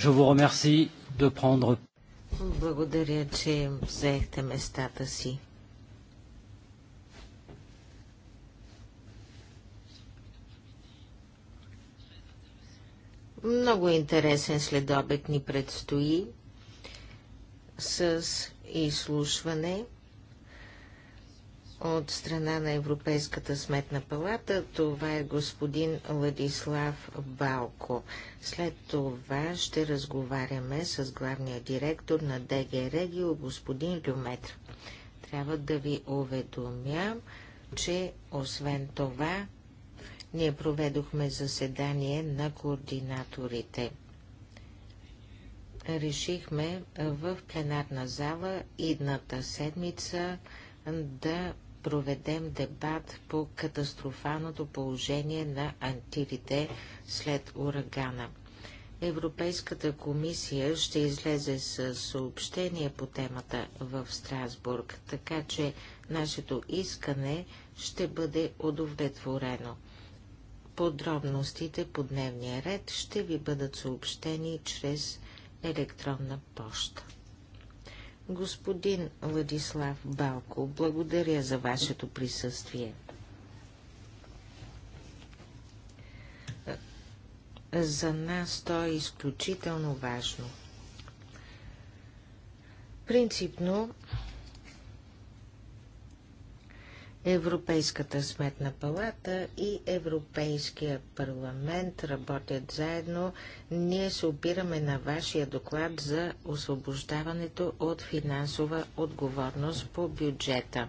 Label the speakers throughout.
Speaker 1: Je vous remercie de prendre...
Speaker 2: Благодаря, че взехте местата си. Много интересен следобед ни предстои с изслушване от страна на Европейската сметна палата. Това е господин Владислав Балко. След това ще разговаряме с главния директор на ДГ Регио, господин Люметр. Трябва да ви уведомя, че освен това ние проведохме заседание на координаторите. Решихме в пленарна зала идната седмица да проведем дебат по катастрофалното положение на антилите след урагана. Европейската комисия ще излезе с съобщение по темата в Страсбург, така че нашето искане ще бъде удовлетворено. Подробностите по дневния ред ще ви бъдат съобщени чрез електронна поща. Господин Владислав Балко, благодаря за вашето присъствие. За нас то е изключително важно. Принципно Европейската сметна палата и Европейския парламент работят заедно. Ние се опираме на вашия доклад за освобождаването от финансова отговорност по бюджета.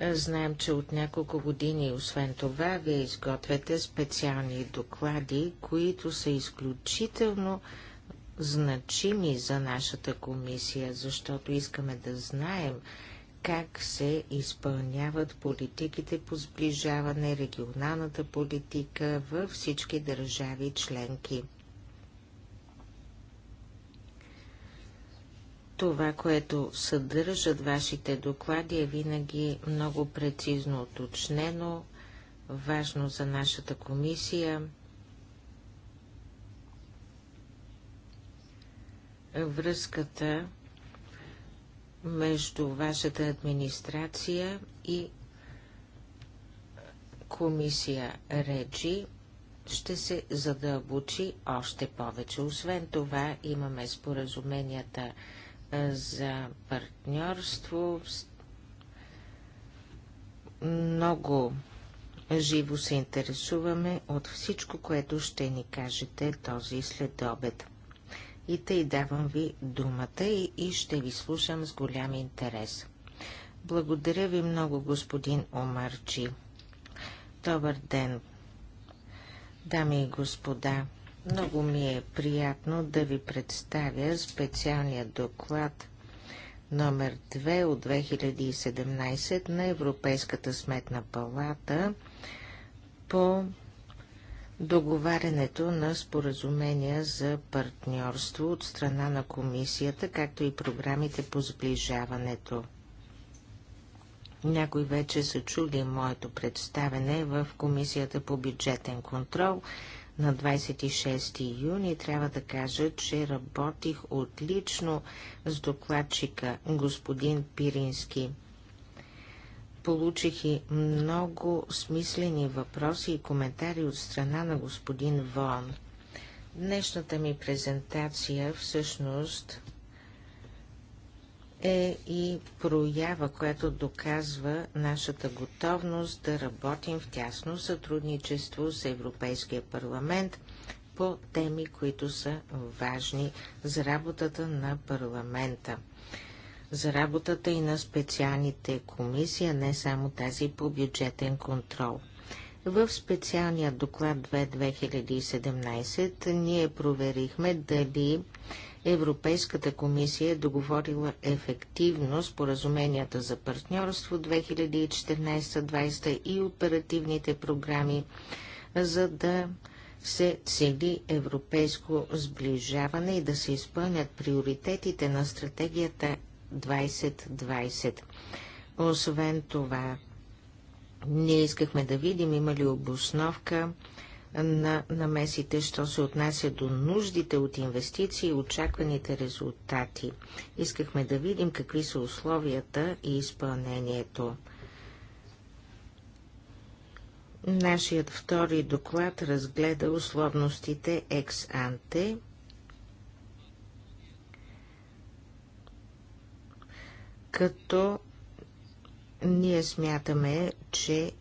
Speaker 2: Знаем, че от няколко години, освен това, вие изготвяте специални доклади, които са изключително значими за нашата комисия, защото искаме да знаем как се изпълняват политиките по сближаване, регионалната политика във всички държави членки. Това, което съдържат вашите доклади е винаги много прецизно уточнено, важно за нашата комисия. Връзката между вашата администрация и комисия Реджи ще се задълбочи още повече. Освен това имаме споразуменията за партньорство. Много живо се интересуваме от всичко, което ще ни кажете този следобед. И тъй давам ви думата и, и ще ви слушам с голям интерес. Благодаря ви много, господин Омарчи. Добър ден, дами и господа. Много ми е приятно да ви представя специалния доклад номер 2 от 2017 на Европейската сметна палата по договарянето на споразумения за партньорство от страна на комисията, както и програмите по сближаването. Някой вече са чули моето представене в Комисията по бюджетен контрол на 26 юни. Трябва да кажа, че работих отлично с докладчика господин Пирински. Получих и много смислени въпроси и коментари от страна на господин Вон. Днешната ми презентация всъщност е и проява, която доказва нашата готовност да работим в тясно сътрудничество с Европейския парламент по теми, които са важни за работата на парламента за работата и на специалните комисии, не само тази по бюджетен контрол. В специалния доклад 2017 ние проверихме дали Европейската комисия е договорила ефективно споразуменията за партньорство 2014-2020 и оперативните програми, за да се цели европейско сближаване и да се изпълнят приоритетите на стратегията 2020. Освен това, ние искахме да видим има ли обосновка на намесите, що се отнася до нуждите от инвестиции и очакваните резултати. Искахме да видим какви са условията и изпълнението. Нашият втори доклад разгледа условностите екс-анте като ние смятаме, че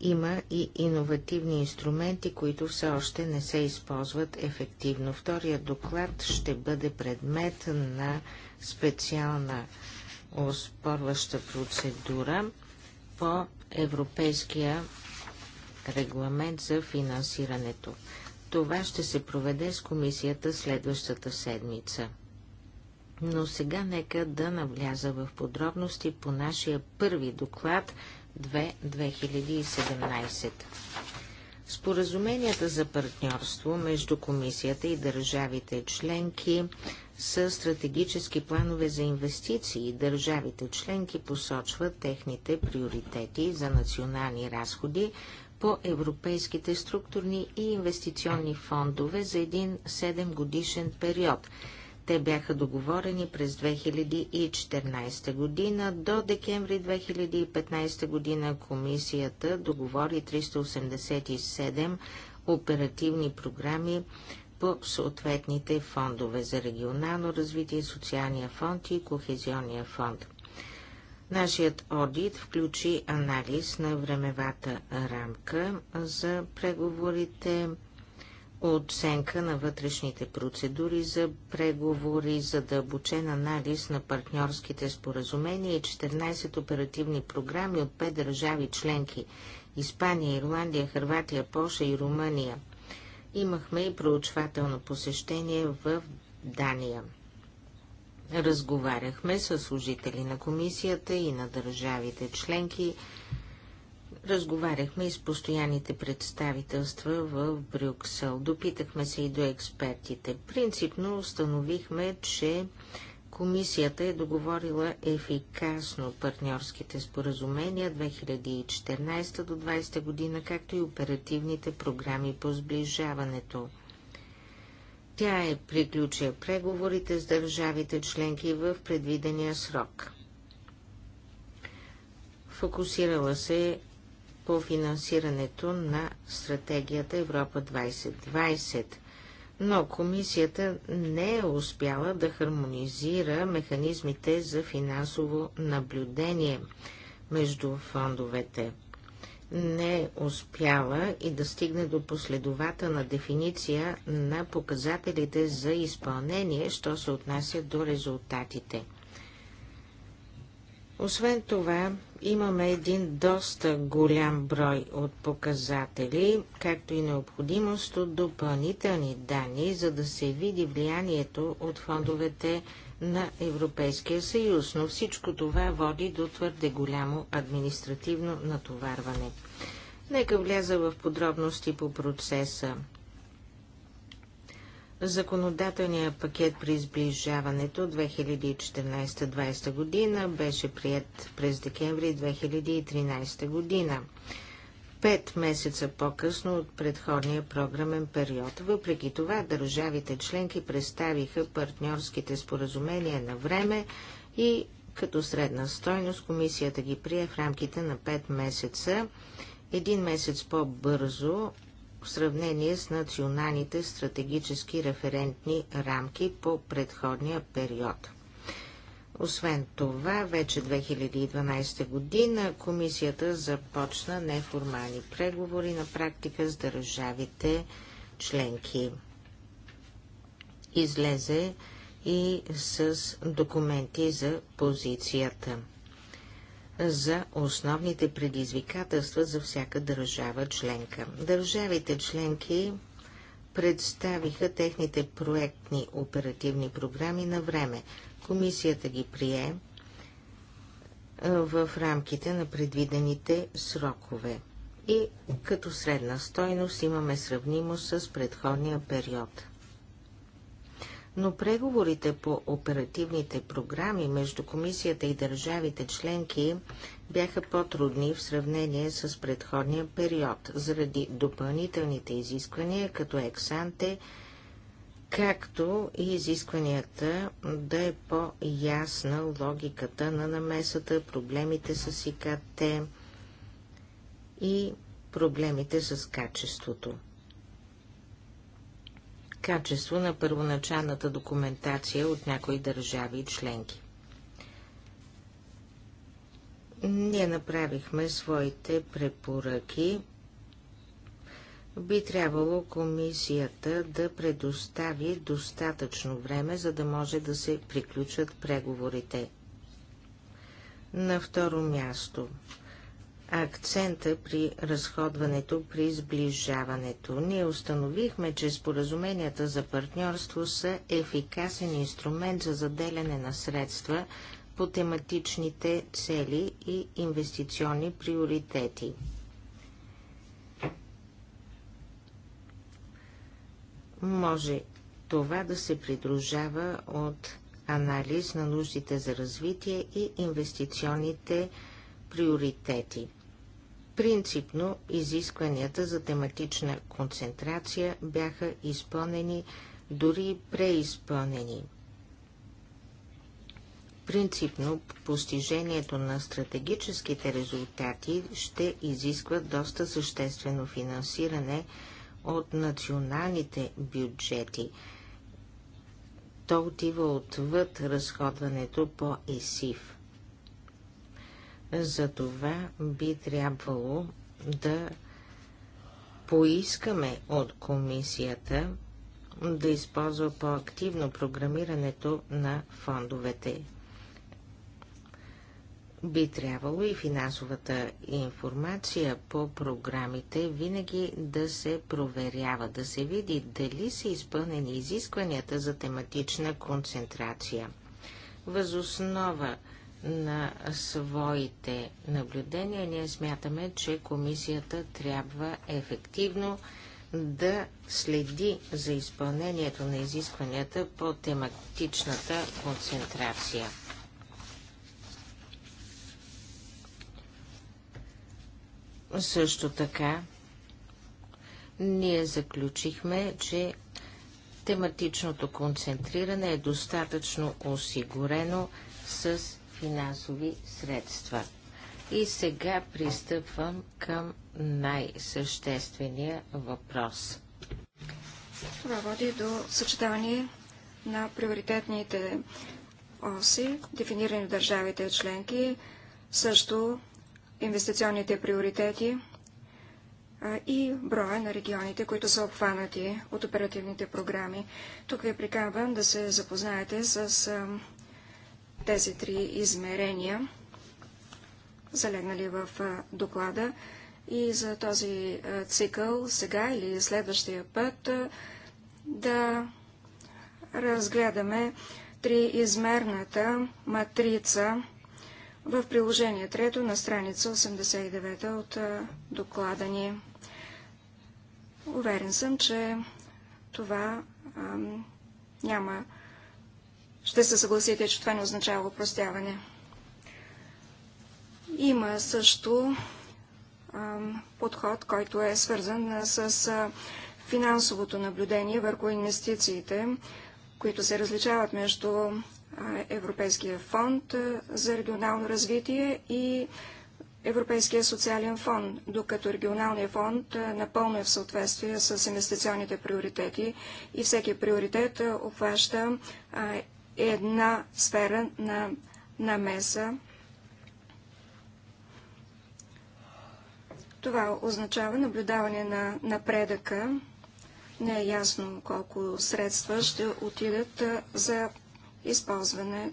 Speaker 2: има и иновативни инструменти, които все още не се използват ефективно. Вторият доклад ще бъде предмет на специална оспорваща процедура по Европейския регламент за финансирането. Това ще се проведе с комисията следващата седмица. Но сега нека да навляза в подробности по нашия първи доклад 2-2017. Споразуменията за партньорство между комисията и държавите членки са стратегически планове за инвестиции. Държавите членки посочват техните приоритети за национални разходи по европейските структурни и инвестиционни фондове за един 7 годишен период – те бяха договорени през 2014 година. До декември 2015 година комисията договори 387 оперативни програми по съответните фондове за регионално развитие, социалния фонд и кохезионния фонд. Нашият одит включи анализ на времевата рамка за преговорите, оценка на вътрешните процедури за преговори, задълбочен анализ на партньорските споразумения и 14 оперативни програми от 5 държави членки – Испания, Ирландия, Хърватия, Польша и Румъния. Имахме и проучвателно посещение в Дания. Разговаряхме с служители на комисията и на държавите членки – Разговаряхме и с постоянните представителства в Брюксел. Допитахме се и до експертите. Принципно установихме, че Комисията е договорила ефикасно партньорските споразумения 2014 до 2020 година, както и оперативните програми по сближаването. Тя е приключила преговорите с държавите членки в предвидения срок. Фокусирала се по финансирането на стратегията Европа 2020, но комисията не е успяла да хармонизира механизмите за финансово наблюдение между фондовете. Не е успяла и да стигне до последователна дефиниция на показателите за изпълнение, що се отнася до резултатите. Освен това, Имаме един доста голям брой от показатели, както и необходимост от допълнителни данни, за да се види влиянието от фондовете на Европейския съюз, но всичко това води до твърде голямо административно натоварване. Нека вляза в подробности по процеса. Законодателният пакет при изближаването 2014-2020 година беше прият през декември 2013 година. Пет месеца по-късно от предходния програмен период. Въпреки това, държавите членки представиха партньорските споразумения на време и като средна стойност комисията ги прие в рамките на 5 месеца, един месец по-бързо в сравнение с националните стратегически референтни рамки по предходния период. Освен това, вече 2012 година комисията започна неформални преговори на практика с държавите членки. Излезе и с документи за позицията за основните предизвикателства за всяка държава членка. Държавите членки представиха техните проектни оперативни програми на време. Комисията ги прие в рамките на предвидените срокове. И като средна стойност имаме сравнимо с предходния период но преговорите по оперативните програми между комисията и държавите членки бяха по-трудни в сравнение с предходния период, заради допълнителните изисквания като ексанте, както и изискванията да е по-ясна логиката на намесата, проблемите с ИКТ и проблемите с качеството качество на първоначалната документация от някои държави и членки. Ние направихме своите препоръки. Би трябвало комисията да предостави достатъчно време, за да може да се приключат преговорите. На второ място акцента при разходването при сближаването. Ние установихме, че споразуменията за партньорство са ефикасен инструмент за заделяне на средства по тематичните цели и инвестиционни приоритети. Може това да се придружава от анализ на нуждите за развитие и инвестиционните приоритети. Принципно изискванията за тематична концентрация бяха изпълнени, дори преизпълнени. Принципно постижението на стратегическите резултати ще изисква доста съществено финансиране от националните бюджети. То отива отвъд разходването по ЕСИФ. За това би трябвало да поискаме от комисията да използва по-активно програмирането на фондовете. Би трябвало и финансовата информация по програмите винаги да се проверява, да се види дали са изпълнени изискванията за тематична концентрация. Възоснова основа на своите наблюдения. Ние смятаме, че комисията трябва ефективно да следи за изпълнението на изискванията по тематичната концентрация. Също така, ние заключихме, че тематичното концентриране е достатъчно осигурено с финансови средства. И сега пристъпвам към най-съществения въпрос.
Speaker 3: Това води до съчетаване на приоритетните оси, дефинирани в държавите членки, също инвестиционните приоритети и броя на регионите, които са обхванати от оперативните програми. Тук ви приканвам да се запознаете с тези три измерения, залегнали в доклада. И за този цикъл, сега или следващия път, да разгледаме триизмерната матрица в приложение 3 на страница 89 от доклада ни. Уверен съм, че това няма ще се съгласите, че това не означава упростяване. Има също а, подход, който е свързан с а, финансовото наблюдение върху инвестициите, които се различават между а, Европейския фонд за регионално развитие и Европейския социален фонд, докато Регионалният фонд напълно е в съответствие с инвестиционните приоритети и всеки приоритет обхваща е една сфера на намеса. Това означава наблюдаване на напредъка. Не е ясно колко средства ще отидат за използване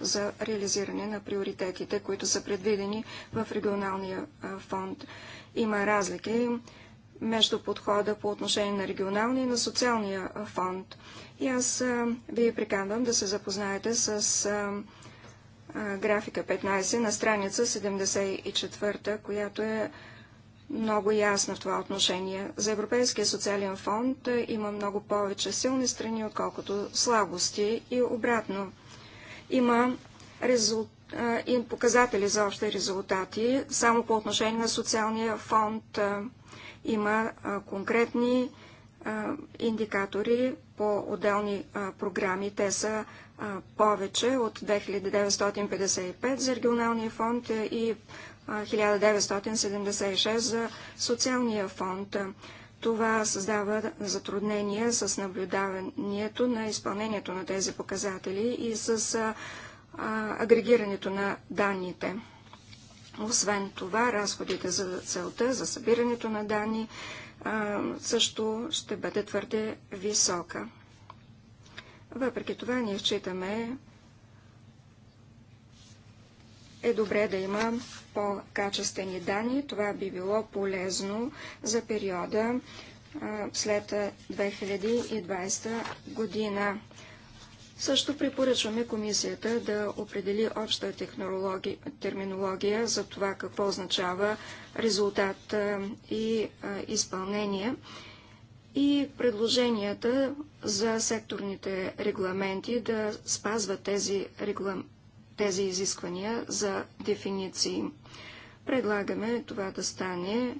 Speaker 3: за реализиране на приоритетите, които са предвидени в регионалния фонд. Има разлики между подхода по отношение на регионалния и на социалния фонд. И аз ви приканвам да се запознаете с графика 15 на страница 74, която е много ясна в това отношение. За Европейския социален фонд има много повече силни страни, отколкото слабости и обратно. Има резултат и показатели за общи резултати, само по отношение на социалния фонд има конкретни индикатори по отделни програми. Те са повече от 2955 за регионалния фонд и 1976 за социалния фонд. Това създава затруднения с наблюдаването на изпълнението на тези показатели и с агрегирането на данните. Освен това, разходите за целта, за събирането на данни, също ще бъде твърде висока. Въпреки това, ние считаме, е добре да има по-качествени данни. Това би било полезно за периода след 2020 година. Също препоръчваме комисията да определи обща терминология за това какво означава резултат и изпълнение и предложенията за секторните регламенти да спазват тези, реглам... тези изисквания за дефиниции. Предлагаме това да стане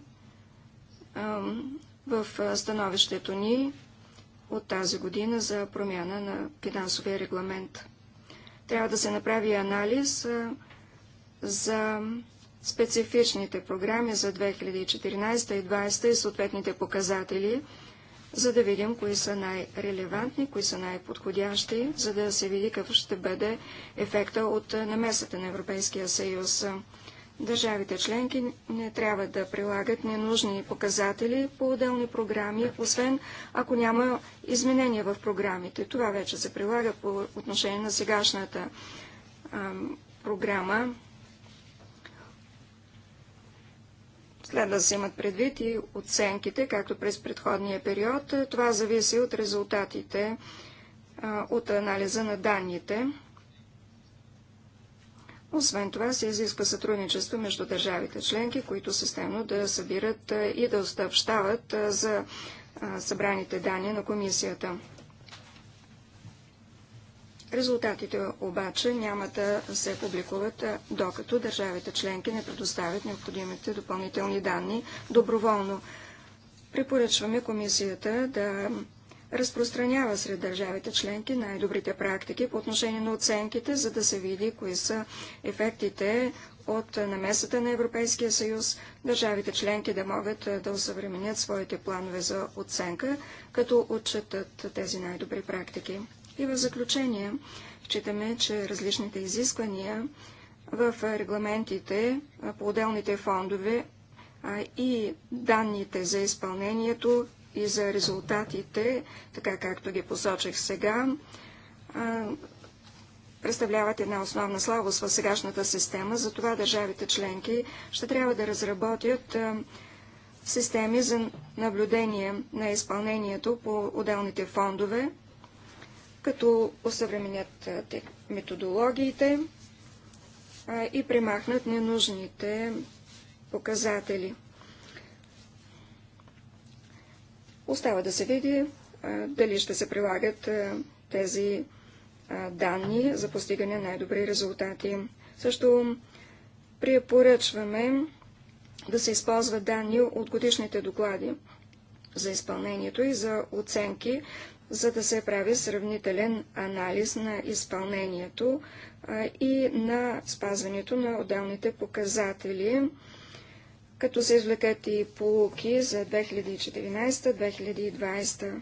Speaker 3: в становището ни от тази година за промяна на финансовия регламент. Трябва да се направи анализ за специфичните програми за 2014 и 2020 и съответните показатели, за да видим кои са най-релевантни, кои са най-подходящи, за да се види какъв ще бъде ефекта от намесата на Европейския съюз. Държавите членки не трябва да прилагат ненужни показатели по отделни програми, освен ако няма изменения в програмите. Това вече се прилага по отношение на сегашната програма. Следва да се имат предвид и оценките, както през предходния период. Това зависи от резултатите а, от анализа на данните. Освен това се изисква сътрудничество между държавите членки, които системно да събират и да остъпщават за събраните данни на комисията. Резултатите обаче няма да се публикуват, докато държавите членки не предоставят необходимите допълнителни данни доброволно. Препоръчваме комисията да разпространява сред държавите членки най-добрите практики по отношение на оценките, за да се види кои са ефектите от намесата на Европейския съюз, държавите членки да могат да усъвременят своите планове за оценка, като отчетат тези най-добри практики. И в заключение, считаме, че различните изисквания в регламентите по отделните фондове и данните за изпълнението и за резултатите, така както ги посочих сега, представляват една основна слабост в сегашната система. Затова държавите членки ще трябва да разработят системи за наблюдение на изпълнението по отделните фондове, като осъвременят методологиите и примахнат ненужните показатели. Остава да се види дали ще се прилагат тези данни за постигане най-добри резултати. Също препоръчваме да се използват данни от годишните доклади за изпълнението и за оценки, за да се прави сравнителен анализ на изпълнението и на спазването на отделните показатели като се извлекат и полуки за 2014-2020.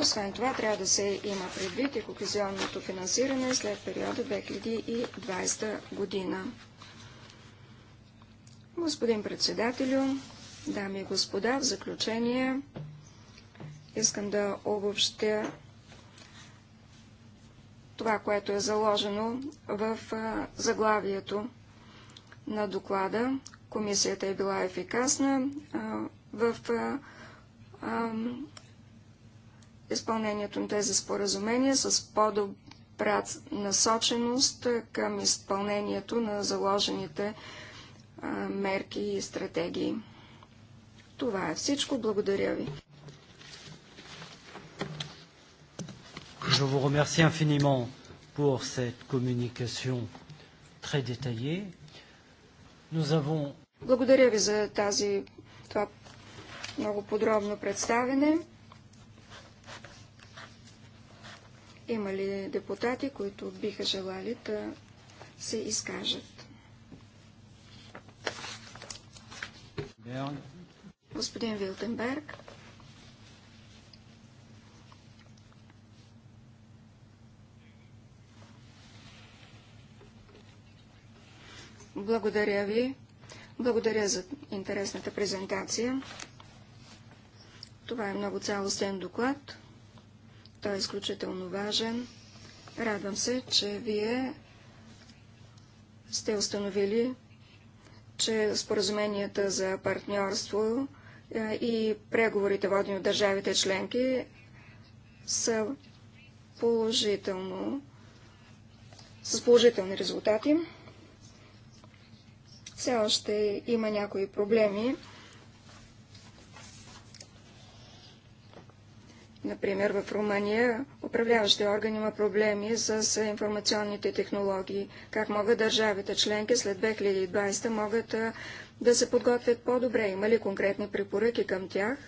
Speaker 3: Освен това, трябва да се има предвид и кохезионното финансиране след периода 2020 година. Господин председателю, дами и господа, в заключение искам да обобщя това, което е заложено в заглавието на доклада. Комисията е била ефикасна в изпълнението на тези споразумения с по-добра насоченост към изпълнението на заложените мерки и стратегии. Това е всичко. Благодаря ви.
Speaker 1: Je vous remercie infiniment pour cette communication très détaillée. Nous avons...
Speaker 3: Благодаря ви за тази, това много подробно представене. Има ли депутати, които биха желали да се изкажат? Господин Вилтенберг. Благодаря ви. Благодаря за интересната презентация. Това е много цялостен доклад. Той е изключително важен. Радвам се, че вие сте установили, че споразуменията за партньорство е, и преговорите водени от държавите членки са положително, с положителни резултати. Все още има някои проблеми. Например, в Румъния управляващи органи има проблеми с информационните технологии. Как могат държавите членки след 2020 могат да се подготвят по-добре? Има ли конкретни препоръки към тях,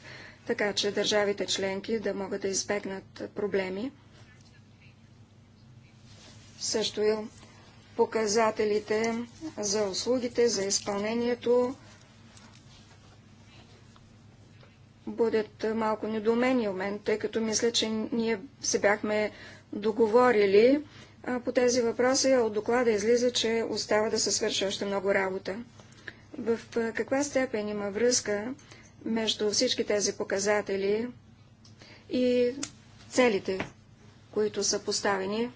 Speaker 3: така че държавите членки да могат да избегнат проблеми? Също показателите за услугите, за изпълнението бъдат малко недоумени у мен, тъй като мисля, че ние се бяхме договорили по тези въпроси, а от доклада излиза, че остава да се свърши още много работа. В каква степен има връзка между всички тези показатели и целите, които са поставени?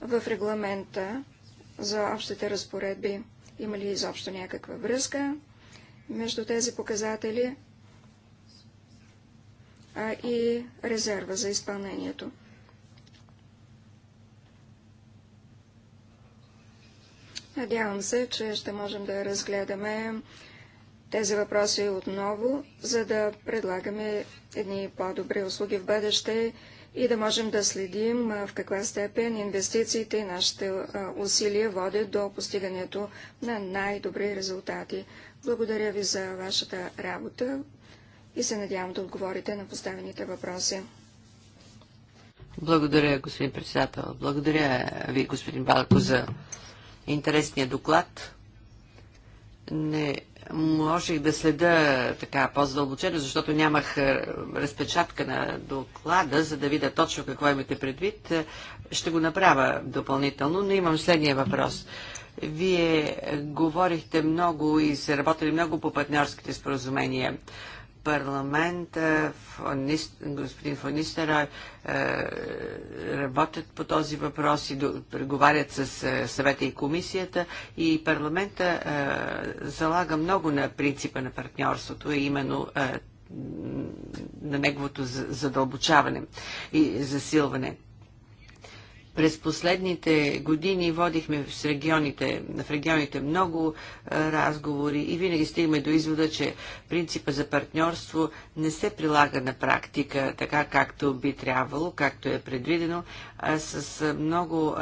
Speaker 3: в регламента за общите разпоредби? Има ли изобщо някаква връзка между тези показатели а и резерва за изпълнението? Надявам се, че ще можем да разгледаме тези въпроси отново, за да предлагаме едни по-добри услуги в бъдеще и да можем да следим в каква степен инвестициите и нашите усилия водят до постигането на най-добри резултати. Благодаря ви за вашата работа и се надявам да отговорите на поставените въпроси.
Speaker 4: Благодаря, господин председател. Благодаря ви, господин Балко, за интересния доклад не можех да следа така по-задълбочено, защото нямах е, разпечатка на доклада, за да видя точно какво имате предвид. Ще го направя допълнително, но имам следния въпрос. Вие говорихте много и се работили много по партньорските споразумения парламента, господин Фонистера е, работят по този въпрос и преговарят с е, съвета и комисията и парламента е, залага много на принципа на партньорството именно на неговото задълбочаване и засилване. През последните години водихме в регионите, в регионите много разговори и винаги стигме до извода, че принципа за партньорство не се прилага на практика така, както би трябвало, както е предвидено, а с много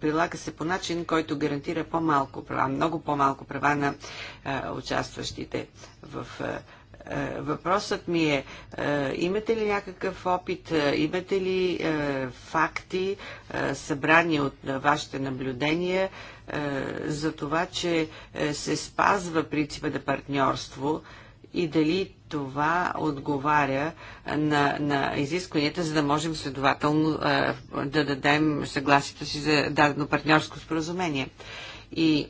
Speaker 4: прилага се по начин, който гарантира по-малко права, много по-малко права на участващите в е, въпросът ми е, е, имате ли някакъв опит, е, имате ли факти, събрани от вашите наблюдения за това, че се спазва принципа на партньорство и дали това отговаря на, на изискванията, за да можем следователно да дадем съгласието си за дадено партньорско споразумение. И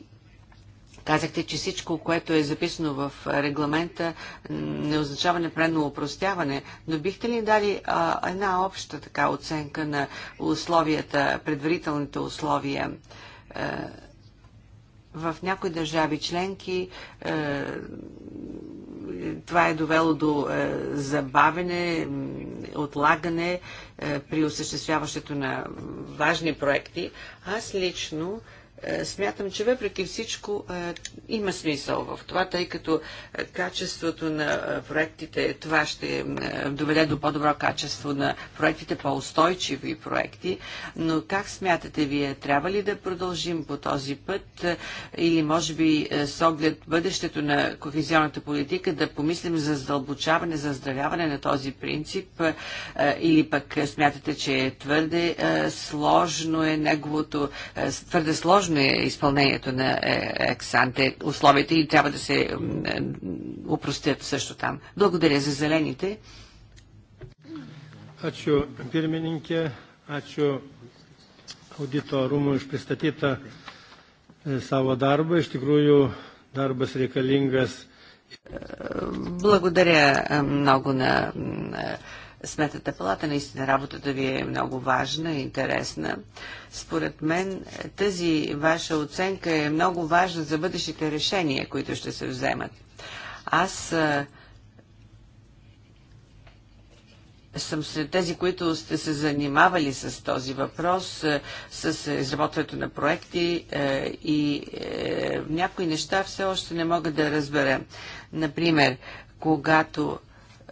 Speaker 4: Казахте, че всичко, което е записано в регламента, не означава непременно упростяване, но бихте ли дали а, една обща така оценка на условията, предварителните условия? А, е, в някои държави членки а, е, това е довело до а, е, забавене, отлагане а, при осъществяващето на важни проекти. Аз лично е, смятам, че въпреки всичко е, има смисъл в това, тъй като е, качеството на проектите, това ще доведе до по-добро качество на проектите, по-устойчиви проекти. Но как смятате вие, трябва ли да продължим по този път или може би с оглед бъдещето на кохезионната политика да помислим за задълбочаване, за здравяване на този принцип или пък смятате, че е твърде сложно е неговото, твърде сложно сложно е изпълнението на е, ексанте. Условията и трябва да се е, упростят също там. Благодаря за зелените.
Speaker 1: Ačiū pirmininkė, ačiū audito rūmų už pristatytą e, savo darbą. Iš tikrųjų, darbas reikalingas.
Speaker 4: Благодаря много на Сметната палата. Наистина работата ви е много важна и интересна. Според мен тази ваша оценка е много важна за бъдещите решения, които ще се вземат. Аз съм сред тези, които сте се занимавали с този въпрос, с изработването на проекти и някои неща все още не мога да разбера. Например, когато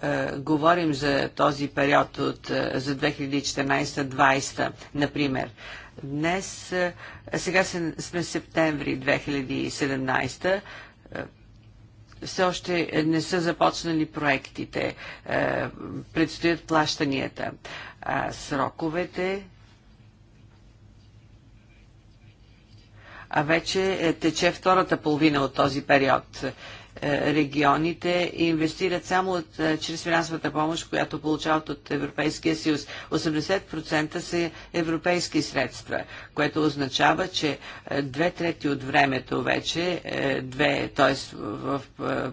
Speaker 4: е, говорим за този период от, е, за 2014-2020, например. Днес, е, сега сме септември 2017, все още не са започнали проектите, предстоят плащанията. Сроковете а вече тече втората половина от този период. Е, регионите и инвестират само от, е, чрез финансовата помощ, която получават от Европейския съюз. 80% са европейски средства, което означава, че е, две трети от времето вече, две, т.е. в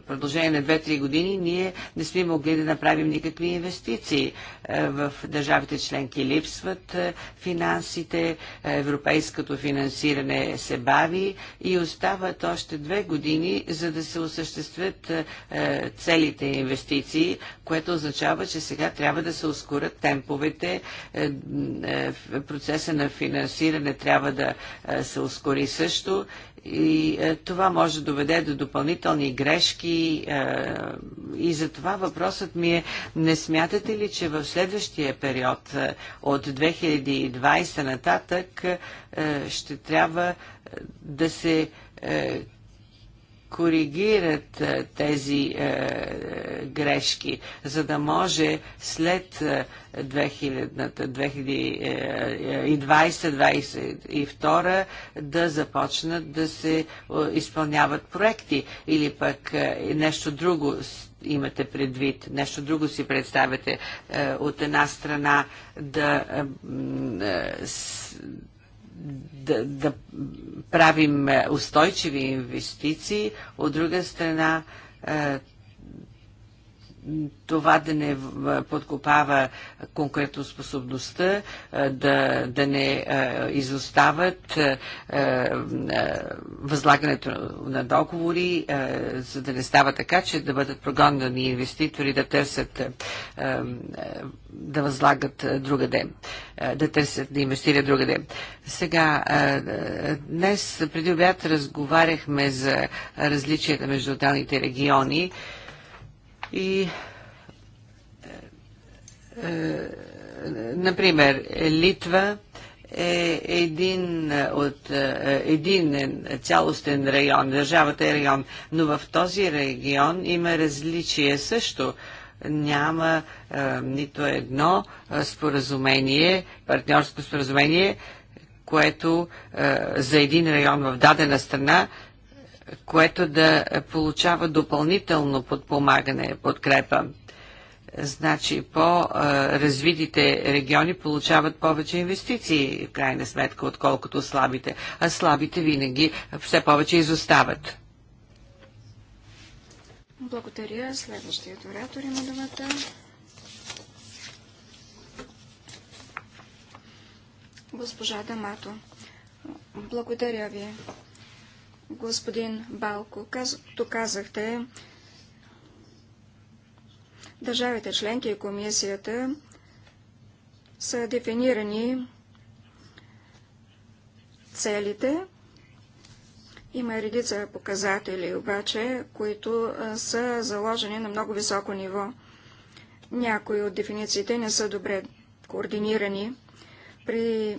Speaker 4: продължение на 2-3 години, ние не сме могли да направим никакви инвестиции. В държавите членки липсват финансите, европейското финансиране се бави и остават още две години, за да се осъществи осъществят е, целите инвестиции, което означава, че сега трябва да се ускорят темповете, е, е, процеса на финансиране трябва да се ускори също и това може да доведе до допълнителни грешки и за това въпросът ми е, не смятате ли, че в следващия период от 2020 нататък ще трябва да се коригират тези грешки, за да може след 2020-2022 да започнат да се изпълняват проекти или пък нещо друго имате предвид, нещо друго си представяте. От една страна да да, да правим е, устойчиви инвестиции, от друга страна е, това да не подкопава способността, да, да не изостават възлагането на договори, за да не става така, че да бъдат прогонени инвеститори да търсят да възлагат другаде, да търсят да инвестират другаде. Сега, днес преди обяд разговаряхме за различията между отделните региони. И е, е, например, Литва е един от е, един цялостен район, държавата е район, но в този регион има различие също. Няма е, нито едно споразумение, партньорско споразумение, което е, за един район в дадена страна което да получава допълнително подпомагане, подкрепа. Значи по-развитите региони получават повече инвестиции, в крайна сметка, отколкото слабите, а слабите винаги все повече изостават.
Speaker 3: Благодаря. Следващият оратор има думата. Госпожа Дамато. Благодаря ви господин Балко. Както казахте, държавите членки и комисията са дефинирани целите. Има редица показатели, обаче, които са заложени на много високо ниво. Някои от дефинициите не са добре координирани. При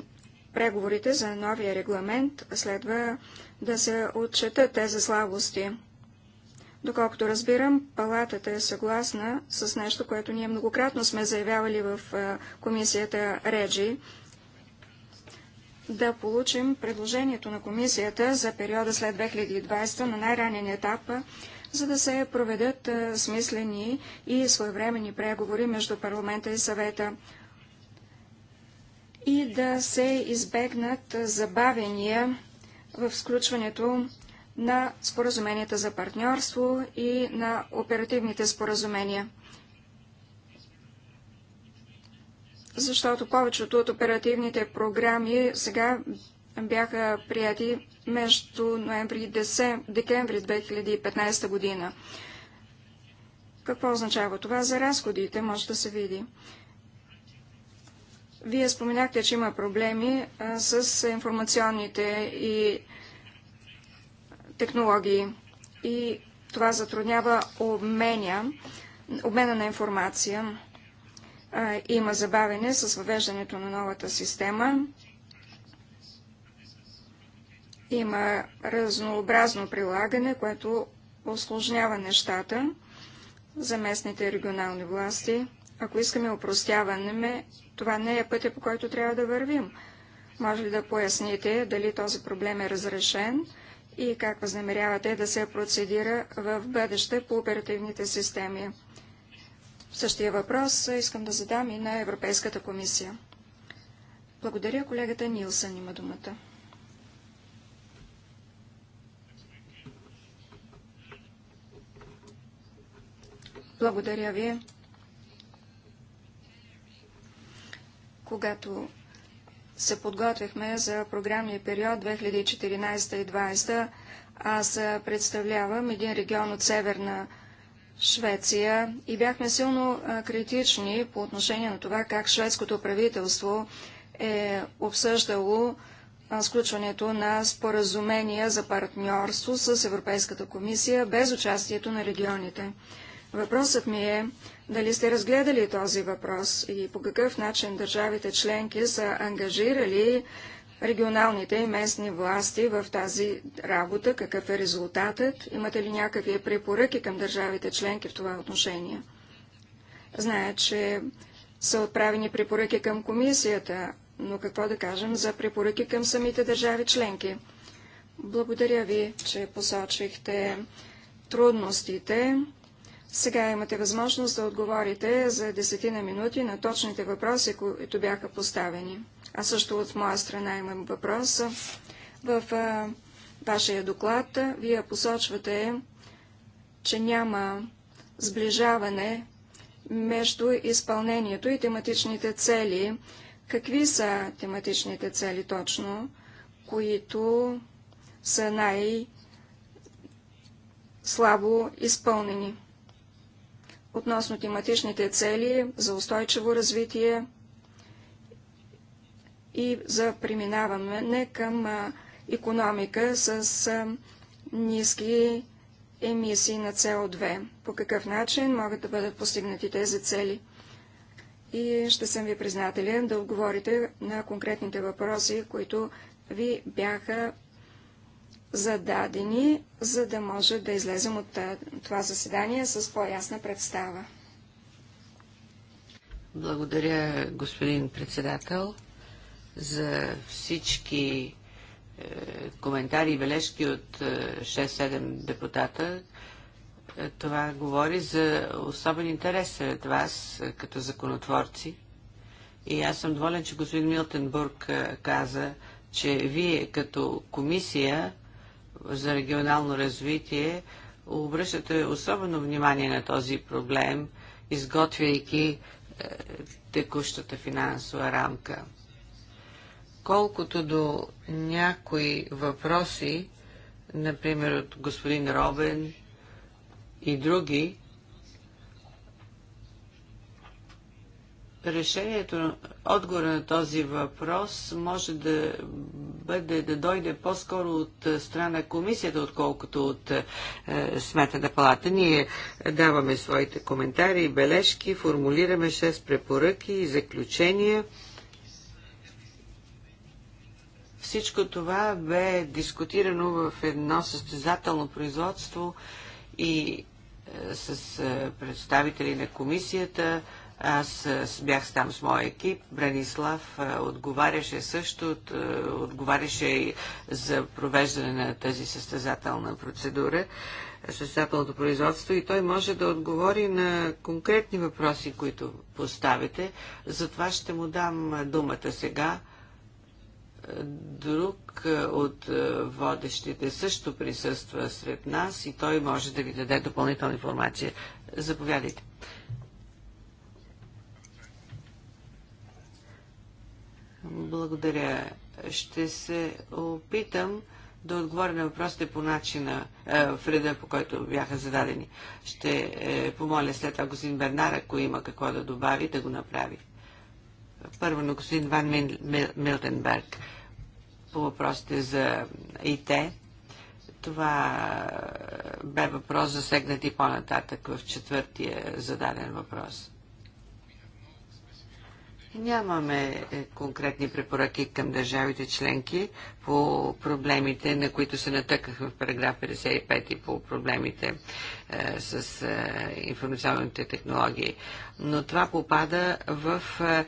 Speaker 3: преговорите за новия регламент следва да се отчетат тези слабости. Доколкото разбирам, палатата е съгласна с нещо, което ние многократно сме заявявали в комисията Реджи, да получим предложението на комисията за периода след 2020 на най-ранен етап, за да се проведат смислени и своевременни преговори между парламента и съвета и да се избегнат забавения в сключването на споразуменията за партньорство и на оперативните споразумения. Защото повечето от оперативните програми сега бяха прияти между ноември и декември 2015 година. Какво означава това за разходите, може да се види. Вие споменахте, че има проблеми а, с информационните и технологии и това затруднява обменя, обмена на информация. А, има забавене с въвеждането на новата система. Има разнообразно прилагане, което осложнява нещата за местните регионални власти. Ако искаме ме, това не е пътя, по който трябва да вървим. Може ли да поясните дали този проблем е разрешен и как възнамерявате да се процедира в бъдеще по оперативните системи? Същия въпрос искам да задам и на Европейската комисия. Благодаря, колегата Нилсън има думата. Благодаря ви. когато се подготвяхме за програмния период 2014 2020, аз представлявам един регион от Северна Швеция и бяхме силно критични по отношение на това как шведското правителство е обсъждало сключването на споразумения за партньорство с Европейската комисия без участието на регионите. Въпросът ми е дали сте разгледали този въпрос и по какъв начин държавите членки са ангажирали регионалните и местни власти в тази работа, какъв е резултатът, имате ли някакви препоръки към държавите членки в това отношение? Зная, че са отправени препоръки към комисията, но какво да кажем за препоръки към самите държави членки? Благодаря ви, че посочихте трудностите сега имате възможност да отговорите за десетина минути на точните въпроси, които бяха поставени. А също от моя страна имам въпрос. В а, вашия доклад вие посочвате, че няма сближаване между изпълнението и тематичните цели. Какви са тематичните цели точно, които са най-слабо изпълнени? относно тематичните цели за устойчиво развитие и за преминаване към економика с ниски емисии на СО2. По какъв начин могат да бъдат постигнати тези цели? И ще съм ви признателен да отговорите на конкретните въпроси, които ви бяха зададени, за да може да излезем от това заседание с по-ясна представа.
Speaker 4: Благодаря, господин председател, за всички е, коментари и бележки от 6-7 е, депутата. Е, това говори за особен интерес сред вас като законотворци. И аз съм доволен, че господин Милтенбург каза, че вие като комисия за регионално развитие обръщате особено внимание на този проблем, изготвяйки е, текущата финансова рамка. Колкото до някои въпроси, например от господин Робен и други, решението, отговора на този въпрос може да бъде, да дойде по-скоро от е, страна комисията, отколкото от е, сметната палата. Ние даваме своите коментари и бележки, формулираме 6 препоръки и заключения. Всичко това бе дискутирано в едно състезателно производство и е, с е, представители на комисията, аз бях там с моя екип. Бранислав отговаряше също, отговаряше и за провеждане на тази състезателна процедура, състезателното производство и той може да отговори на конкретни въпроси, които поставите. Затова ще му дам думата сега. Друг от водещите също присъства сред нас и той може да ви даде допълнителна информация. Заповядайте. Благодаря. Ще се опитам да отговоря на въпросите по начина, е, в реда, по който бяха зададени. Ще е, помоля след това господин Бернар, ако има какво да добави, да го направи. Първо на господин Ван Милтенберг по въпросите за ИТ. Това е, бе въпрос засегнат и по-нататък в четвъртия зададен въпрос. Нямаме е, конкретни препоръки към държавите членки по проблемите, на които се натъкахме в параграф 55 и по проблемите е, с а, е, информационните технологии. Но това попада в е,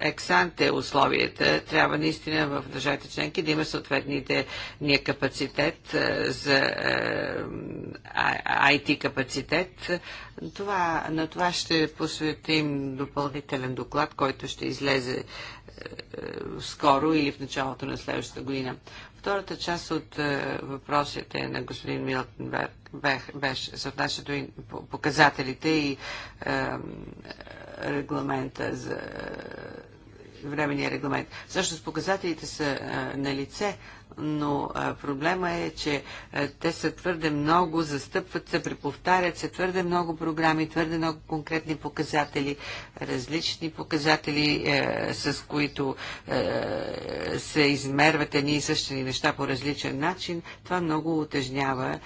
Speaker 4: ексанте условията. Трябва наистина в държавите членки да има съответните ние капацитет а, за а, IT капацитет. Това, на това ще посветим допълнителен доклад, който ще излезе скоро или в началото на следващата година. Втората част от е, въпросите на господин Милтенберг беше за отнасяне до показателите и регламента за е, временния регламент. Всъщност показателите са на лице, но проблема е, че те са твърде много, застъпват се, преповтарят се твърде много програми, твърде много конкретни показатели, различни показатели, а, е, с които а, е, се измерват едни и същи неща по различен начин. Това много отежнява е,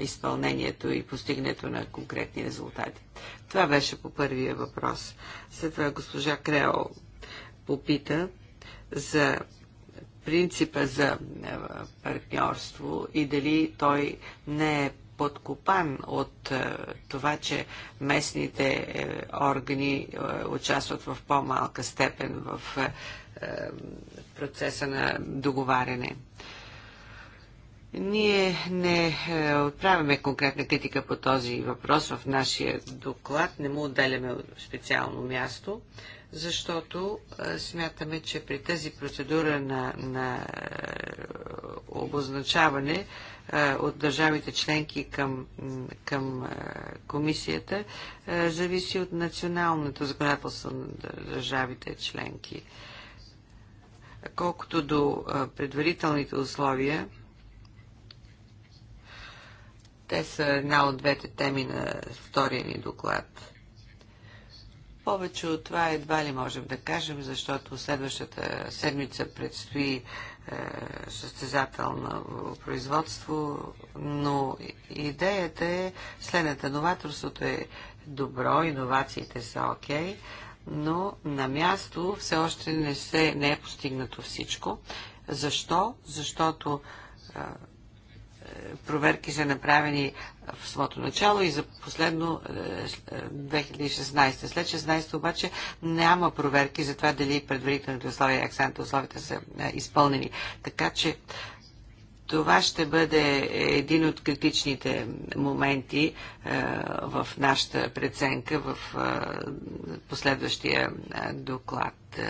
Speaker 4: изпълнението и постигането на конкретни резултати. Това беше по първия въпрос. След това госпожа Крео попита за принципа за е, партньорство и дали той не е подкопан от е, това, че местните е, органи участват в по-малка степен в процеса на договаряне. Ние не отправяме конкретна критика по този въпрос в нашия доклад, не му отделяме специално място защото смятаме, че при тази процедура на, на обозначаване от държавите членки към, към комисията зависи от националното законодателство на държавите членки. Колкото до предварителните условия, те са една от двете теми на втория ни доклад. Повече от това едва ли можем да кажем, защото следващата седмица предстои е, състезателно производство, но идеята е следната. Новаторството е добро, иновациите са окей, okay, но на място все още не, се, не е постигнато всичко. Защо? Защото е, проверки са направени в своето начало и за последно 2016. Е, е, След 16 обаче няма проверки за това дали предварителните условия и акцента условията са е, изпълнени. Така че това ще бъде един от критичните моменти в нашата преценка в последващия доклад.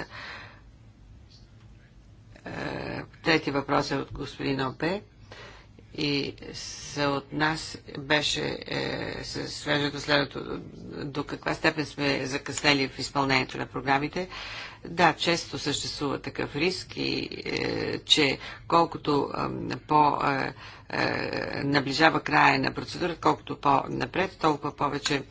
Speaker 4: Трети въпрос е от господин Опе и се от нас беше е, се до следното до каква степен сме закъснели в изпълнението на програмите. Да, често съществува такъв риск и е, че колкото е, по е, наближава края на процедурата, колкото по-напред, толкова повече е,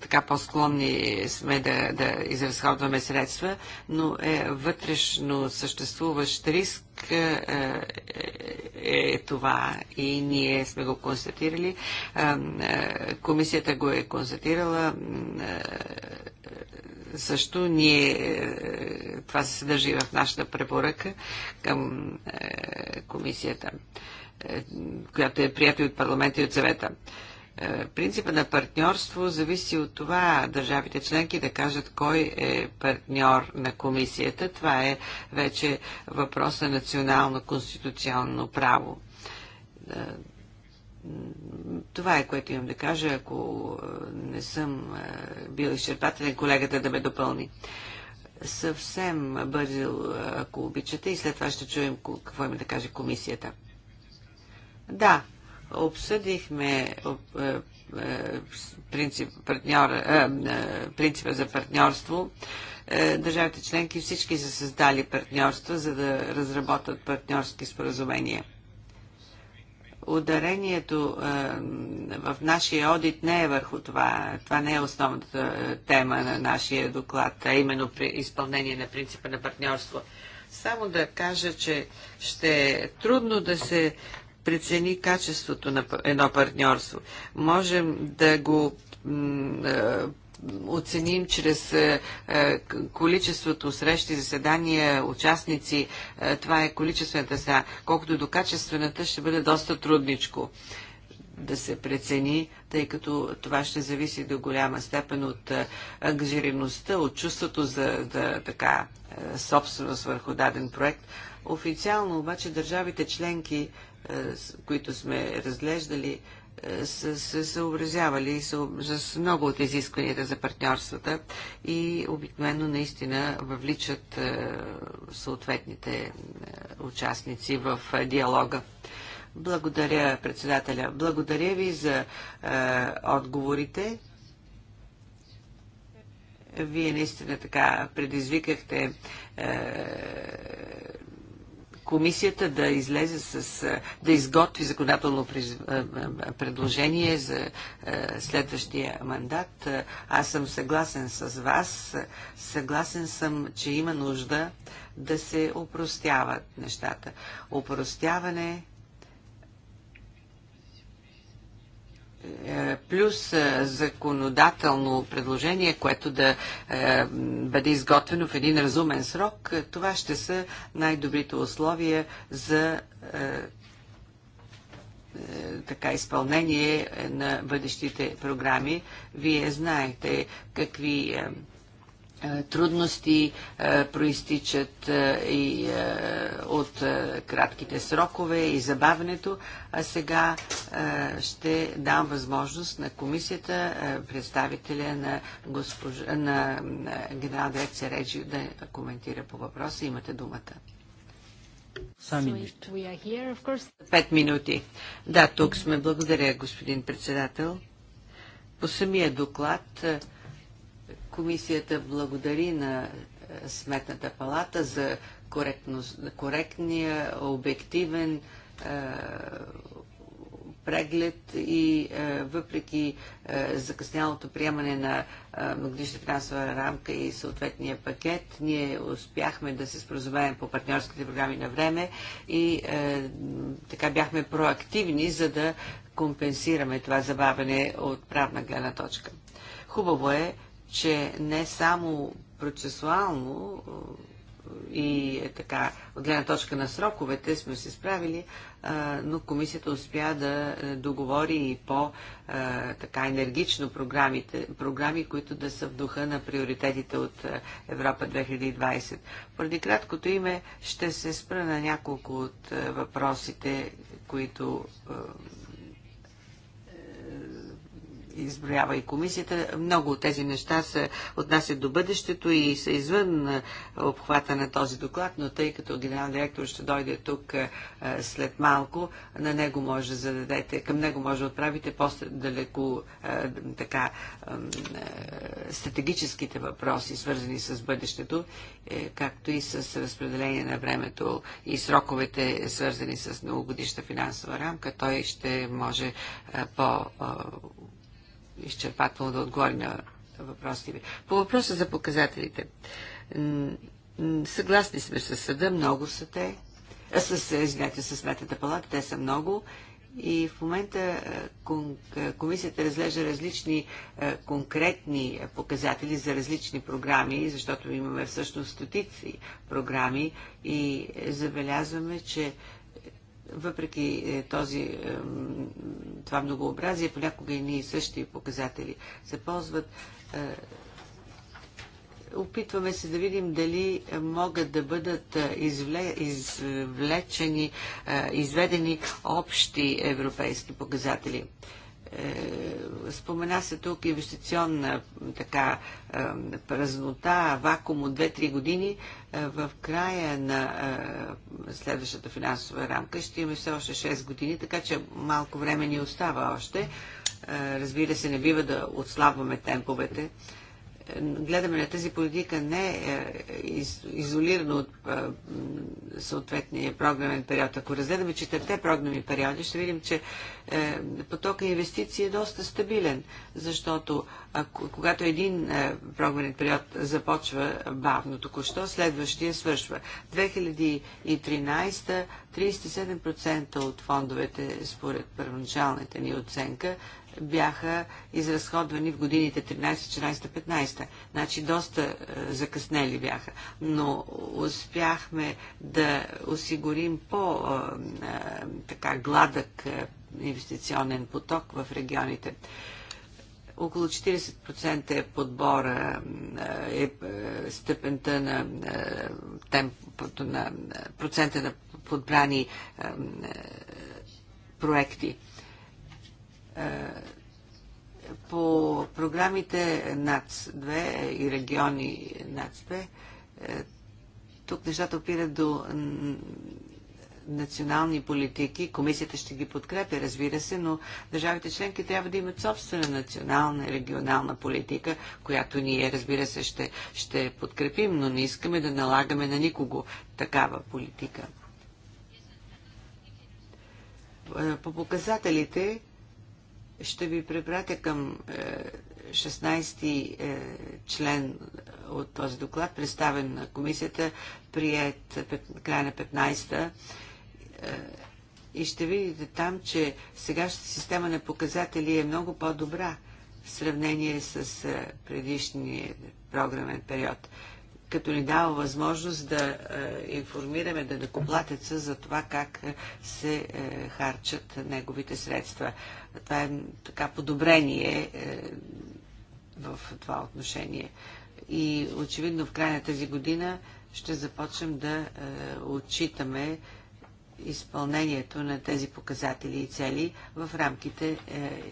Speaker 4: така по-склонни сме да, да изразходваме средства, но е вътрешно съществуващ риск е, е, е това и ние сме го констатирали. Е, комисията го е констатирала е, също ние, е, това се съдържи в нашата препоръка към е, комисията, е, която е прията от парламента и от съвета. Принципа на партньорство зависи от това държавите членки да кажат кой е партньор на комисията. Това е вече въпрос на национално конституционно право това е което имам да кажа, ако е, не съм е, бил изчерпателен, колегата да ме допълни. Съвсем бързо, е, ако обичате, и след това ще чуем какво има да каже комисията. Да, обсъдихме принцип, партньор, принципа за партньорство. Държавите членки всички са създали партньорства, за да разработят партньорски споразумения – ударението в нашия одит не е върху това. Това не е основната тема на нашия доклад, а именно при изпълнение на принципа на партньорство. Само да кажа, че ще е трудно да се прецени качеството на едно партньорство. Можем да го оценим чрез е, е, количеството срещи, заседания, участници. Е, това е количествената сега. Колкото до качествената ще бъде доста трудничко да се прецени, тъй като това ще зависи до голяма степен от ангажираността, от чувството за да, така, собственост върху даден проект. Официално обаче държавите членки, които сме разглеждали, са се съобразявали с много от изискванията за партньорствата и обикновено наистина въвличат е, съответните е, участници в е, диалога. Благодаря, председателя. Благодаря ви за е, отговорите. Вие наистина така предизвикахте е, комисията да излезе с, да изготви законодателно предложение за следващия мандат. Аз съм съгласен с вас. Съгласен съм, че има нужда да се опростяват нещата. Опростяване Е, плюс е, законодателно предложение, което да е, бъде изготвено в един разумен срок, това ще са най-добрите условия за така изпълнение на бъдещите програми. Вие знаете какви е, трудности е, проистичат е, и от кратките срокове и забавенето, а сега ще дам възможност на комисията, представителя на, госпожа, на генерал дирекция Реджи да коментира по въпроса. Имате думата. Пет минути. Да, тук сме. Благодаря, господин председател. По самия доклад Комисията благодари на е, Сметната палата за коректния, обективен е, преглед и е, въпреки закъснялото приемане на многодишна финансова рамка и съответния пакет, ние успяхме да се споразумеем по партньорските програми на време и така бяхме проактивни, за да компенсираме това забавяне от правна гледна точка. Хубаво е, че не само процесуално е, и е така, от гледна точка на сроковете сме се справили, е, но комисията успя да договори и по така енергично програмите, програми, които да са в духа на приоритетите от Европа 2020. Поради краткото име ще се спра на няколко от въпросите, които изброява и комисията, много от тези неща се отнасят до бъдещето и са извън обхвата на този доклад, но тъй като генерал директор ще дойде тук след малко, на него може да зададете, към него може да отправите по-далеко така стратегическите въпроси, свързани с бъдещето, е, както и с разпределение на времето и сроковете, свързани с многогодишна финансова рамка, той ще може по изчерпателно да отговори на въпросите ви. По въпроса за показателите. Съгласни сме с съда, много са те. с, извинете, с сметната палата, те са много. И в момента комисията разглежда различни конкретни показатели за различни програми, защото имаме всъщност стотици програми и забелязваме, че въпреки е, този, това многообразие, понякога и ние същи показатели се ползват. Е, опитваме се да видим дали могат да бъдат е, извле, извлечени, изведени общи европейски показатели. Е, спомена се тук инвестиционна така е, празнота, вакуум от 2-3 години. Е, в края на следващата финансова рамка ще имаме все още 6 години, така че малко време ни остава още. Разбира се, не бива да отслабваме темповете гледаме на тази политика не е изолирано от е, съответния програмен период. Ако разгледаме четирите програмни периоди, ще видим, че е, потока инвестиции е доста стабилен, защото когато един е, програмен период започва бавно току-що, следващия свършва. 2013 37% от фондовете, според първоначалната ни оценка, бяха изразходвани в годините 13, 14, 15. Значи доста е, закъснели бяха. Но успяхме да осигурим по-така е, е гладък е, инвестиционен поток в регионите. Около 40% е подбора, е, е степента на е, темпото на процента на подбрани проекти по програмите НАЦ-2 и региони НАЦ-2, е, тук нещата опират до национални политики. Комисията ще ги подкрепя, разбира се, но държавите членки трябва да имат собствена национална и регионална политика, която ние, разбира се, ще, ще подкрепим, но не искаме да налагаме на никого такава политика. Е, по показателите ще ви препратя към 16-ти е, е, член от този доклад, представен на комисията, прият края на 15-та. Е, и ще видите там, че сегашната система на показатели е много по-добра в сравнение с предишния програмен период като ни дава възможност да информираме да дъкоплатеца за това как се харчат неговите средства. Това е така подобрение е, в това отношение. И очевидно в края на тази година ще започнем да е, отчитаме изпълнението на тези показатели и цели в рамките е,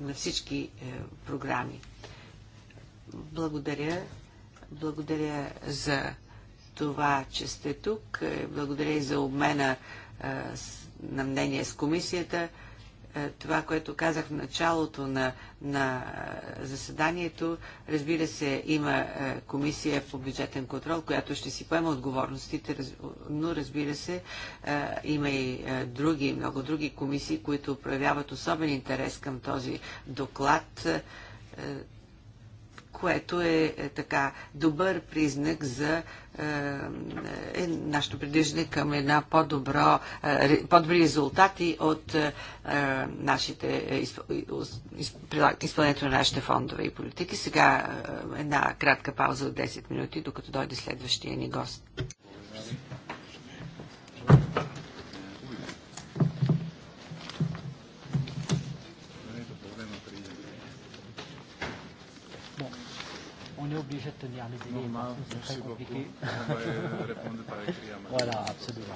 Speaker 4: на всички програми. Благодаря. Благодаря за това, че сте тук. Благодаря и за обмена на мнение с комисията. Е, това, което казах в началото на, на е, заседанието. Разбира се, има е, комисия по бюджетен контрол, която ще си поема отговорностите, но разбира се, има и други, много други комисии, които проявяват особен интерес към този доклад което е, е така добър признак за е, е нашето придвижване към една по-добро, е, по-добри резултати от е, нашите, е, изпълнението на нашите фондове и политики. Сега е, една кратка пауза от 10 минути, докато дойде следващия ни гост.
Speaker 3: oblige de tenir les délais. Normal, merci beaucoup. On va répondre par
Speaker 1: écrit à Voilà, absolument.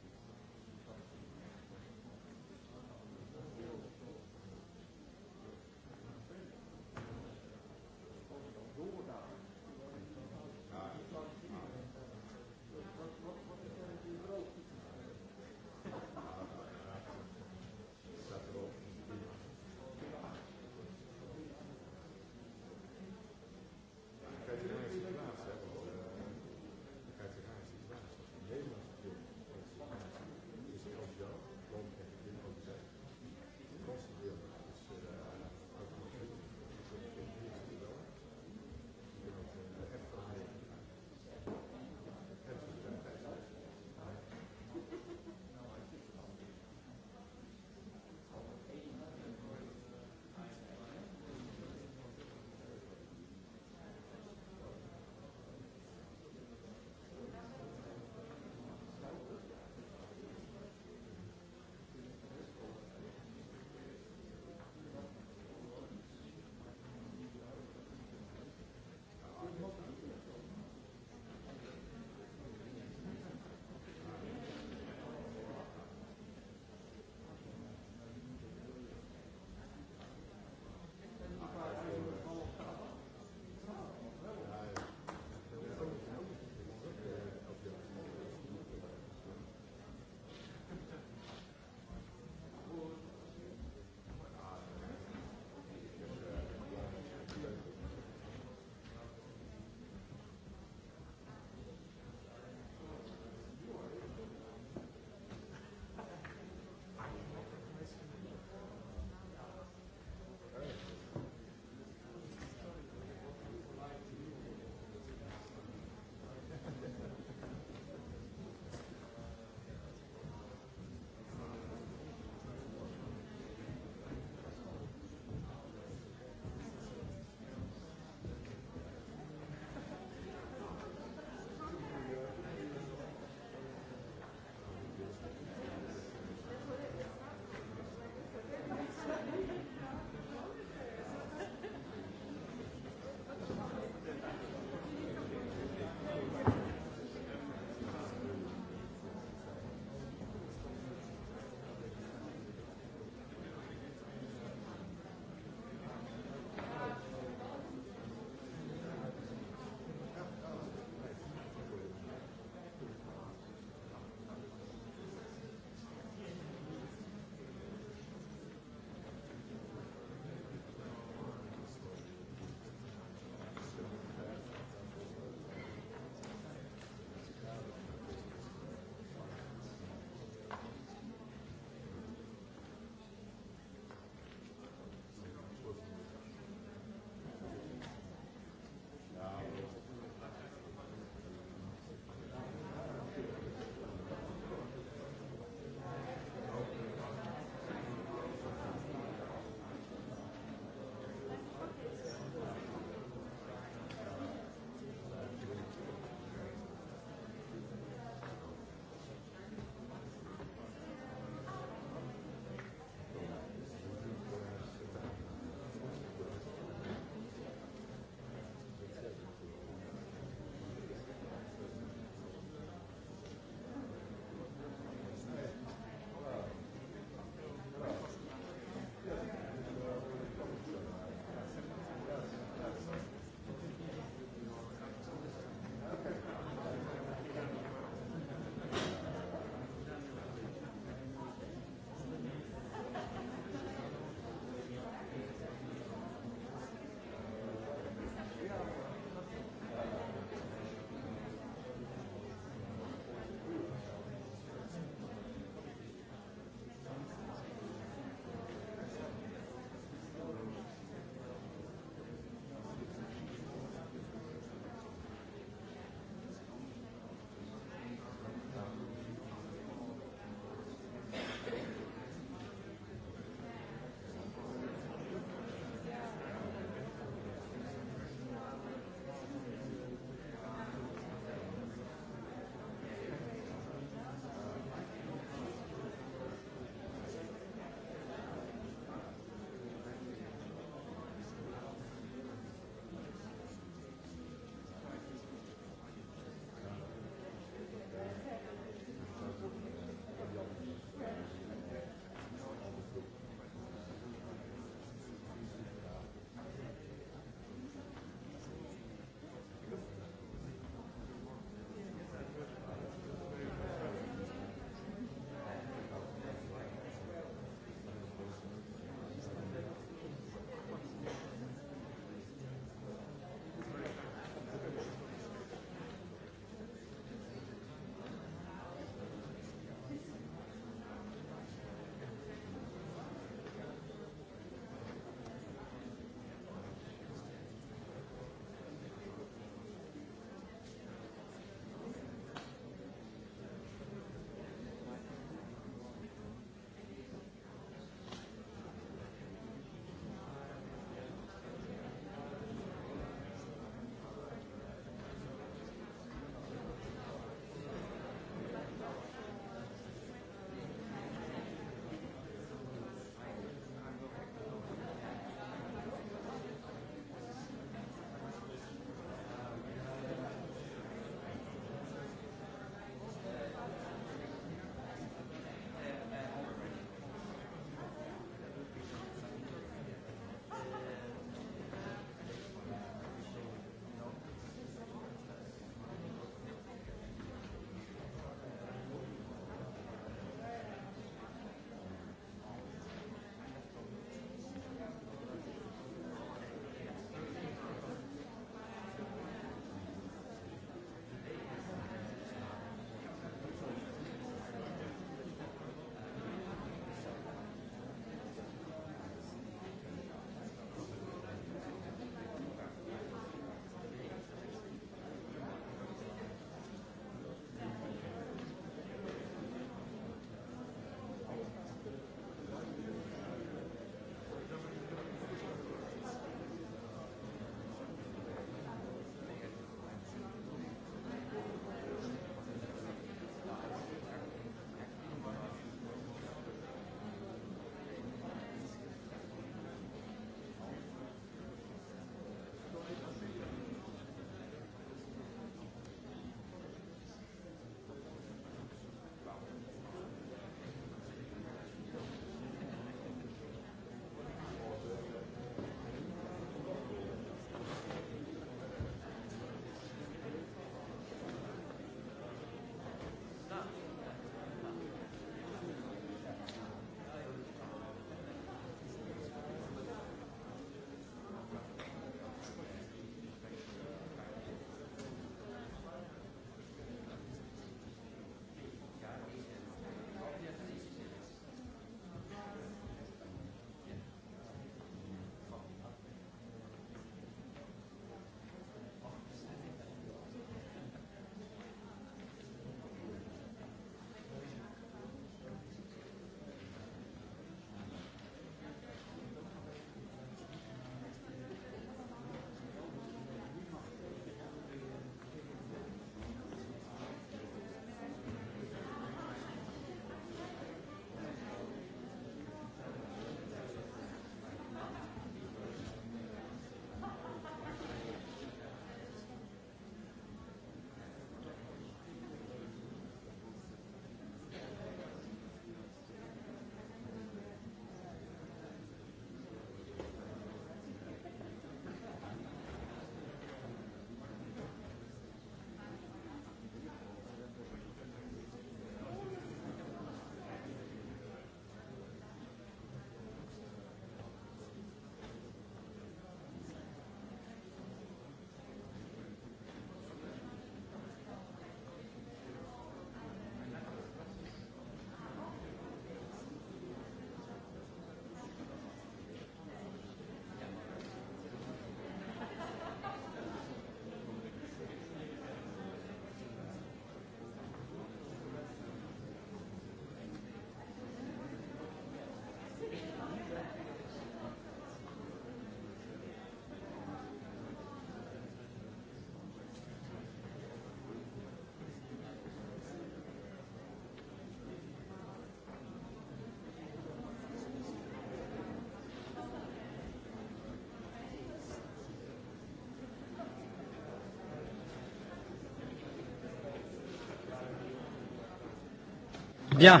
Speaker 1: Bien.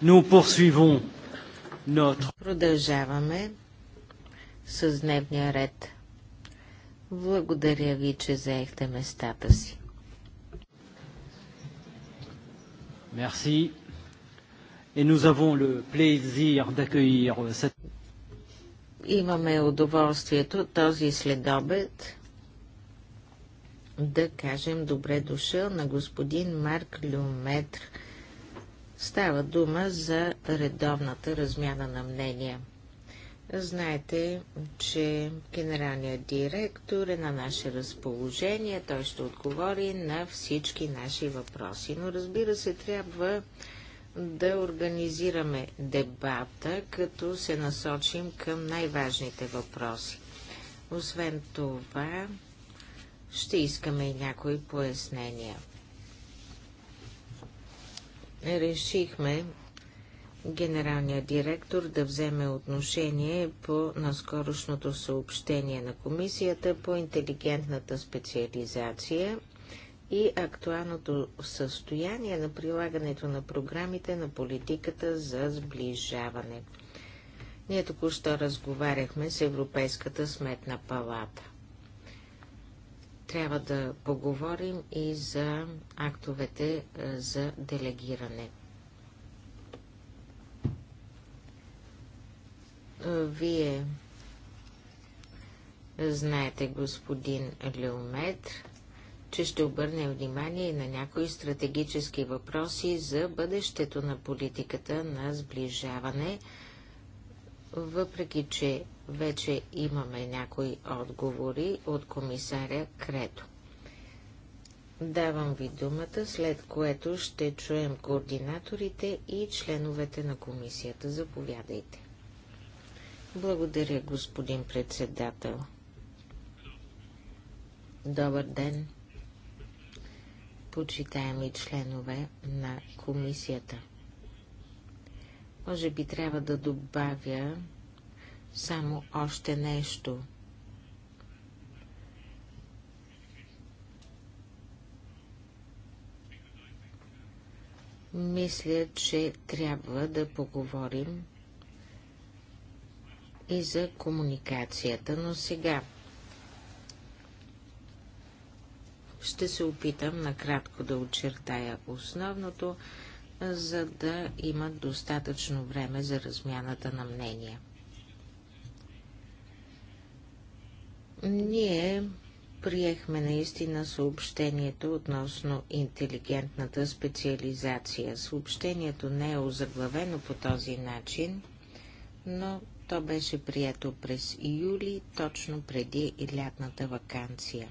Speaker 1: Nous poursuivons notre...
Speaker 2: Продължаваме с дневния ред. Благодаря ви, че заехте местата си.
Speaker 1: Merci. Et nous avons le plaisir d'accueillir cette...
Speaker 2: Имаме удоволствието този следобед да кажем добре дошъл на господин Марк Люметр – Става дума за редовната размяна на мнения. Знаете, че генералният директор е на наше разположение. Той ще отговори на всички наши въпроси. Но разбира се, трябва да организираме дебата, като се насочим към най-важните въпроси. Освен това, ще искаме и някои пояснения решихме генералният директор да вземе отношение по наскорошното съобщение на комисията по интелигентната специализация и актуалното състояние на прилагането на програмите на политиката за сближаване. Ние току-що разговаряхме с Европейската сметна палата. Трябва да поговорим и за актовете е, за делегиране. Е, вие знаете, господин Леометр, че ще обърне внимание на някои стратегически въпроси за бъдещето на политиката на сближаване – въпреки че вече имаме някои отговори от комисаря Крето. Давам ви думата, след което ще чуем координаторите и членовете на комисията. Заповядайте. Благодаря, господин председател. Добър ден, почитаеми членове на комисията. Може би трябва да добавя само още нещо. Мисля, че трябва да поговорим и за комуникацията, но сега ще се опитам накратко да очертая основното за да имат достатъчно време за размяната на мнения. Ние приехме наистина съобщението относно интелигентната специализация. Съобщението не е озаглавено по този начин, но то беше прието през юли, точно преди лятната вакансия.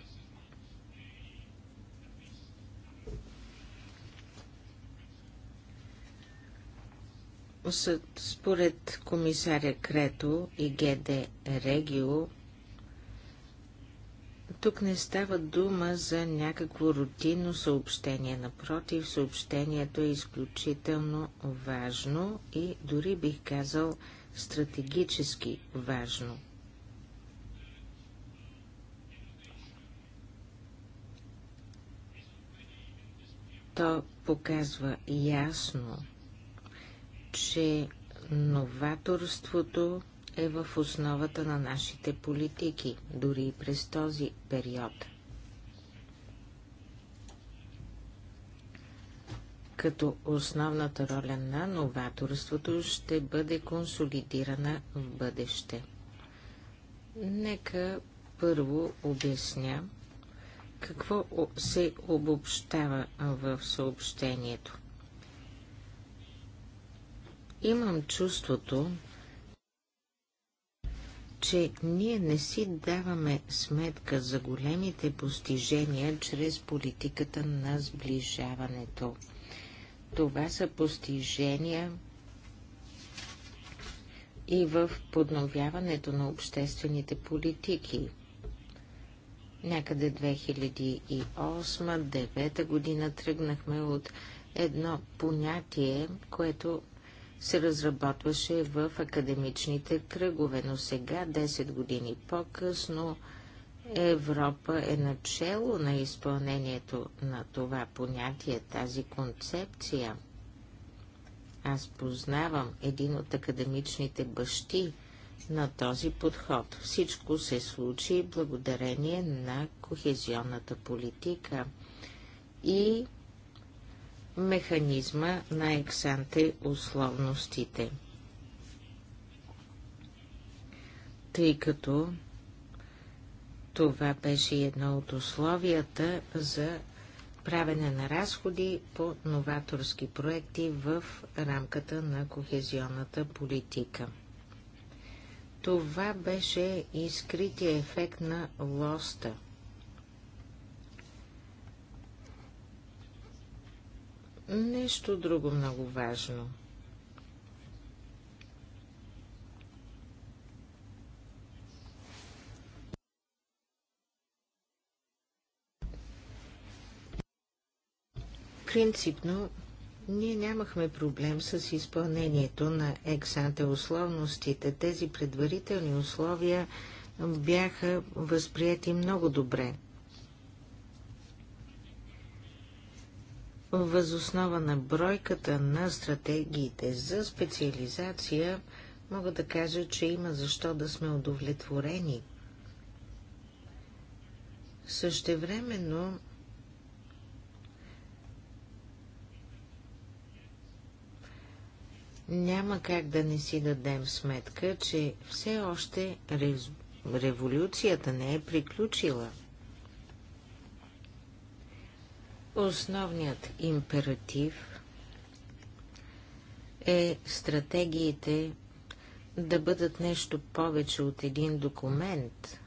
Speaker 2: Според комисаря Крето и ГД Регио, тук не става дума за някакво рутинно съобщение. Напротив, съобщението е изключително важно и дори бих казал стратегически важно. То показва ясно, че новаторството е в основата на нашите политики, дори и през този период. Като основната роля на новаторството ще бъде консолидирана в бъдеще. Нека първо обясня какво се обобщава в съобщението. Имам чувството, че ние не си даваме сметка за големите постижения чрез политиката на сближаването. Това са постижения и в подновяването на обществените политики. Някъде 2008-2009 година тръгнахме от едно понятие, което се разработваше в академичните кръгове, но сега, 10 години по-късно, Европа е начало на изпълнението на това понятие, тази концепция. Аз познавам един от академичните бащи на този подход. Всичко се случи благодарение на кохезионната политика и механизма на ексанте условностите. Тъй като това беше едно от условията за правене на разходи по новаторски проекти в рамката на кохезионната политика. Това беше и скрития ефект на лоста – Нещо друго много важно. Принципно, ние нямахме проблем с изпълнението на ексанте условностите. Тези предварителни условия бяха възприяти много добре Възоснова на бройката на стратегиите за специализация мога да кажа, че има защо да сме удовлетворени. Същевременно няма как да не си дадем сметка, че все още рез... революцията не е приключила – Основният императив е стратегиите да бъдат нещо повече от един документ,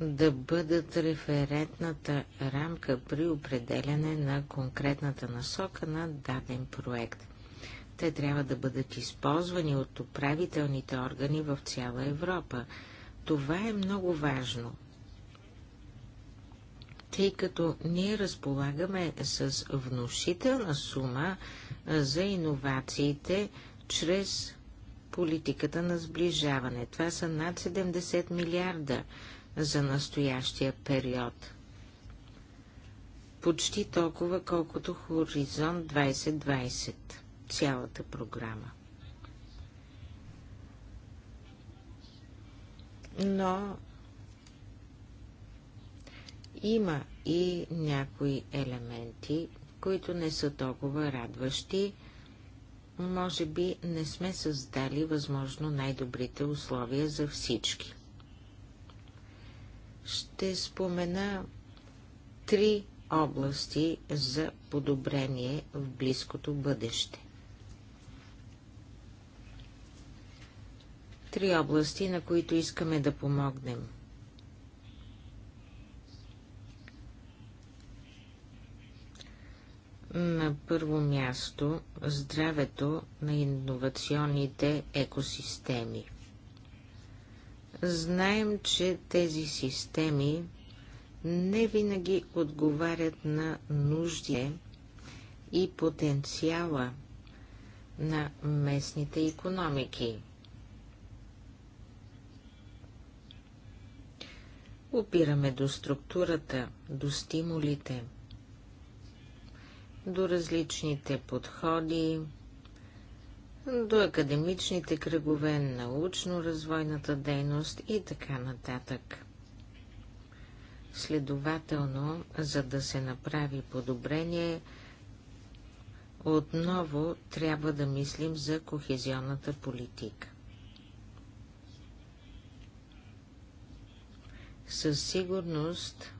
Speaker 2: да бъдат референтната рамка при определяне на конкретната насока на даден проект. Те трябва да бъдат използвани от управителните органи в цяла Европа. Това е много важно – тъй като ние разполагаме с внушителна сума за иновациите чрез политиката на сближаване. Това са над 70 милиарда за настоящия период. Почти толкова, колкото Хоризонт 2020, цялата програма. Но има и някои елементи, които не са толкова радващи. Може би не сме създали възможно най-добрите условия за всички. Ще спомена три области за подобрение в близкото бъдеще. Три области, на които искаме да помогнем. На първо място здравето на инновационните екосистеми. Знаем, че тези системи не винаги отговарят на нуждите и потенциала на местните економики. Опираме до структурата, до стимулите – до различните подходи, до академичните кръгове, научно-развойната дейност и така нататък. Следователно, за да се направи подобрение, отново трябва да мислим за кохезионната политика. Със сигурност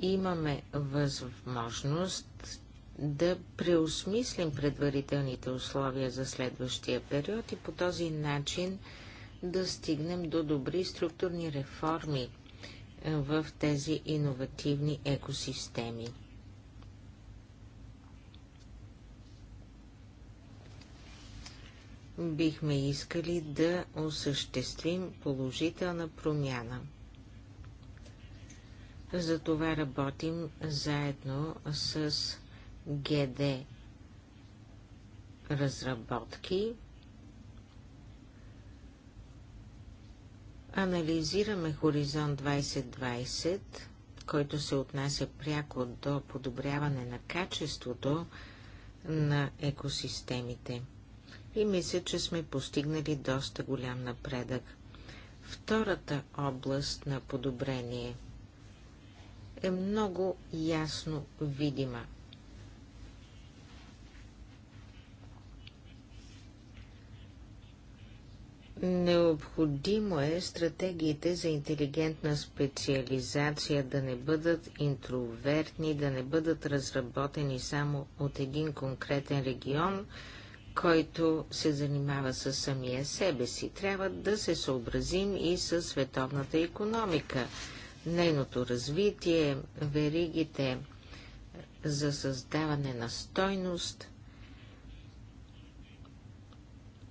Speaker 2: имаме възможност да преосмислим предварителните условия за следващия период и по този начин да стигнем до добри структурни реформи е, в тези иновативни екосистеми. Бихме искали да осъществим положителна промяна. Затова работим заедно с ГД разработки. Анализираме Хоризонт 2020, който се отнася пряко до подобряване на качеството на екосистемите. И мисля, че сме постигнали доста голям напредък. Втората област на подобрение е много ясно видима Необходимо е стратегиите за интелигентна специализация да не бъдат интровертни, да не бъдат разработени само от един конкретен регион, който се занимава с самия себе си. Трябва да се съобразим и с световната економика, нейното развитие, веригите за създаване на стойност –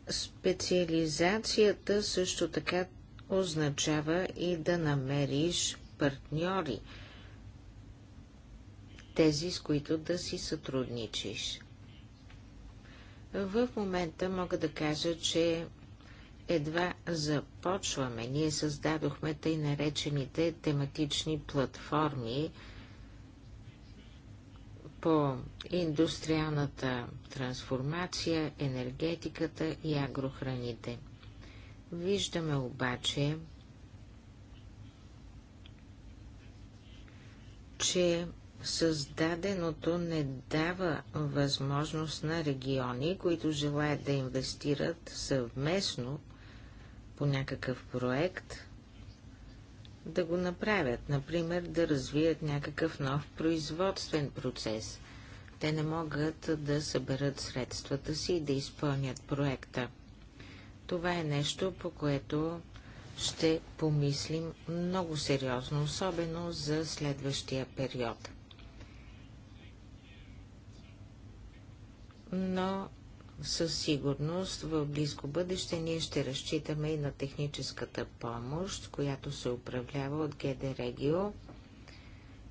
Speaker 2: Специализацията също така означава и да намериш партньори, тези с които да си сътрудничиш. В момента мога да кажа, че едва започваме. Ние създадохме тъй наречените тематични платформи, по индустриалната трансформация, енергетиката и агрохраните. Виждаме обаче, че създаденото не дава възможност на региони, които желаят да инвестират съвместно по някакъв проект, да го направят, например да развият някакъв нов производствен процес. Те не могат да съберат средствата си и да изпълнят проекта. Това е нещо, по което ще помислим много сериозно, особено за следващия период. Но със сигурност в близко бъдеще ние ще разчитаме и на техническата помощ, която се управлява от ГД Регио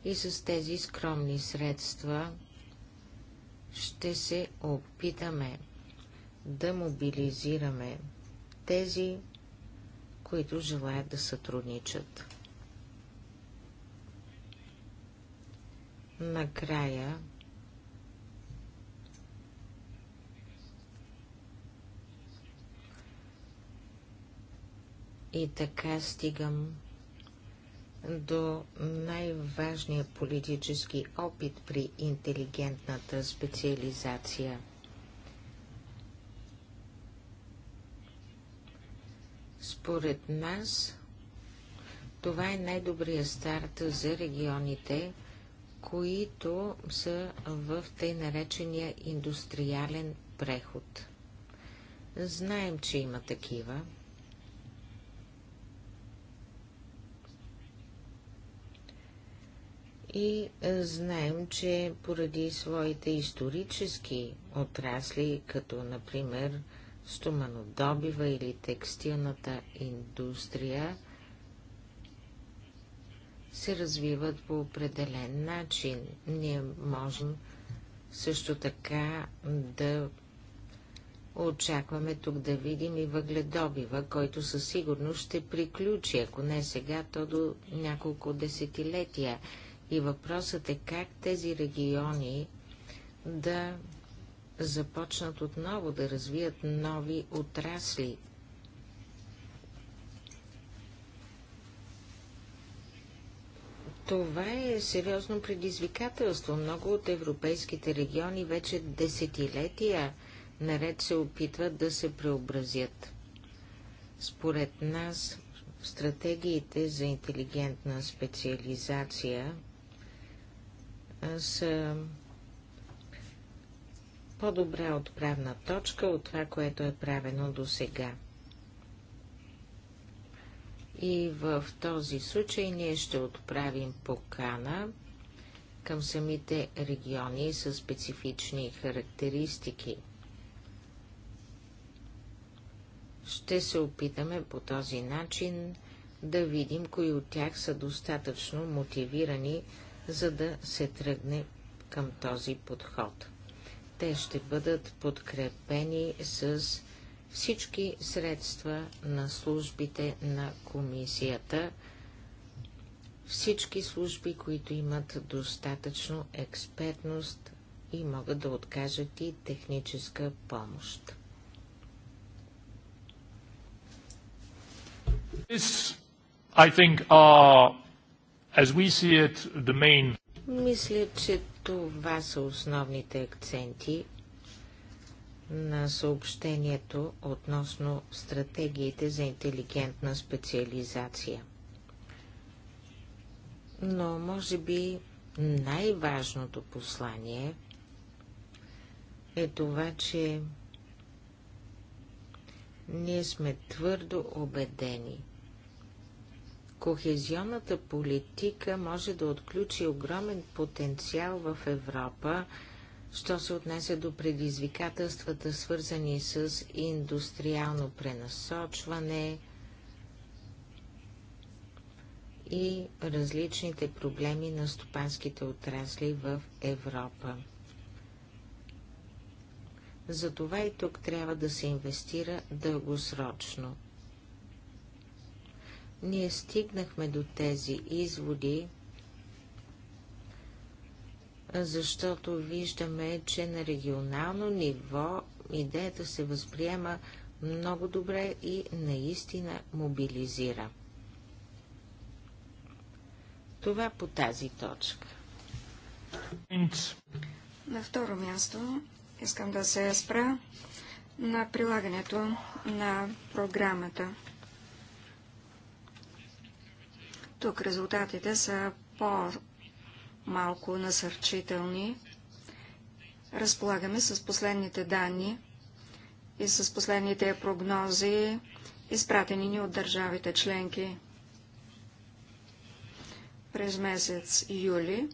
Speaker 2: и с тези скромни средства ще се опитаме да мобилизираме тези, които желаят да сътрудничат. Накрая И така стигам до най-важния политически опит при интелигентната специализация. Според нас това е най-добрият старт за регионите, които са в тъй наречения индустриален преход. Знаем, че има такива. и е, знаем, че поради своите исторически отрасли, като например стоманодобива или текстилната индустрия, се развиват по определен начин. Ние можем също така да очакваме тук да видим и въгледобива, който със сигурност ще приключи, ако не сега, то до няколко десетилетия. И въпросът е как тези региони да започнат отново да развият нови отрасли. Това е сериозно предизвикателство. Много от европейските региони вече десетилетия наред се опитват да се преобразят. Според нас, стратегиите за интелигентна специализация – са по-добра отправна точка от това, което е правено до сега. И в този случай ние ще отправим покана към самите региони с специфични характеристики. Ще се опитаме по този начин да видим кои от тях са достатъчно мотивирани за да се тръгне към този подход. Те ще бъдат подкрепени с всички средства на службите на комисията, всички служби, които имат достатъчно експертност и могат да откажат и техническа помощ.
Speaker 4: This, I think,
Speaker 1: мисля,
Speaker 2: че това са основните акценти на съобщението относно стратегиите за интелигентна специализация. Но може би най-важното послание е това, че ние сме твърдо убедени – Кохезионната политика може да отключи огромен потенциал в Европа, що се отнесе до предизвикателствата, свързани с индустриално пренасочване и различните проблеми на стопанските отрасли в Европа. Затова и тук трябва да се инвестира дългосрочно. Ние стигнахме до тези изводи, защото виждаме, че на регионално ниво идеята се възприема много добре и наистина мобилизира. Това по тази точка.
Speaker 3: На второ място искам да се спра на прилагането на програмата. Тук резултатите са по-малко насърчителни. Разполагаме с последните данни и с последните прогнози, изпратени ни от държавите членки. През месец юли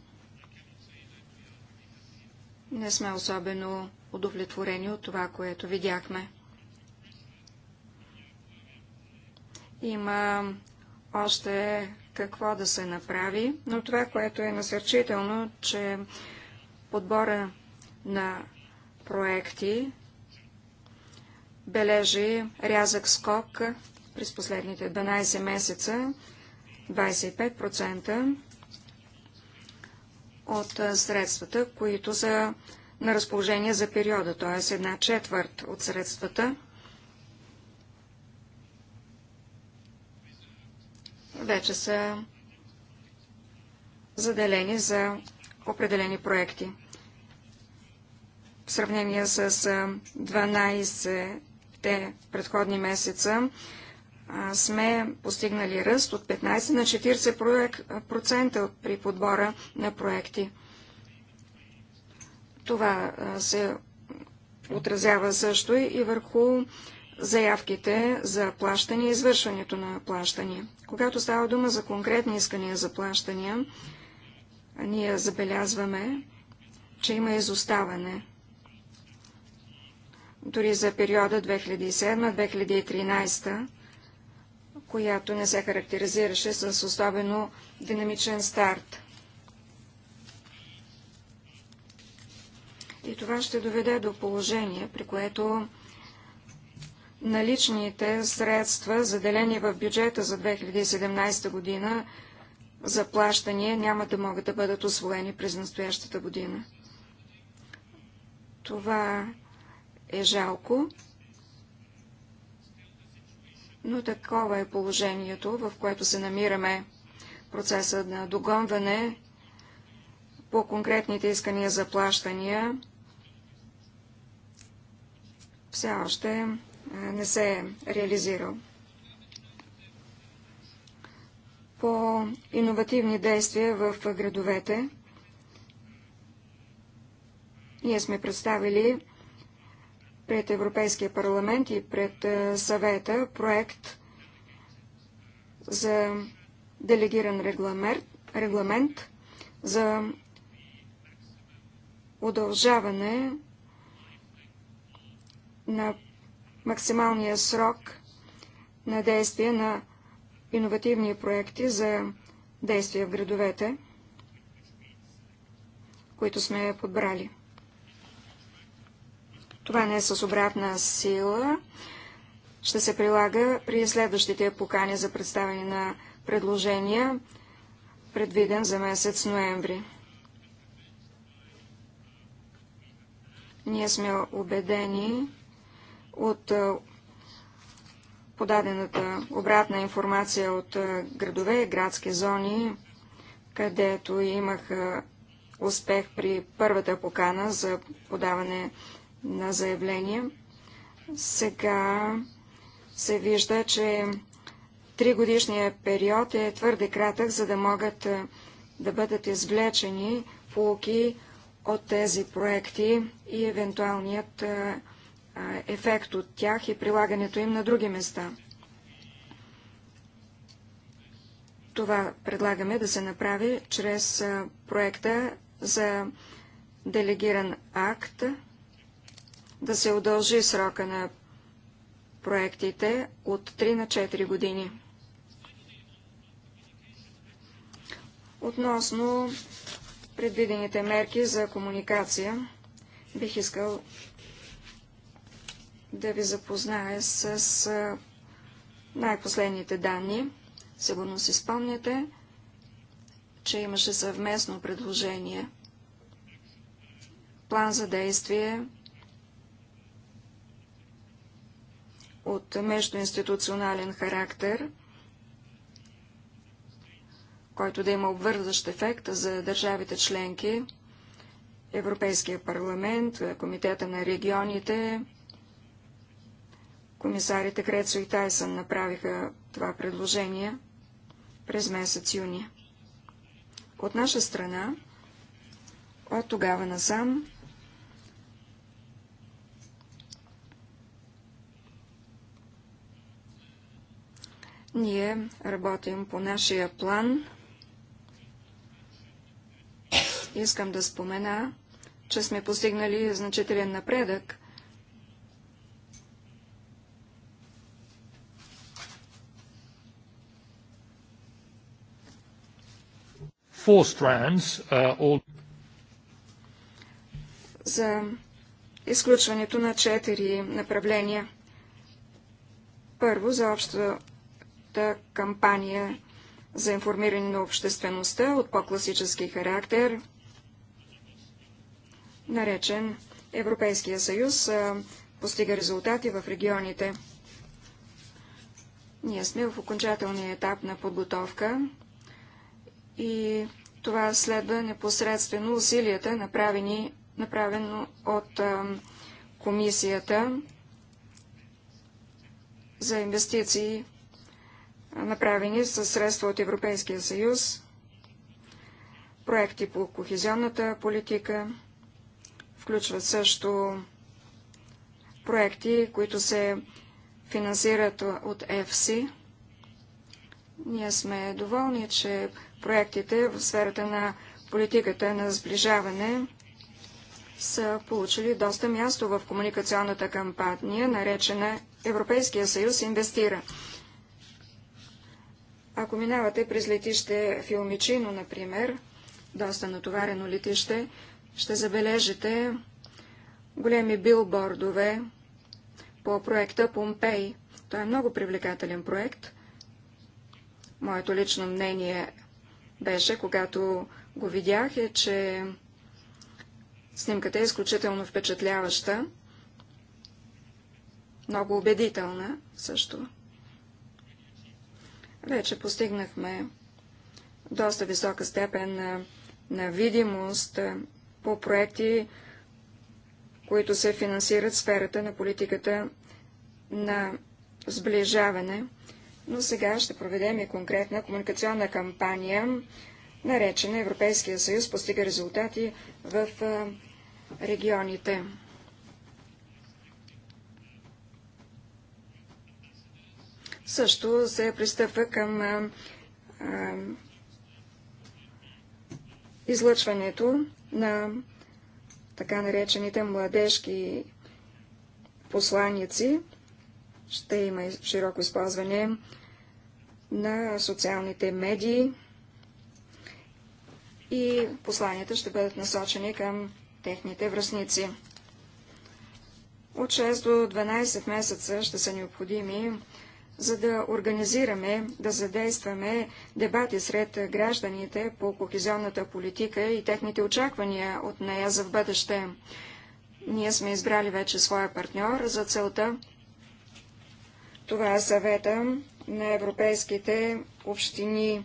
Speaker 3: не сме особено удовлетворени от това, което видяхме. Има още какво да се направи, но това, което е насърчително, че подбора на проекти бележи рязък скок през последните 12 месеца 25% от средствата, които са на разположение за периода, т.е. една четвърт от средствата. вече са заделени за определени проекти. В сравнение с 12-те предходни месеца сме постигнали ръст от 15 на 40% при подбора на проекти. Това се отразява също и върху заявките за плащане и извършването на плащания. Когато става дума за конкретни искания за плащания, ние забелязваме, че има изоставане. Дори за периода 2007-2013, която не се характеризираше с особено динамичен старт. И това ще доведе до положение, при което наличните средства, заделени в бюджета за 2017 година, за плащания няма да могат да бъдат освоени през настоящата година. Това е жалко, но такова е положението, в което се намираме. процеса на догонване по конкретните искания за плащания все още не се е реализирал. По иновативни действия в градовете ние сме представили пред Европейския парламент и пред съвета проект за делегиран регламент, регламент за удължаване на максималния срок на действие на иновативни проекти за действия в градовете, които сме подбрали. Това не е с обратна сила. Ще се прилага при следващите покани за представяне на предложения, предвиден за месец ноември. Ние сме убедени, от е, подадената обратна информация от е, градове и градски зони, където имах успех при първата покана за подаване на заявление. Сега се вижда, че тригодишният период е твърде кратък, за да могат е, да бъдат извлечени полки от тези проекти и евентуалният ефект от тях и прилагането им на други места. Това предлагаме да се направи чрез проекта за делегиран акт, да се удължи срока на проектите от 3 на 4 години. Относно предвидените мерки за комуникация, бих искал да ви запозная с най-последните данни. Сигурно си спомняте, че имаше съвместно предложение. План за действие от междуинституционален характер, който да има обвързващ ефект за държавите членки, Европейския парламент, Комитета на регионите, Комисарите Крецо и Тайсън направиха това предложение през месец юни. От наша страна, от тогава насам, ние работим по нашия план. Искам да спомена, че сме постигнали значителен напредък
Speaker 1: four strands, uh, all...
Speaker 3: За изключването на четири направления. Първо, за общата кампания за информиране на обществеността от по-класически характер, наречен Европейския съюз, постига резултати в регионите. Ние сме в окончателния етап на подготовка и това следва непосредствено усилията, направени, направено от а, комисията за инвестиции, направени със средства от Европейския съюз, проекти по кохезионната политика, включват също проекти, които се финансират от ЕФСИ. Ние сме доволни, че проектите в сферата на политиката на сближаване са получили доста място в комуникационната кампания, наречена Европейския съюз инвестира. Ако минавате през летище Филмичино, например, доста натоварено летище, ще забележите големи билбордове по проекта Помпей. Той е много привлекателен проект. Моето лично мнение беше, когато го видях, е, че снимката е изключително впечатляваща, много убедителна също. Вече постигнахме доста висока степен на, на видимост е, по проекти, които се финансират в сферата на политиката на сближаване – но сега ще проведем и конкретна комуникационна кампания, наречена Европейския съюз постига резултати в регионите. Също се пристъпва към излъчването на така наречените младежки посланици. Ще има широко използване на социалните медии и посланията ще бъдат насочени към техните връзници. От 6 до 12 месеца ще са необходими, за да организираме, да задействаме дебати сред гражданите по кохезионната политика и техните очаквания от нея за в бъдеще. Ние сме избрали вече своя партньор за целта. Това е съвета на европейските общини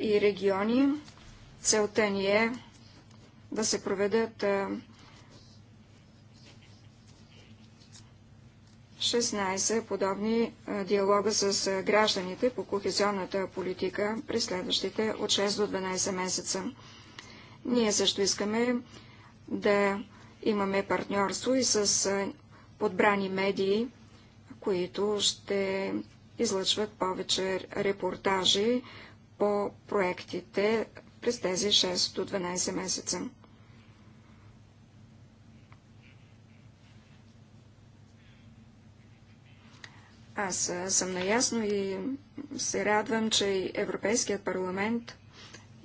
Speaker 3: и региони. Целта ни е да се проведат 16 подобни диалога с гражданите по кохезионната политика през следващите от 6 до 12 месеца. Ние също искаме да имаме партньорство и с подбрани медии, които ще излъчват повече репортажи по проектите през тези 6 до 12 месеца. Аз съм наясно и се радвам, че и Европейският парламент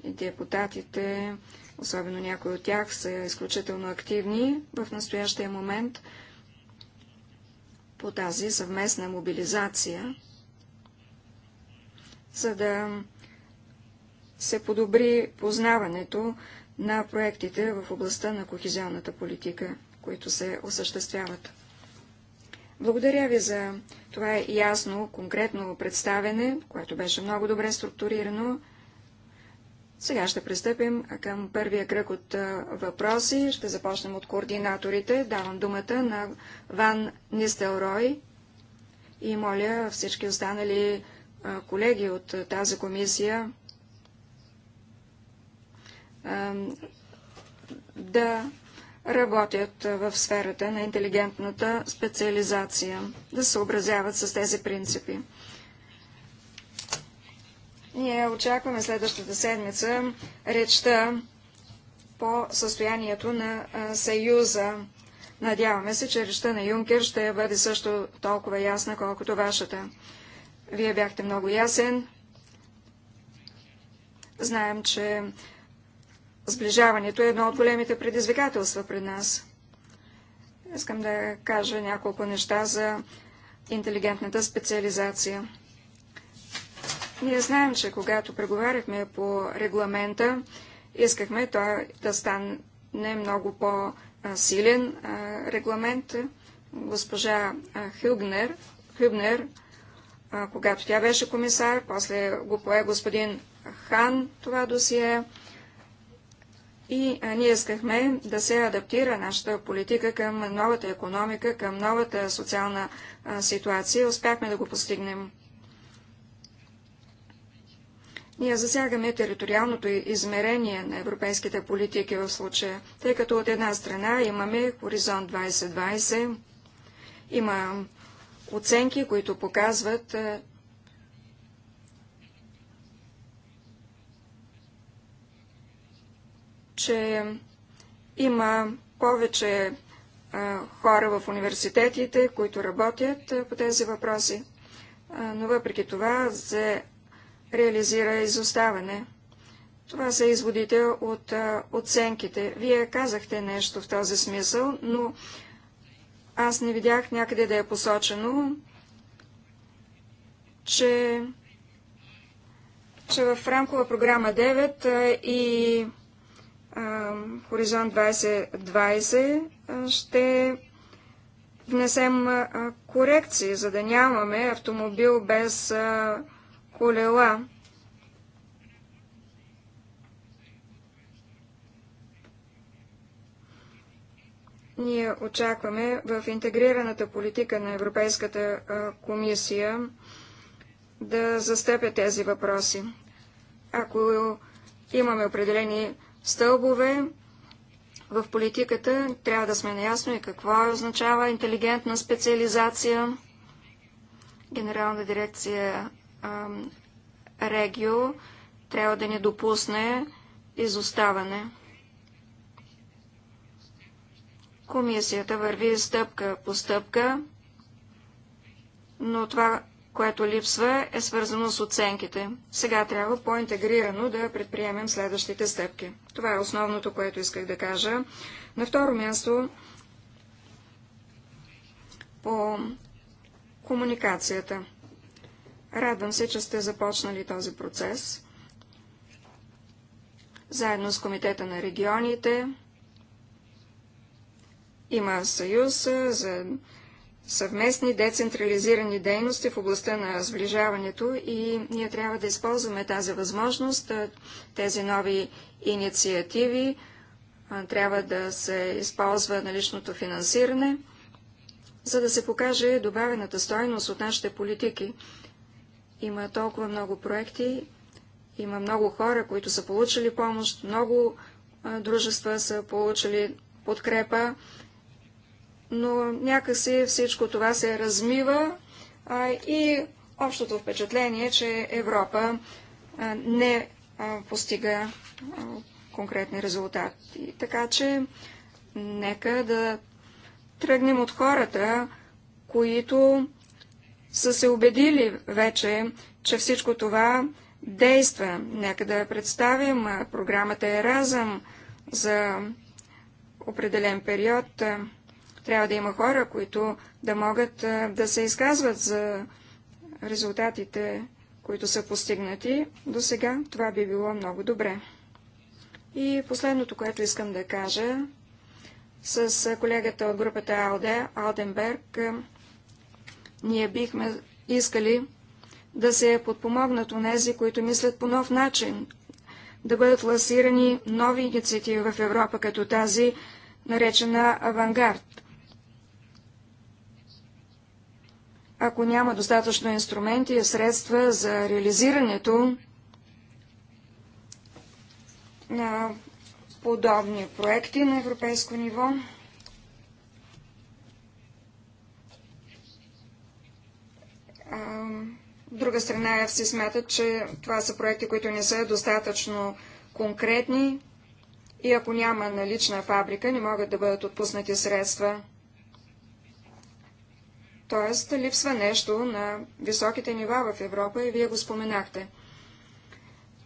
Speaker 3: и депутатите, особено някои от тях, са изключително активни в настоящия момент по тази съвместна мобилизация за да се подобри познаването на проектите в областта на кохезионната политика, които се осъществяват. Благодаря ви за това ясно, конкретно представене, което беше много добре структурирано. Сега ще пристъпим към първия кръг от въпроси. Ще започнем от координаторите. Давам думата на Ван Нистелрой и моля всички останали колеги от тази комисия да работят в сферата на интелигентната специализация, да съобразяват с тези принципи. Ние очакваме следващата седмица речта по състоянието на Съюза. Надяваме се, че речта на Юнкер ще бъде също толкова ясна, колкото вашата. Вие бяхте много ясен. Знаем, че сближаването е едно от големите предизвикателства пред нас. Искам да кажа няколко неща за интелигентната специализация. Ние знаем, че когато преговаряхме по регламента, искахме той да стане много по-силен регламент. Госпожа Хюбнер, Хюбнер когато тя беше комисар, после го пое господин Хан това досие. И ние искахме да се адаптира нашата политика към новата економика, към новата социална ситуация. Успяхме да го постигнем. Ние засягаме териториалното измерение на европейските политики в случая, тъй като от една страна имаме Хоризонт 2020, има оценки, които показват, е, че има повече е, хора в университетите, които работят е, по тези въпроси. Но въпреки това се реализира изоставане. Това са изводите от оценките. Вие казахте нещо в този смисъл, но аз не видях някъде да е посочено, че, че в рамкова програма 9 и Хоризонт 2020 ще внесем корекции, за да нямаме автомобил без колела. Ние очакваме в интегрираната политика на Европейската комисия да застъпя тези въпроси. Ако имаме определени стълбове в политиката, трябва да сме наясно и какво означава интелигентна специализация. Генерална дирекция Регио трябва да не допусне изоставане. Комисията върви стъпка по стъпка, но това, което липсва, е свързано с оценките. Сега трябва по-интегрирано да предприемем следващите стъпки. Това е основното, което исках да кажа. На второ място, по комуникацията. Радвам се, че сте започнали този процес. Заедно с Комитета на регионите, има съюз за съвместни децентрализирани дейности в областта на сближаването и ние трябва да използваме тази възможност, тези нови инициативи. Трябва да се използва на личното финансиране, за да се покаже добавената стойност от нашите политики. Има толкова много проекти, има много хора, които са получили помощ, много дружества са получили подкрепа но някакси всичко това се размива а, и общото впечатление, е, че Европа а, не а, постига конкретни резултати. Така че нека да тръгнем от хората, които са се убедили вече, че всичко това действа. Нека да представим програмата Еразъм за определен период. Трябва да има хора, които да могат да се изказват за резултатите, които са постигнати до сега. Това би било много добре. И последното, което искам да кажа, с колегата от групата Алде, Алденберг, ние бихме искали да се подпомогнат у нези, които мислят по нов начин, да бъдат ласирани нови инициативи в Европа, като тази, наречена авангард. ако няма достатъчно инструменти и средства за реализирането на подобни проекти на европейско ниво. От друга страна, все смятат, че това са проекти, които не са достатъчно конкретни и ако няма налична фабрика, не могат да бъдат отпуснати средства. Т.е. липсва нещо на високите нива в Европа и вие го споменахте.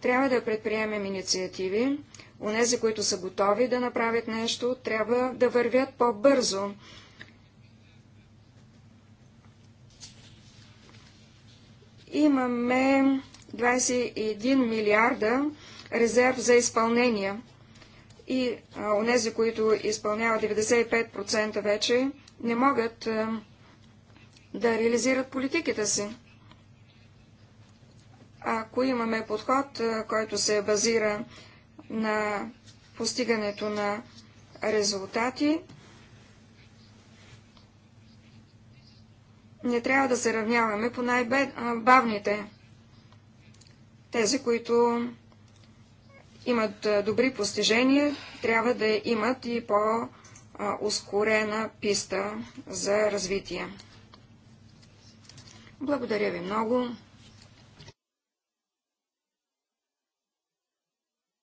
Speaker 3: Трябва да предприемем инициативи. Унези, които са готови да направят нещо, трябва да вървят по-бързо. Имаме 21 милиарда резерв за изпълнение. И онези, унези, които изпълняват 95% вече, не могат а, да реализират политиките си. Ако имаме подход, който се базира на постигането на резултати, не трябва да се равняваме по най-бавните. Тези, които имат добри постижения, трябва да имат и по-ускорена писта за развитие. Благодаря ви много.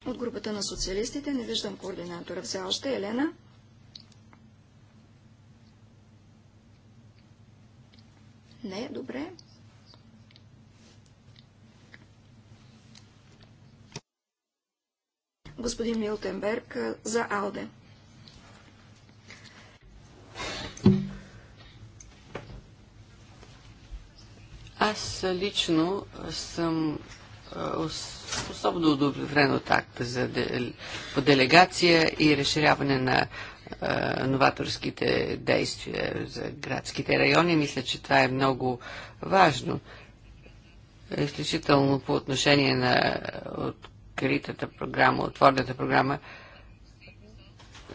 Speaker 3: От групата на социалистите не виждам координатора все още. Елена? Не, добре. Господин Милтенберг за Алде.
Speaker 4: Аз лично съм особено удовлетворен от акта за де, по делегация и разширяване на а, новаторските действия за градските райони. Мисля, че това е много важно. Изключително по отношение на откритата програма, отворената програма.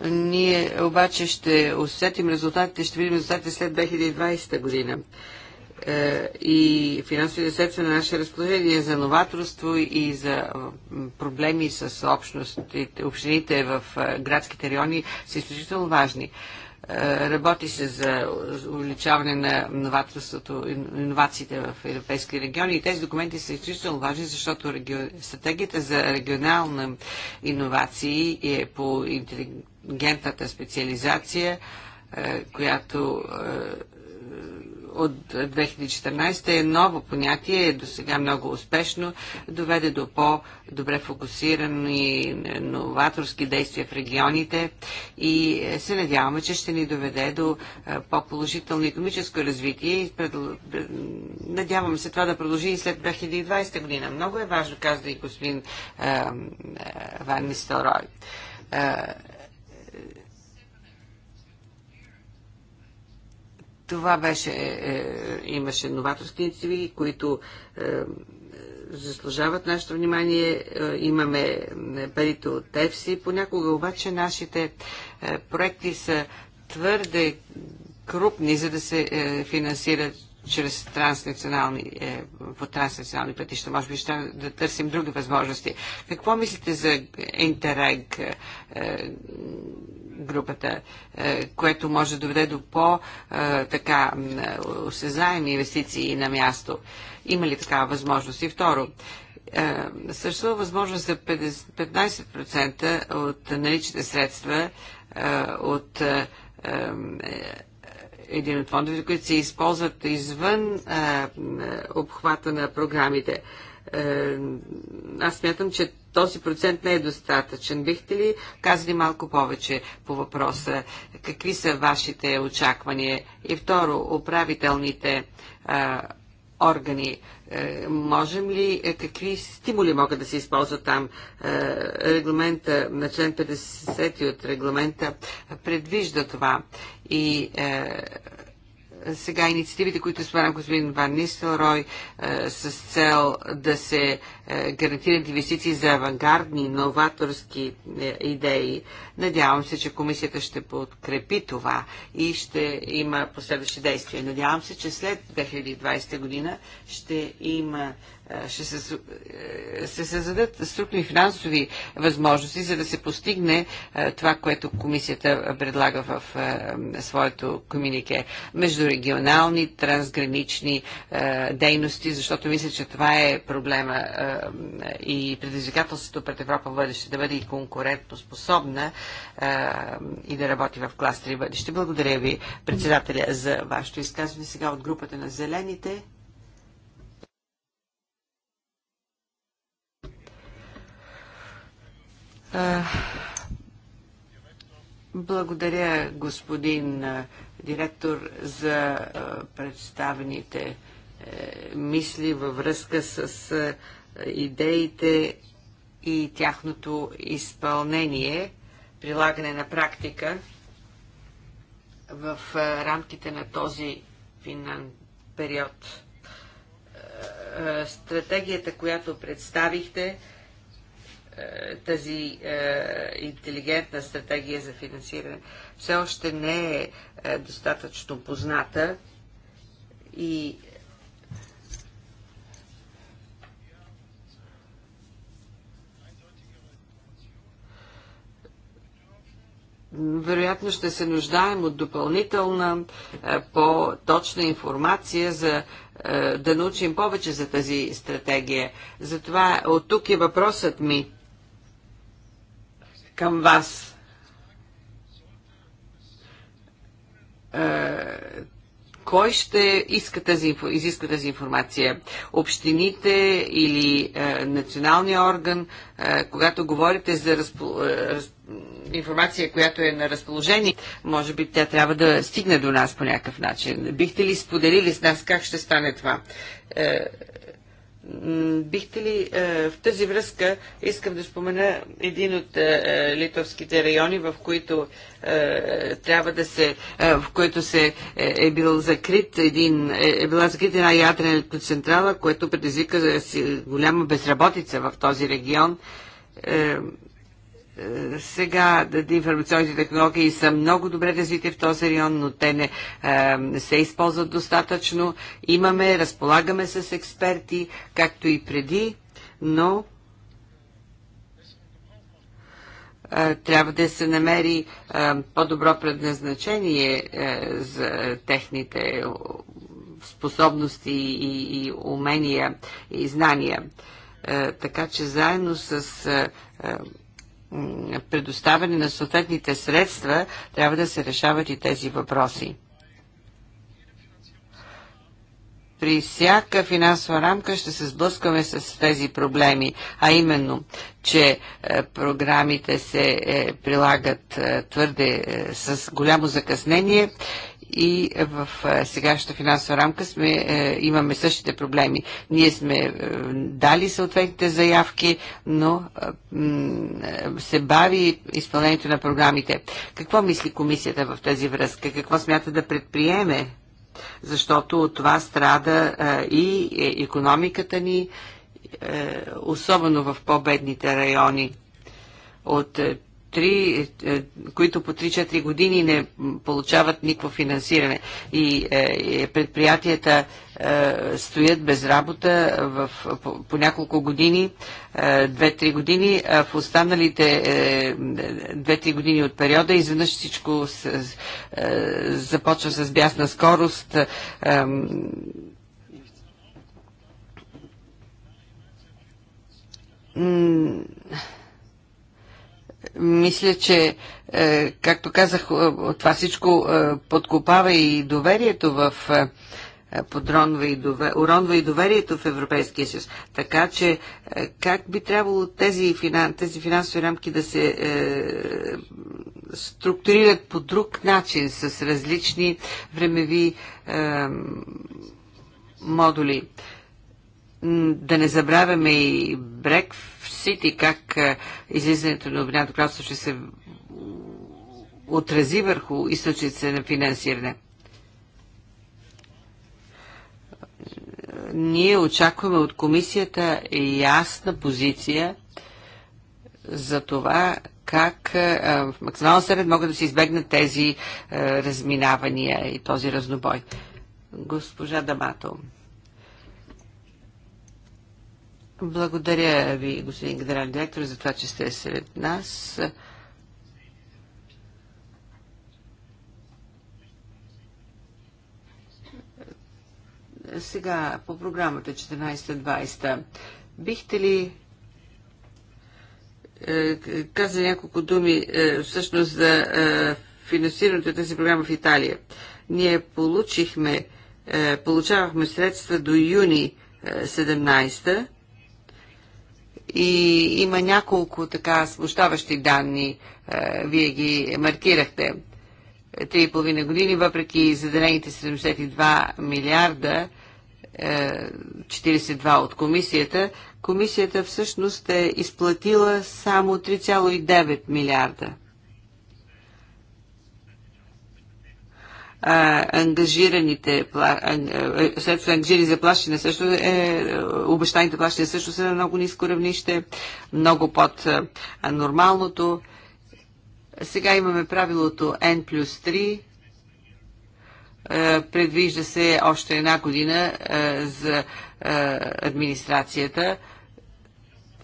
Speaker 4: Ние обаче ще усетим резултатите, ще видим резултатите след 2020 година. Е, и финансовите средства на наше разположение за новаторство и за е, проблеми с общностите, общините в е, градските райони са изключително важни. Работи се за увеличаване на новаторството, иновациите в европейски региони и тези документи са изключително важни, защото регион... стратегията за регионална иновации е по интелигентната специализация, която от 2014 е ново понятие, е до сега много успешно, доведе до по-добре фокусирани е, новаторски действия в регионите и е, се надяваме, че ще ни доведе до е, по-положително економическо развитие. Надявам се това да продължи и след 2020 година. Много е важно, каза и господин Ван Нистелрой Това беше, е, е, имаше новаторски инициативи, които е, заслужават нашето внимание. Е, имаме е, парите от ЕФСИ. Понякога обаче нашите проекти са твърде крупни, за да се финансират чрез транснационални, е, по транснационални пътища. Може би ще да търсим други възможности. Какво мислите за Интерег е, групата, е, което може да доведе до по-така е, осезаеми инвестиции на място? Има ли такава възможност? И второ, е, съществува възможност за 15% от наличните средства е, от е, е един от фондовете, които се използват извън а, обхвата на програмите. А, е, аз смятам, че този процент не е достатъчен. Бихте ли казали малко повече по въпроса? Какви са вашите очаквания? И второ, управителните а, органи. Е, можем ли, е, какви стимули могат да се използват там? Е, регламента на член 50 от регламента предвижда това. И сега инициативите, които споменам господин Ван Нистелрой, с цел да се е, гарантират инвестиции за авангардни, новаторски е, идеи. Надявам се, че комисията ще подкрепи това и ще има последващи действия. Надявам се, че след 2020 година ще има е, ще се, създадат структурни финансови възможности, за да се постигне това, което комисията предлага в своето комюнике. Междурегионални, трансгранични дейности, защото мисля, че това е проблема и предизвикателството пред Европа в бъдеще да бъде и конкурентоспособна и да работи в кластери в бъдеще. Благодаря ви, председателя, за вашето изказване. Сега от групата на зелените. Благодаря, господин директор, за представените е, мисли във връзка с идеите и тяхното изпълнение, прилагане на практика в рамките на този финан период. Стратегията, която представихте, тази интелигентна стратегия за финансиране, все още не е достатъчно позната и вероятно ще се нуждаем от допълнителна, е, по-точна информация за е, да научим повече за тази стратегия. Затова от тук е въпросът ми към вас. Е, кой ще иска тази, изиска тази информация? Общините или е, националния орган? Е, когато говорите за разпо, е, информация, която е на разположение, може би тя трябва да стигне до нас по някакъв начин. Бихте ли споделили с нас как ще стане това? Е, бихте ли е, в тази връзка, искам да спомена един от е, литовските райони, в които трябва да се, в които се е бил закрит един, е била закрита една ядрена електроцентрала, което предизвика голяма безработица в този регион е, сега информационните технологии са много добре развити в този район, но те не, а, е, се използват достатъчно. Имаме, разполагаме с експерти, както и преди, но а, е, трябва да се намери по-добро предназначение за техните способности и, и умения и знания. Така че заедно с предоставяне на съответните средства трябва да се решават и тези въпроси. При всяка финансова рамка ще се сблъскаме с тези проблеми, а именно, че е, програмите се е, прилагат е, твърде с голямо закъснение и в е, сегашната финансова рамка сме, е, имаме същите проблеми. Ние сме е, дали съответните заявки, но се бави изпълнението на програмите. Какво мисли комисията в тази връзка? Какво смята да предприеме? Защото от това страда и економиката ни, особено в по-бедните райони. От 3, е, които по 3-4 години не получават никакво финансиране. И е, предприятията е, стоят без работа в, по, по няколко години, 2-3 години, а в останалите 2-3 години от периода изведнъж всичко с, започва с бясна скорост. Mm мисля, че, е, както казах, е, това всичко е, подкопава и доверието в подронва и довер... уронва и доверието в Европейския съюз. Така че как би трябвало тези, финан... тези финансови рамки да се е... структурират по друг начин, с различни времеви е... модули? Да не забравяме и Брекф Сити, и как излизането на Обединеното кралство ще се отрази върху източниците на финансиране. Ние очакваме от комисията ясна позиция за това как в максимална сред могат да се избегнат тези разминавания и този разнобой. Госпожа Дамато. Благодаря ви, господин генерален директор, за това, че сте сред нас. Сега по програмата 14-20. Бихте ли е, каза няколко думи е, всъщност за е, финансирането на тази програма в Италия? Ние получихме, е, получавахме средства до юни 17-та е, и има няколко така смущаващи данни, е, вие ги маркирахте. 3,5 години, въпреки заделените 72 милиарда, 42 е, от комисията, комисията всъщност е изплатила само 3,9 милиарда. ангажираните след ангажирани за плащане също е, е обещаните плащане също са на много ниско равнище, много под нормалното. Сега имаме правилото N плюс 3, е, предвижда се още една година е, за администрацията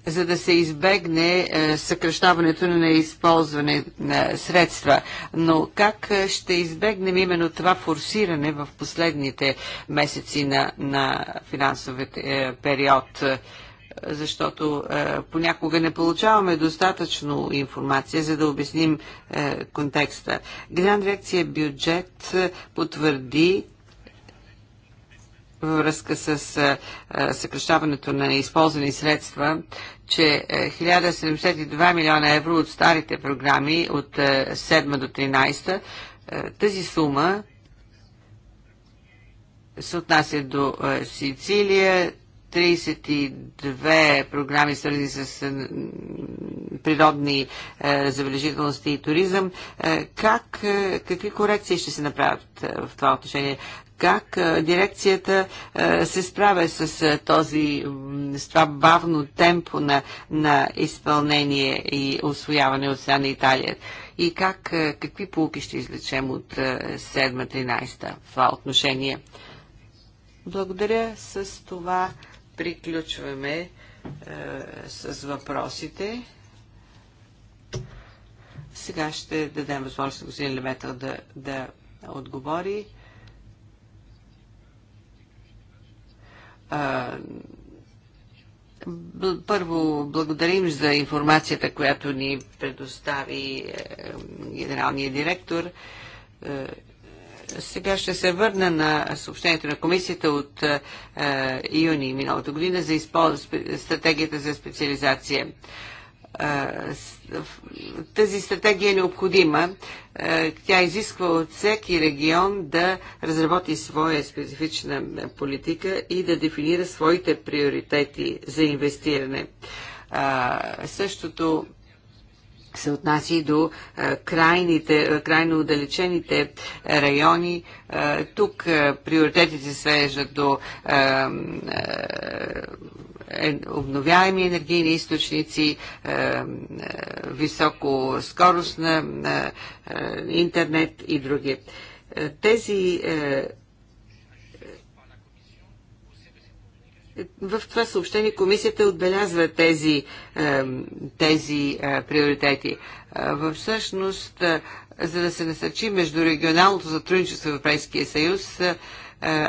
Speaker 4: за да се избегне е, съкръщаването на използване на е, средства. Но как е, ще избегнем именно това форсиране в последните месеци на, на финансовите период? защото е, понякога не получаваме достатъчно информация, за да обясним е, контекста. Генерална дирекция бюджет потвърди връзка с съкрещаването на използвани средства, че 1072 е, милиона евро от старите програми от 7 е, до 13, е, тази сума се отнася до Сицилия, 32 програми, свързани с природни забележителности и туризъм. как, какви корекции ще се направят в това отношение? как дирекцията се справя с, този, с това бавно темпо на, на изпълнение и освояване от страна на Италия? И как, какви полуки ще излечем от 7-13 в това отношение? Благодаря. С това приключваме е, с въпросите. Сега ще дадем възможност на господин Леметъл да, да отговори. Първо благодарим за информацията, която ни предостави е, генералния директор. Е, сега ще се върна на съобщението на комисията от е, юни миналата година за стратегията за специализация тази стратегия е необходима. Тя изисква от всеки регион да разработи своя специфична политика и да дефинира своите приоритети за инвестиране. Същото се отнася и до крайните, крайно отдалечените райони. Тук приоритетите се свежат до е, обновяеми енергийни източници, е, е, високо скорост на интернет и други. Тези В това съобщение комисията отбелязва тези, тези приоритети. Всъщност, за да се насърчи между регионалното сътрудничество в Европейския съюз,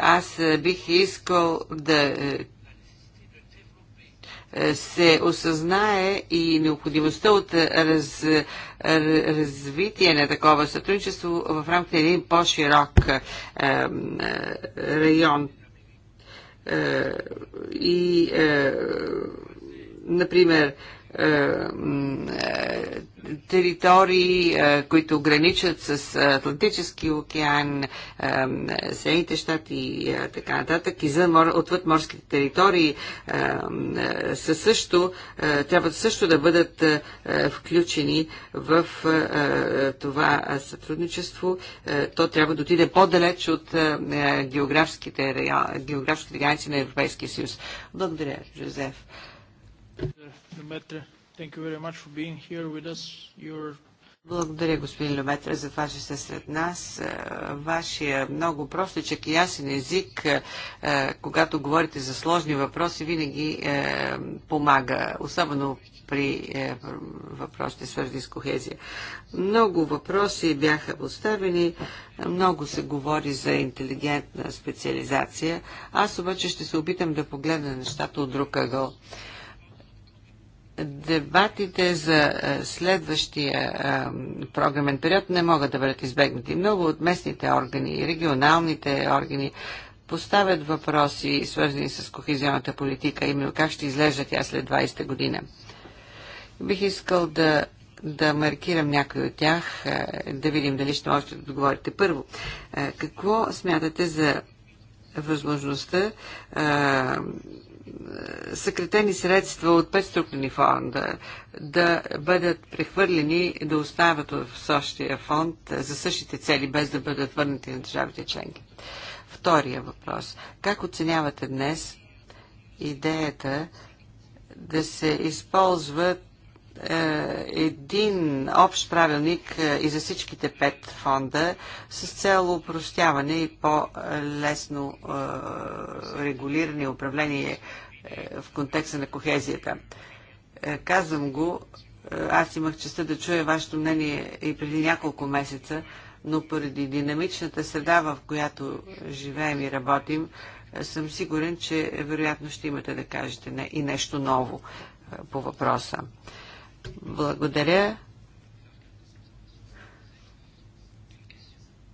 Speaker 4: аз бих искал да е, се осъзнае и необходимостта от раз, развитие на такова сътрудничество в рамките на един по-широк е, е, район. и, например, е, е, територии, е, които граничат с Атлантически океан, Съедините щати и така нататък, и за отвъд морските територии, са също, трябва също да бъдат включени в това сътрудничество. То трябва да отиде по-далеч от географските, географските граници на Европейския съюз. Благодаря, Жозеф. Благодаря, господин Леметра, за това, че сте сред нас. Е, вашия много простичък и ясен език, е, е, когато говорите за сложни въпроси, винаги помага, особено при въпросите свързани с кохезия. Много въпроси бяха поставени, много се говори за интелигентна специализация. Аз обаче ще се опитам да погледна нещата от друг ъгъл дебатите за е, следващия е, програмен период не могат да бъдат избегнати. Много от местните органи, регионалните органи поставят въпроси, свързани с кохезионната политика, именно как ще излежда тя след 20-та година. Бих искал да, да маркирам някой от тях, е, да видим дали ще можете да отговорите. Първо, какво смятате за възможността съкретени средства от пет фонда да бъдат прехвърлени, да остават в същия фонд за същите цели, без да бъдат върнати на държавите членки. Втория въпрос. Как оценявате днес идеята да се използват е, един общ правилник е, и за всичките пет фонда с цел упростяване и по-лесно е, регулиране и управление в контекста на кохезията. Казвам го, аз имах честа да чуя вашето мнение и преди няколко месеца, но поради динамичната среда, в която живеем и работим, съм сигурен, че вероятно ще имате да кажете и нещо ново по въпроса. Благодаря.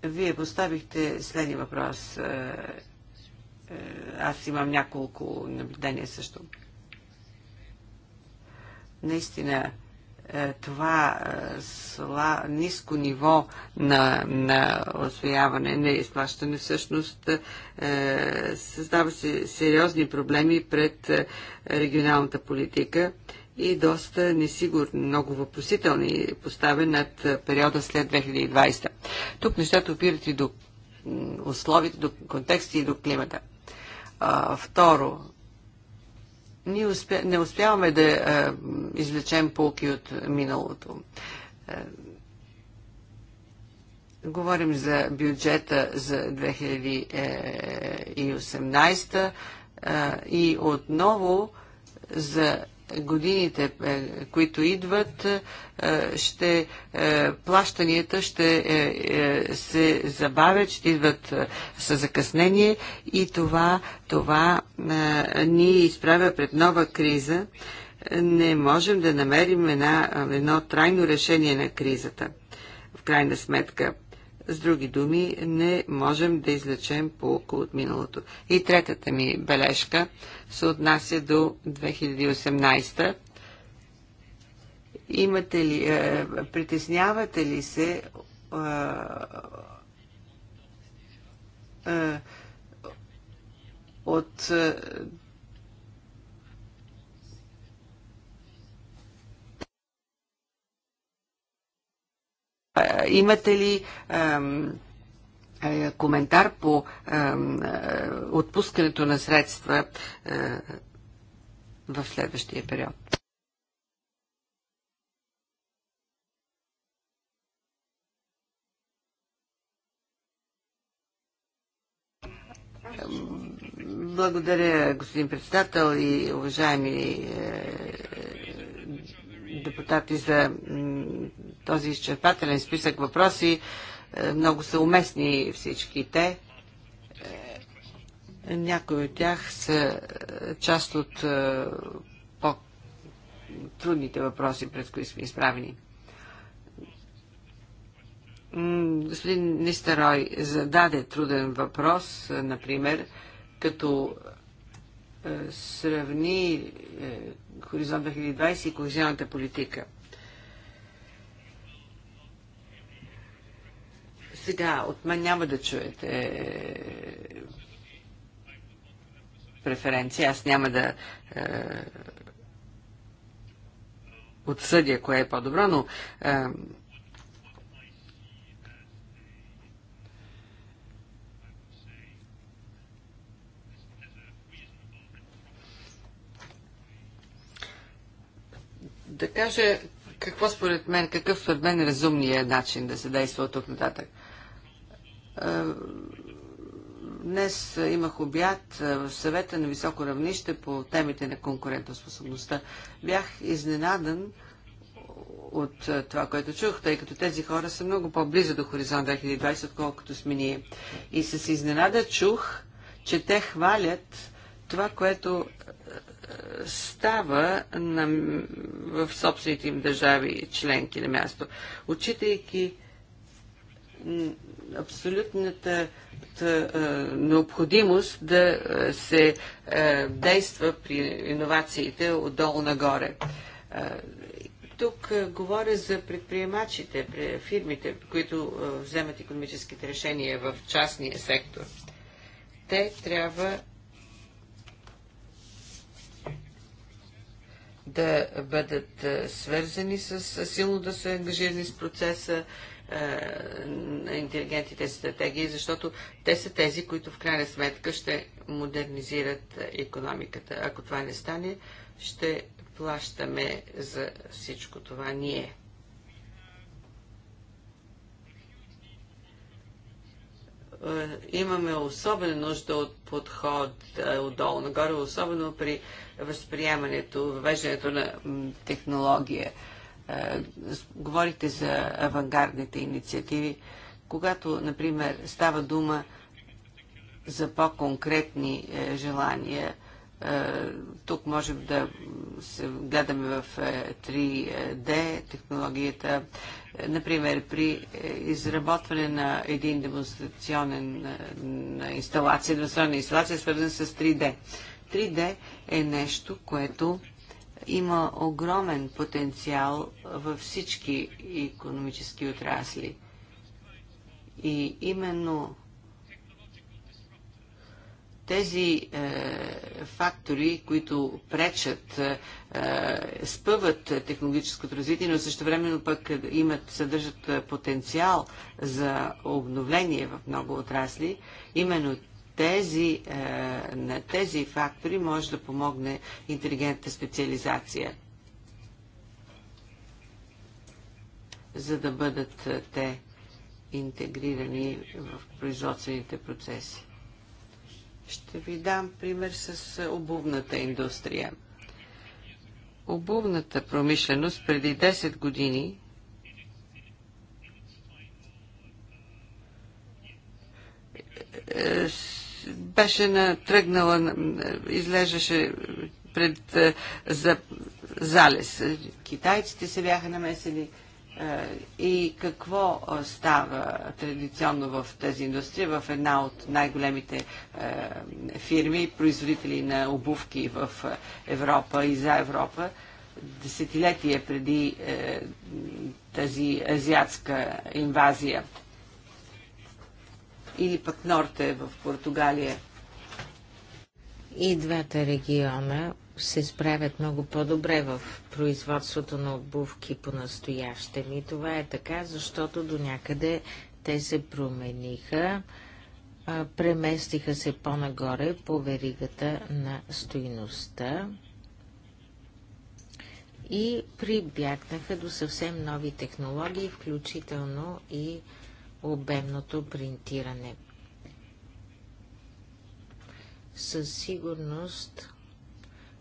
Speaker 4: Вие поставихте следния въпрос. Е, е, аз имам няколко наблюдения също. Наистина, е, това сла, ниско ниво на, на освояване, на изплащане, всъщност създава се сериозни проблеми пред регионалната политика и доста несигурни, много въпросителни поставя над периода след 2020. Тук нещата опират и до условията, до контекста и до климата. А, второ, ние успя, не успяваме да а, извлечем полки от миналото. А, говорим за бюджета за 2018 а, и отново за годините, е, които идват, е, ще, е, плащанията ще се забавят, ще идват с закъснение и това, това ни изправя пред нова криза. Не можем да намерим една, едно трайно решение на кризата. В крайна сметка, с други думи, не можем да излечем полука от миналото. И третата ми бележка се отнася до 2018. Имате ли, е, притеснявате ли се е, е, от е, е имате ли е, коментар по е, е, отпускането на средства в следващия период. Благодаря, господин председател и уважаеми депутати за този изчерпателен списък въпроси. Много са уместни всички те. Е, някои от тях са е, част от е, по-трудните въпроси, пред които сме изправени. Господин Нистерой зададе труден въпрос, например, като сравни Хоризонт 2020 и кохезионната политика. Сега от мен няма да чуете е, преференция. Аз няма да е, отсъдя кое е по-добро, но е, да кажа какво според мен, какъв според мен е разумният начин да се действа от тук нататък. Е, е, днес имах обяд е, в съвета на високо равнище по темите на конкурентоспособността. Бях изненадан от е, това, което чух, тъй като тези хора са много по-близо до Хоризонт 2020, отколкото сме ние. И с изненада чух, че те хвалят това, което става на, в собствените им държави членки на място, отчитайки абсолютната необходимост да се действа при иновациите отдолу нагоре. Тук говоря за предприемачите, фирмите, които вземат економическите решения в частния сектор. Те трябва да бъдат свързани с, силно да са ангажирани с процеса, е, на интелигентните стратегии, защото те са тези, които в крайна сметка ще модернизират економиката. Ако това не стане, ще плащаме за всичко това ние. Е, имаме особена нужда от подход е, отдолу нагоре, особено при възприемането, въвеждането на технология е, говорите за авангардните инициативи. Когато, например, става дума за по-конкретни е, желания, е, тук можем да се гледаме в 3D технологията. Например, при изработване на един демонстрационен инсталация, демонстрационна инсталация, свързан с 3D. 3D е нещо, което има огромен потенциал във всички економически отрасли. И именно тези е, фактори, които пречат, е, е спъват технологическото развитие, но също времено пък имат, съдържат е, потенциал за обновление в много отрасли, именно тези, е, на тези фактори може да помогне интелигентна специализация, за да бъдат е, те интегрирани в производствените процеси. Ще ви дам пример с е, обувната индустрия. Обувната промишленост преди 10 години беше тръгнала, излежаше пред е, за, залез. Китайците се бяха намесили. Е, и какво е, става традиционно в тази индустрия, в една от най-големите фирми, производители на обувки в Европа и за Европа, десетилетия преди тази азиатска инвазия? или пък Норте в Португалия.
Speaker 2: И двата региона се справят много по-добре в производството на обувки по настоящем. И това е така, защото до някъде те се промениха, преместиха се по-нагоре по веригата на стоиността и прибягнаха до съвсем нови технологии, включително и обемното принтиране. Със сигурност,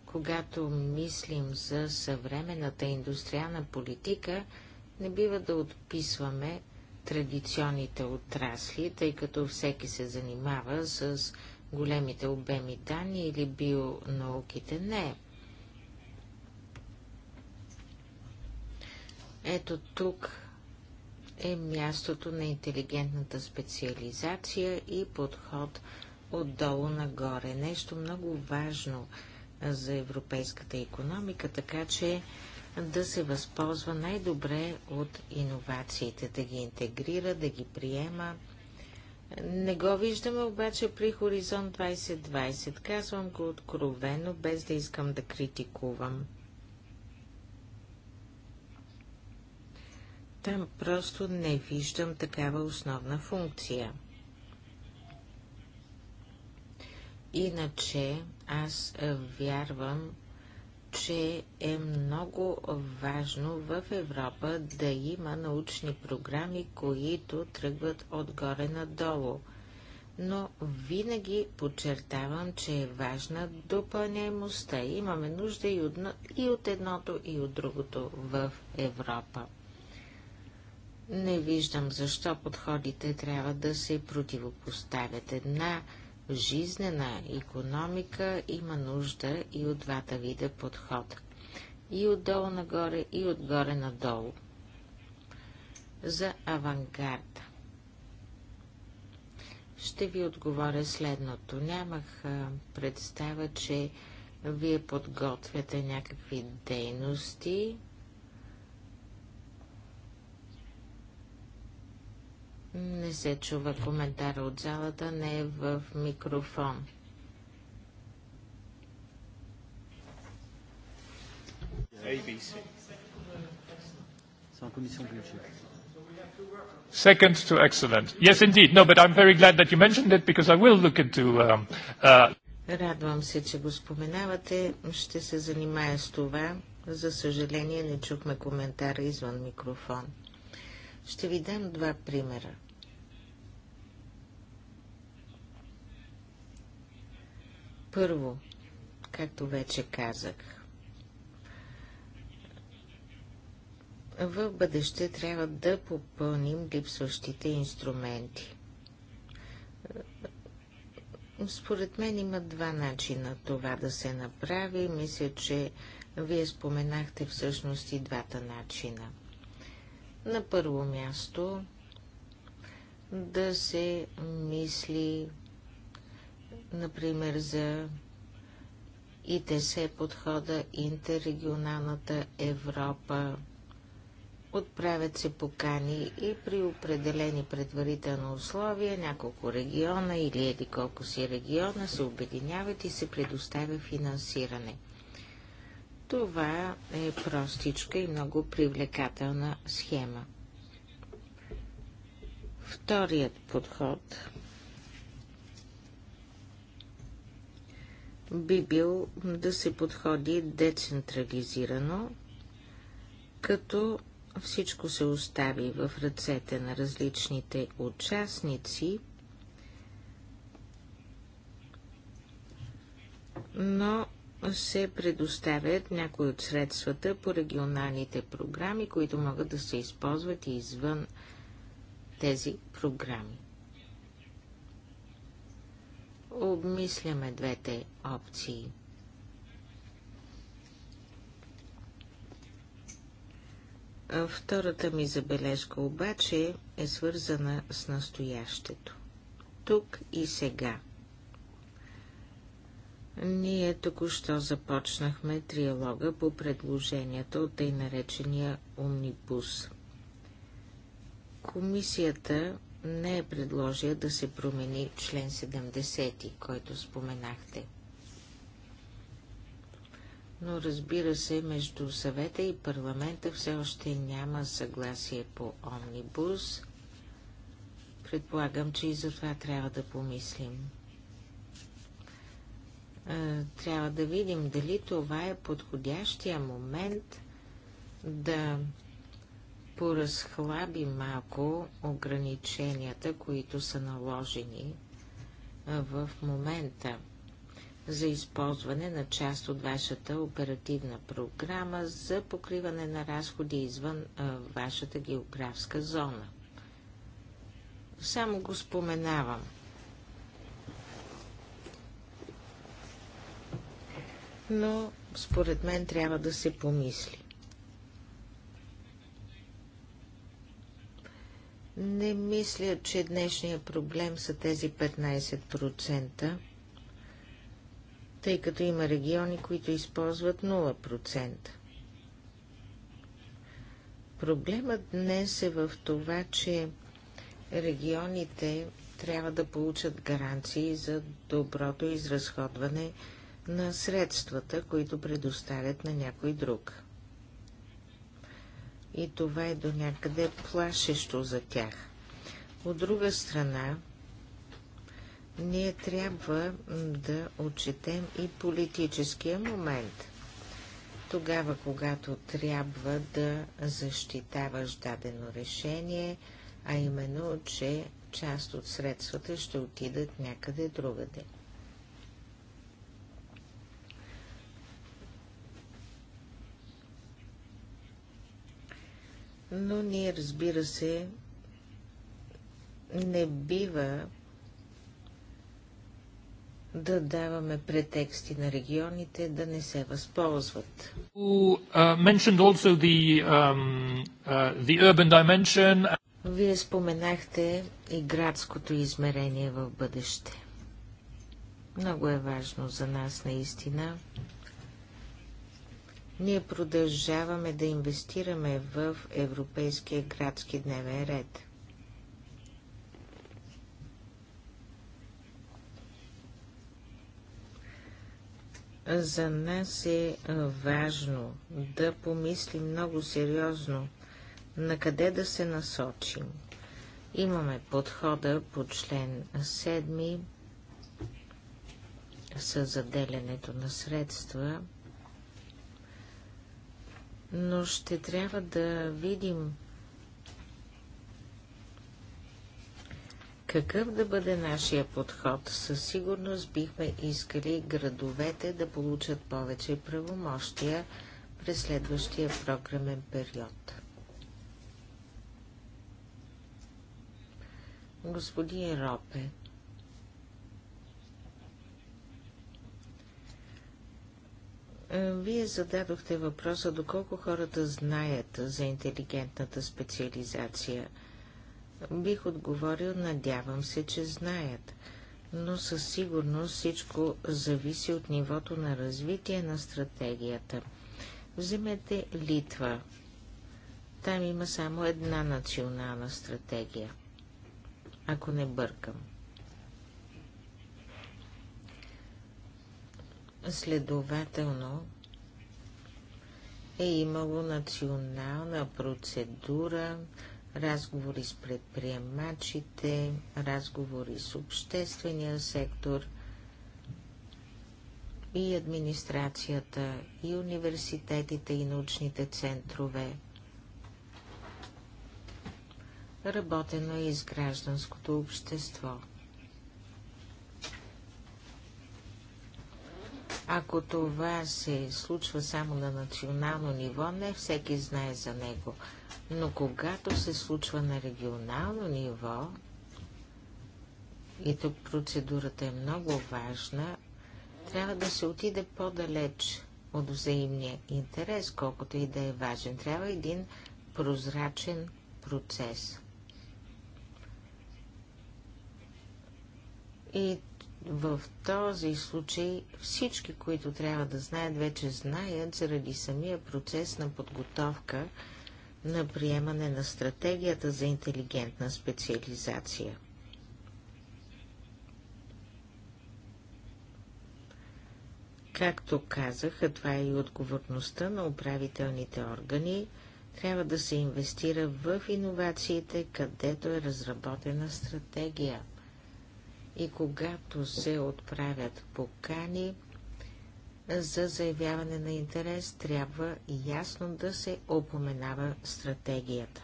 Speaker 2: когато мислим за съвременната индустриална политика, не бива да отписваме традиционните отрасли, тъй като всеки се занимава с големите обеми данни или бионауките. Не. Ето тук е мястото на интелигентната специализация и подход отдолу нагоре. Нещо много важно за европейската економика, така че да се възползва най-добре от иновациите, да ги интегрира, да ги приема. Не го виждаме обаче при Хоризонт 2020. Казвам го откровено, без да искам да критикувам. Там просто не виждам такава основна функция. Иначе аз вярвам, че е много важно в Европа да има научни програми, които тръгват отгоре надолу. Но винаги подчертавам, че е важна допълняемостта. Имаме нужда и от, и от едното, и от другото в Европа. Не виждам защо подходите трябва да се противопоставят. Една жизнена економика има нужда и от двата вида подход. И отдолу нагоре, и отгоре надолу. За авангарда. Ще ви отговоря следното. Нямах представа, че вие подготвяте някакви дейности, Не се чува коментар от залата, не е в микрофон.
Speaker 4: Second to excellent. Yes, indeed. No, but I'm very glad that you mentioned it because I will look into. Um, uh,
Speaker 2: Радвам се, че го споменавате. Ще се занимая с това. За съжаление, не чухме коментар извън микрофон. Ще ви дам два примера. Първо, както вече казах, в бъдеще трябва да попълним липсващите инструменти. Според мен има два начина това да се направи. Мисля, че вие споменахте всъщност и двата начина. На първо място да се мисли например за ИТС подхода Интеррегионалната Европа. Отправят се покани и при определени предварителни условия няколко региона или еди колко си региона се обединяват и се предоставя финансиране. Това е простичка и много привлекателна схема. Вторият подход – би бил да се подходи децентрализирано, като всичко се остави в ръцете на различните участници, но се предоставят някои от средствата по регионалните програми, които могат да се използват и извън тези програми обмисляме двете опции. Втората ми забележка обаче е свързана с настоящето. Тук и сега. Ние току-що започнахме триалога по предложенията от тъй наречения Умнибус. Комисията не е предложил да се промени член 70, който споменахте. Но разбира се, между съвета и парламента все още няма съгласие по Омнибус. Предполагам, че и за това трябва да помислим. Трябва да видим дали това е подходящия момент да поразхлаби малко ограниченията, които са наложени в момента за използване на част от вашата оперативна програма за покриване на разходи извън вашата географска зона. Само го споменавам. Но според мен трябва да се помисли. Не мисля, че днешният проблем са тези 15%, тъй като има региони, които използват 0%. Проблемът днес е в това, че регионите трябва да получат гаранции за доброто изразходване на средствата, които предоставят на някой друг и това е до някъде плашещо за тях. От друга страна, ние трябва да отчетем и политическия момент. Тогава, когато трябва да защитаваш дадено решение, а именно, че част от средствата ще отидат някъде другаде. но ние, разбира се, не бива да даваме претексти на регионите да не се възползват.
Speaker 1: Uh, um, uh,
Speaker 3: Вие
Speaker 2: споменахте и градското измерение в бъдеще. Много е важно за нас наистина ние продължаваме да инвестираме в Европейския градски дневен ред. За нас е важно да помислим много сериозно на къде да се насочим. Имаме подхода по член 7 с заделянето на средства – но ще трябва да видим какъв да бъде нашия подход. Със сигурност бихме искали градовете да получат повече правомощия през следващия програмен период. Господин Ропе, Е, вие зададохте въпроса, доколко хората знаят за интелигентната специализация. Бих отговорил, надявам се, че знаят, но със сигурност всичко зависи от нивото на развитие на стратегията. Вземете Литва. Там има само една национална стратегия, ако не бъркам – Следователно е имало национална процедура, разговори с предприемачите, разговори с обществения сектор и администрацията, и университетите, и научните центрове. Работено е и с гражданското общество – Ако това се случва само на национално ниво, не всеки знае за него. Но когато се случва на регионално ниво, и тук процедурата е много важна, трябва да се отиде по-далеч от взаимния интерес, колкото и да е важен. Трябва един прозрачен процес. И в този случай всички, които трябва да знаят, вече знаят заради самия процес на подготовка на приемане на стратегията за интелигентна специализация. Както казах, а това е и отговорността на управителните органи, трябва да се инвестира в иновациите, където е разработена стратегия – и когато се отправят покани за заявяване на интерес, трябва ясно да се опоменава стратегията.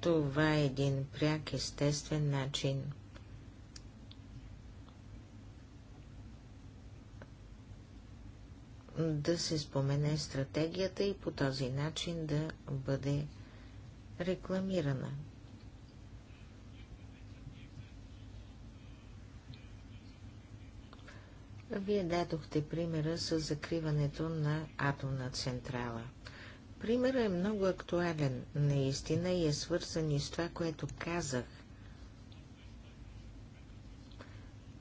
Speaker 2: Това е един пряк естествен начин да се спомене стратегията и по този начин да бъде рекламирана. Вие дадохте примера с закриването на атомна централа. Примерът е много актуален, наистина, и е свързан и с това, което казах.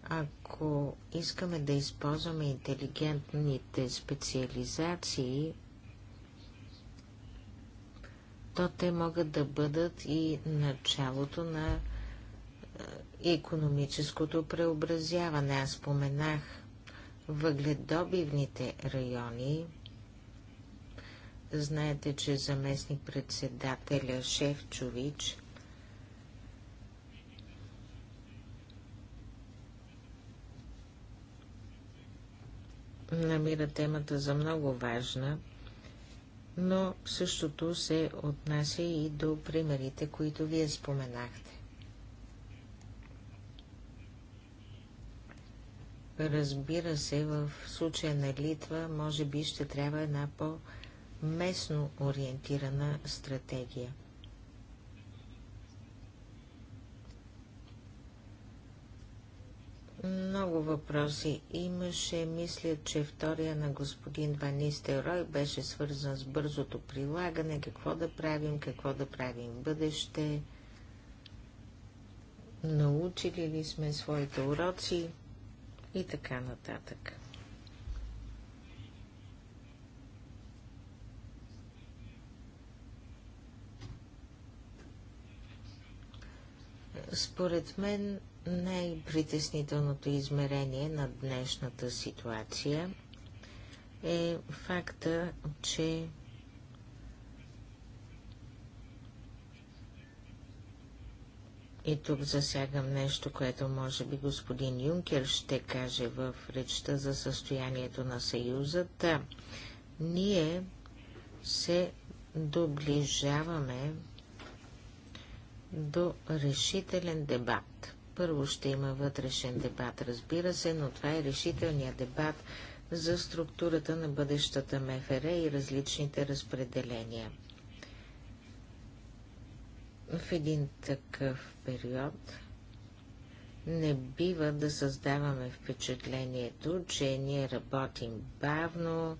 Speaker 2: Ако искаме да използваме интелигентните специализации, то те могат да бъдат и началото на економическото преобразяване. Аз споменах въгледобивните райони. Знаете, че заместник председателя Шефчович намира темата за много важна но същото се отнася и до примерите, които вие споменахте. Разбира се, в случая на Литва, може би ще трябва една по-местно ориентирана стратегия – Много въпроси имаше. Мисля, че втория на господин Рой беше свързан с бързото прилагане, какво да правим, какво да правим в бъдеще. Научили ли сме своите уроци и така нататък. Според мен най-притеснителното измерение на днешната ситуация е факта, че И тук засягам нещо, което може би господин Юнкер ще каже в речта за състоянието на Съюза. ние се доближаваме до решителен дебат. Първо ще има вътрешен дебат, разбира се, но това е решителният дебат за структурата на бъдещата МФР и различните разпределения. В един такъв период не бива да създаваме впечатлението, че ние работим бавно,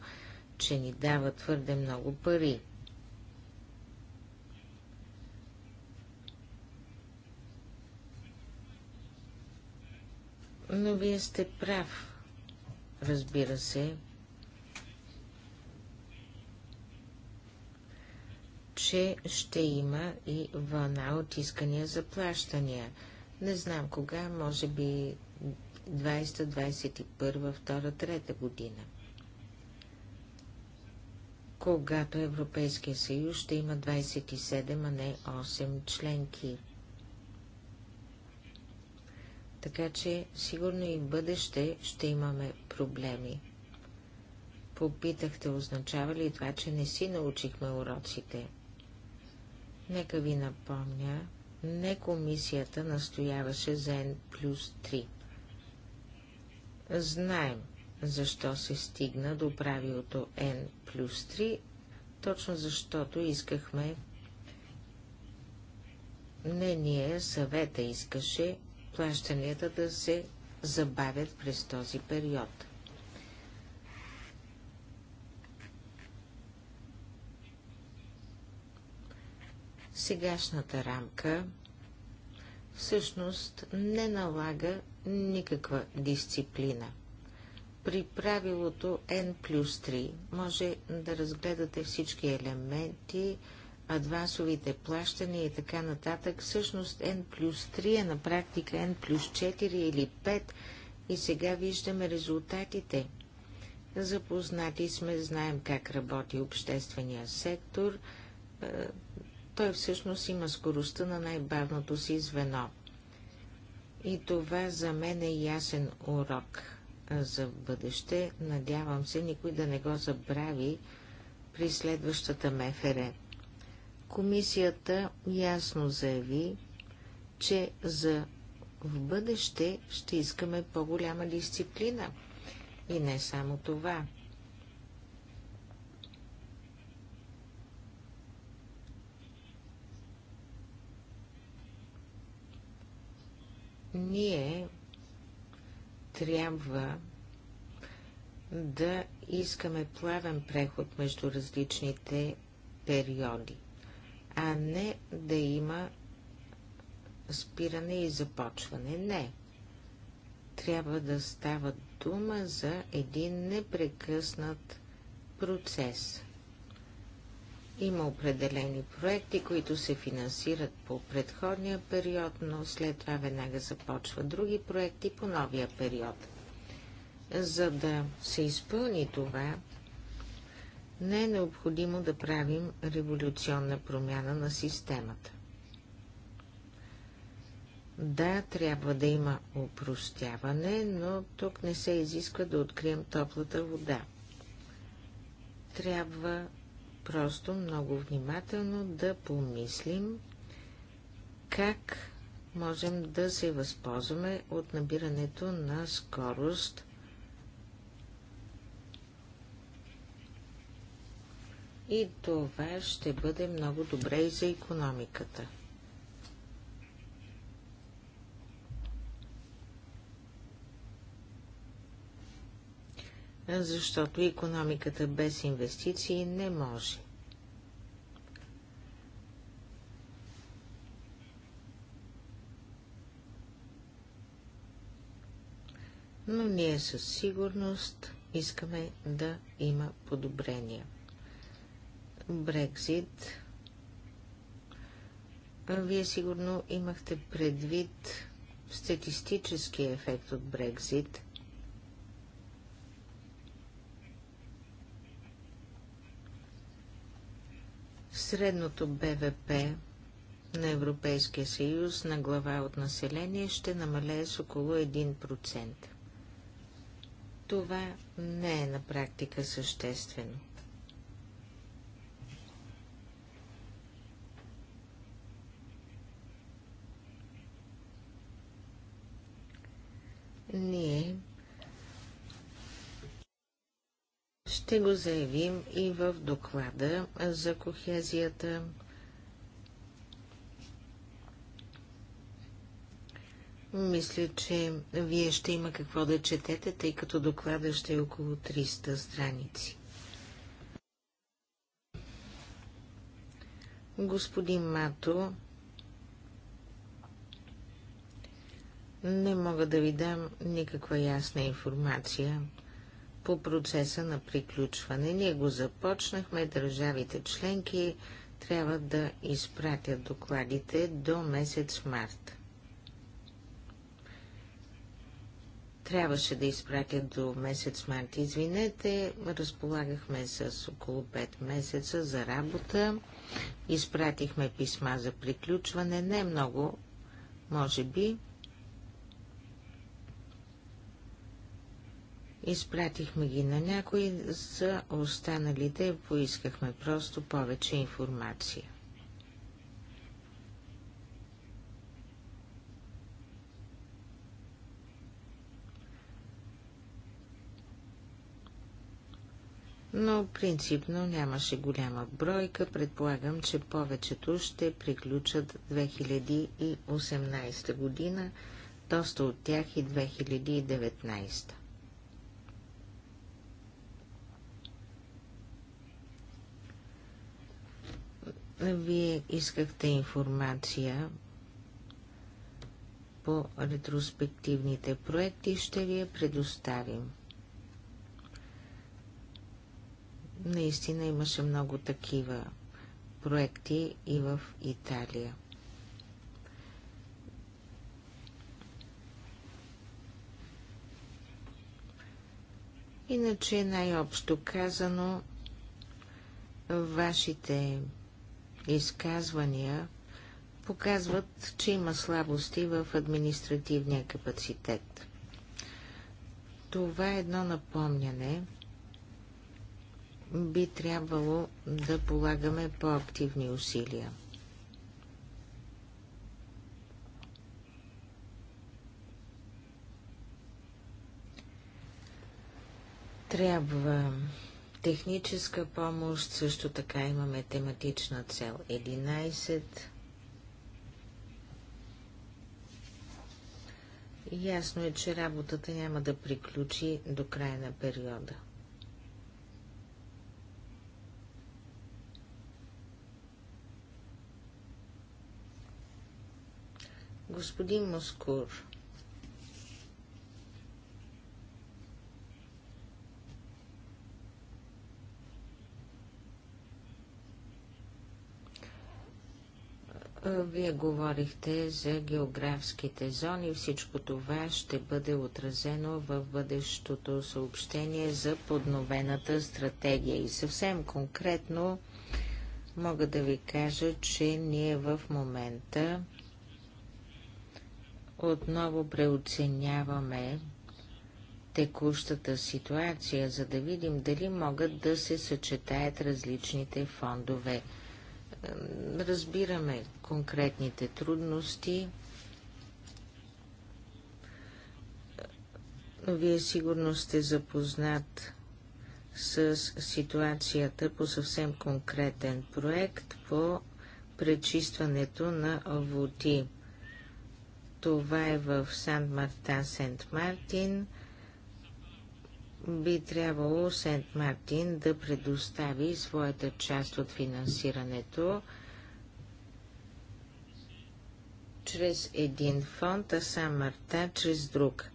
Speaker 2: че ни дава твърде много пари. Но вие сте прав, разбира се, че ще има и вълна от искания за плащания. Не знам кога, може би 20-21, 2-3 година. Когато Европейския съюз ще има 27, а не 8 членки. Така че сигурно и в бъдеще ще имаме проблеми. Попитахте, означава ли това, че не си научихме уроците? Нека ви напомня, не комисията настояваше за N плюс 3. Знаем, защо се стигна до правилото N плюс 3, точно защото искахме не ние, съвета искаше плащанията да се забавят през този период. Сегашната рамка всъщност не налага никаква дисциплина. При правилото N плюс 3 може да разгледате всички елементи, адвансовите плащания и така нататък, всъщност N плюс 3 е на практика N плюс 4 или 5 и сега виждаме резултатите. Запознати сме, знаем как работи обществения сектор. Е, той всъщност има скоростта на най-бавното си звено. И това за мен е ясен урок е, за бъдеще. Надявам се никой да не го забрави при следващата МФР. Комисията ясно заяви, че за в бъдеще ще искаме по-голяма дисциплина. И не само това. Ние трябва да искаме плавен преход между различните периоди – а не да има спиране и започване. Не. Трябва да става дума за един непрекъснат процес. Има определени проекти, които се финансират по предходния период, но след това веднага започват други проекти по новия период. За да се изпълни това, не е необходимо да правим революционна промяна на системата. Да, трябва да има упростяване, но тук не се изисква да открием топлата вода. Трябва просто много внимателно да помислим как можем да се възползваме от набирането на скорост – И това ще бъде много добре и за економиката. Защото економиката без инвестиции не може. но ние със сигурност искаме да има подобрения. Брекзит. Вие сигурно имахте предвид статистическия ефект от Брекзит. Средното БВП на Европейския съюз на глава от население ще намалее с около 1%. Това не е на практика съществено. ние ще го заявим и в доклада за кохезията. Мисля, че вие ще има какво да четете, тъй като доклада ще е около 300 страници. Господин Мато не мога да ви дам никаква ясна информация по процеса на приключване. Ние го започнахме, държавите членки трябва да изпратят докладите до месец март. Трябваше да изпратят до месец март. Извинете, разполагахме с около 5 месеца за работа. Изпратихме писма за приключване. Не много, може би, Изпратихме ги на някои, за останалите поискахме просто повече информация. но принципно нямаше голяма бройка. Предполагам, че повечето ще приключат 2018 година, доста от тях и 2019. Вие искахте информация по ретроспективните проекти, ще ви я предоставим. Наистина имаше много такива проекти и в Италия. Иначе най-общо казано, вашите изказвания показват, че има слабости в административния капацитет. Това е едно напомняне. Би трябвало да полагаме по-активни усилия. Трябва Техническа помощ също така имаме тематична цел 11. Ясно е, че работата няма да приключи до края на периода. Господин Москур, Вие говорихте за географските зони. Всичко това ще бъде отразено в бъдещото съобщение за подновената стратегия. И съвсем конкретно мога да ви кажа, че ние в момента отново преоценяваме текущата ситуация, за да видим дали могат да се съчетаят различните фондове – Разбираме конкретните трудности. Вие сигурно сте запознат с ситуацията по съвсем конкретен проект по пречистването на води. Това е в Сан Мартан Сент Мартин би трябвало Сент Мартин да предостави своята част от финансирането чрез един фонд, а сам Марта чрез друг.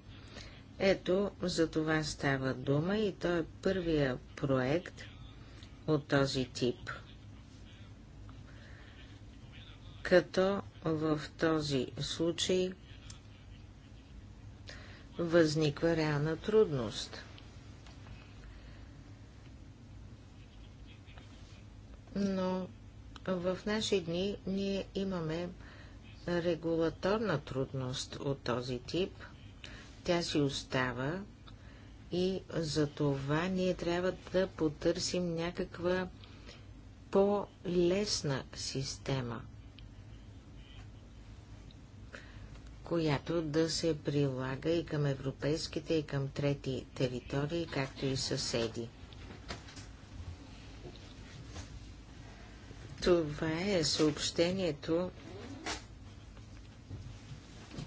Speaker 2: Ето, за това става дума и той е първия проект от този тип. Като в този случай възниква реална трудност – но в наши дни ние имаме регулаторна трудност от този тип. Тя си остава и за това ние трябва да потърсим някаква по-лесна система, която да се прилага и към европейските, и към трети територии, както и съседи. Това е съобщението,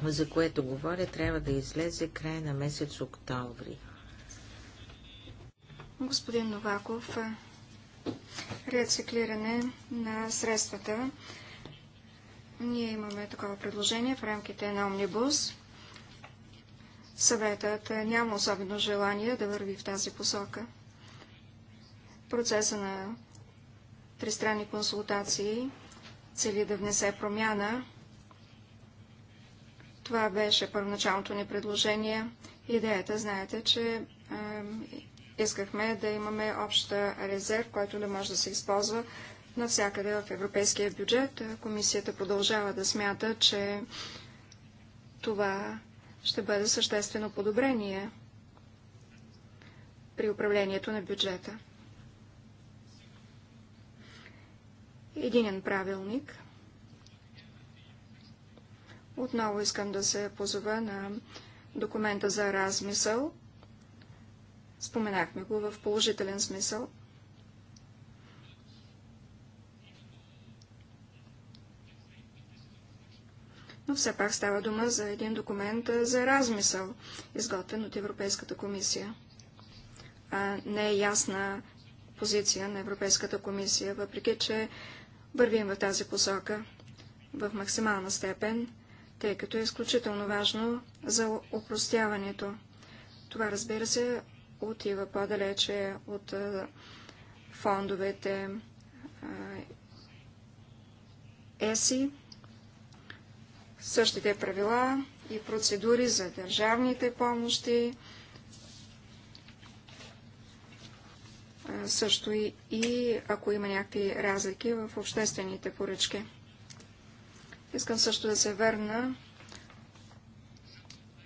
Speaker 2: за което говоря, трябва да излезе края на месец октомври.
Speaker 3: Господин Новаков, рециклиране на средствата. Ние имаме такова предложение в рамките на Омнибус. Съветът няма особено желание да върви в тази посока. Процеса на тристранни консултации цели да внесе промяна. Това беше първоначалното ни предложение. Идеята, знаете, че е, искахме да имаме обща резерв, който да може да се използва навсякъде в европейския бюджет. Комисията продължава да смята, че това ще бъде съществено подобрение при управлението на бюджета. единен правилник. Отново искам да се позова на документа за размисъл. Споменахме го в положителен смисъл. но все пак става дума за един документ за размисъл, изготвен от Европейската комисия. А не е ясна позиция на Европейската комисия, въпреки че вървим в тази посока в максимална степен, тъй като е изключително важно за опростяването. Това, разбира се, отива по-далече от фондовете ЕСИ. Същите правила и процедури за държавните помощи, също и, и ако има някакви разлики в обществените поръчки. Искам също да се върна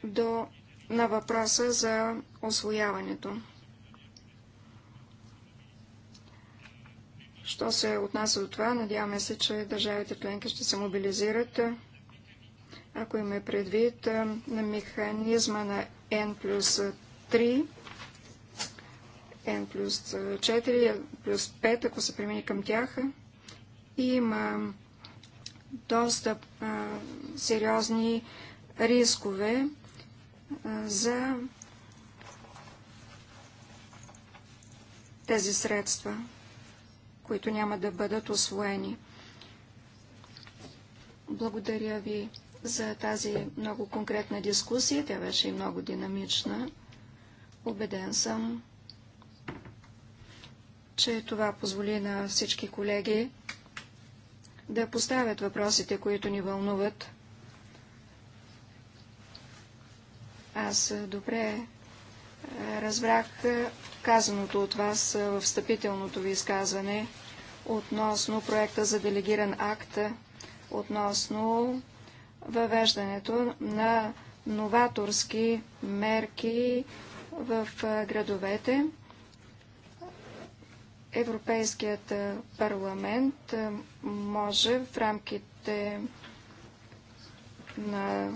Speaker 3: до, на въпроса за освояването. Що се отнася до това, надяваме се, че държавите членки ще се мобилизират, ако има е предвид на механизма на N плюс 3, N плюс 4, плюс 5, ако се премини към тях. Има доста а, сериозни рискове а, за тези средства, които няма да бъдат освоени. Благодаря ви за тази много конкретна дискусия. Тя беше и много динамична. Обеден съм, че това позволи на всички колеги да поставят въпросите, които ни вълнуват. Аз добре разбрах казаното от вас в встъпителното ви изказване относно проекта за делегиран акт, относно въвеждането на новаторски мерки в градовете. Европейският е, парламент е, може в рамките на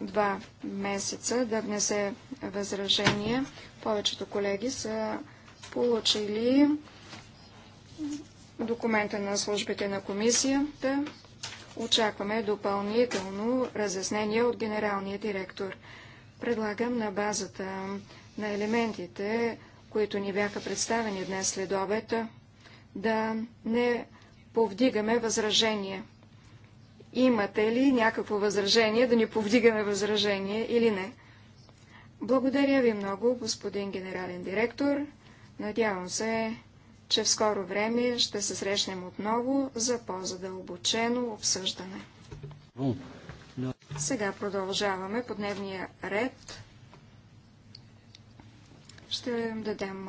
Speaker 3: два месеца да внесе възражение. Повечето колеги са получили документа на службите на комисията. Очакваме допълнително разяснение от генералния директор. Предлагам на базата на елементите които ни бяха представени днес след обед, да не повдигаме възражение. Имате ли някакво възражение, да ни повдигаме възражение или не? Благодаря ви много, господин генерален директор. Надявам се, че в скоро време ще се срещнем отново за по-задълбочено обсъждане. Сега продължаваме по дневния ред. Ще им дадем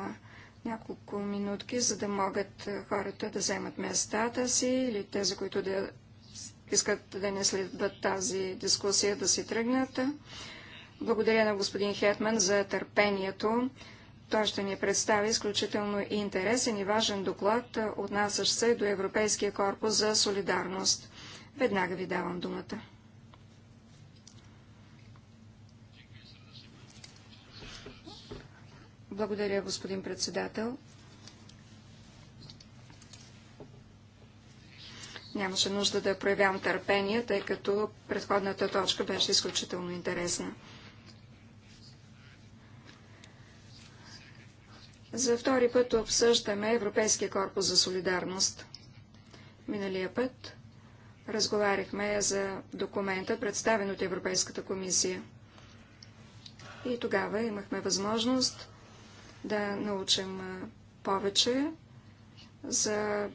Speaker 3: няколко минутки, за да могат хората да вземат местата си или тези, които да искат да не следват тази дискусия, да си тръгнат. Благодаря на господин Хетман за търпението. Той ще ни представи изключително интересен и важен доклад, отнасящ се до Европейския корпус за солидарност. Веднага ви давам думата. Благодаря, господин председател. Нямаше нужда да проявявам търпение, тъй като предходната точка беше изключително интересна. За втори път обсъждаме Европейския корпус за солидарност. Миналия път разговаряхме за документа, представен от Европейската комисия. И тогава имахме възможност да научим повече за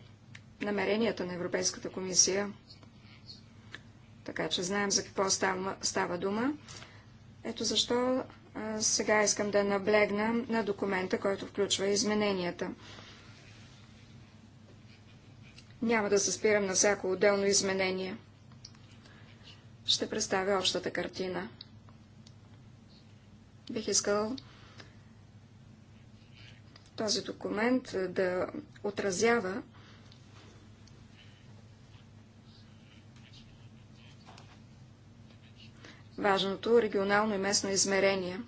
Speaker 3: намеренията на Европейската комисия, така че знаем за какво става, става дума. Ето защо сега искам да наблегна на документа, който включва измененията. Няма да се спирам на всяко отделно изменение. Ще представя общата картина. Бих искал този документ е, да отразява важното регионално и местно измерение.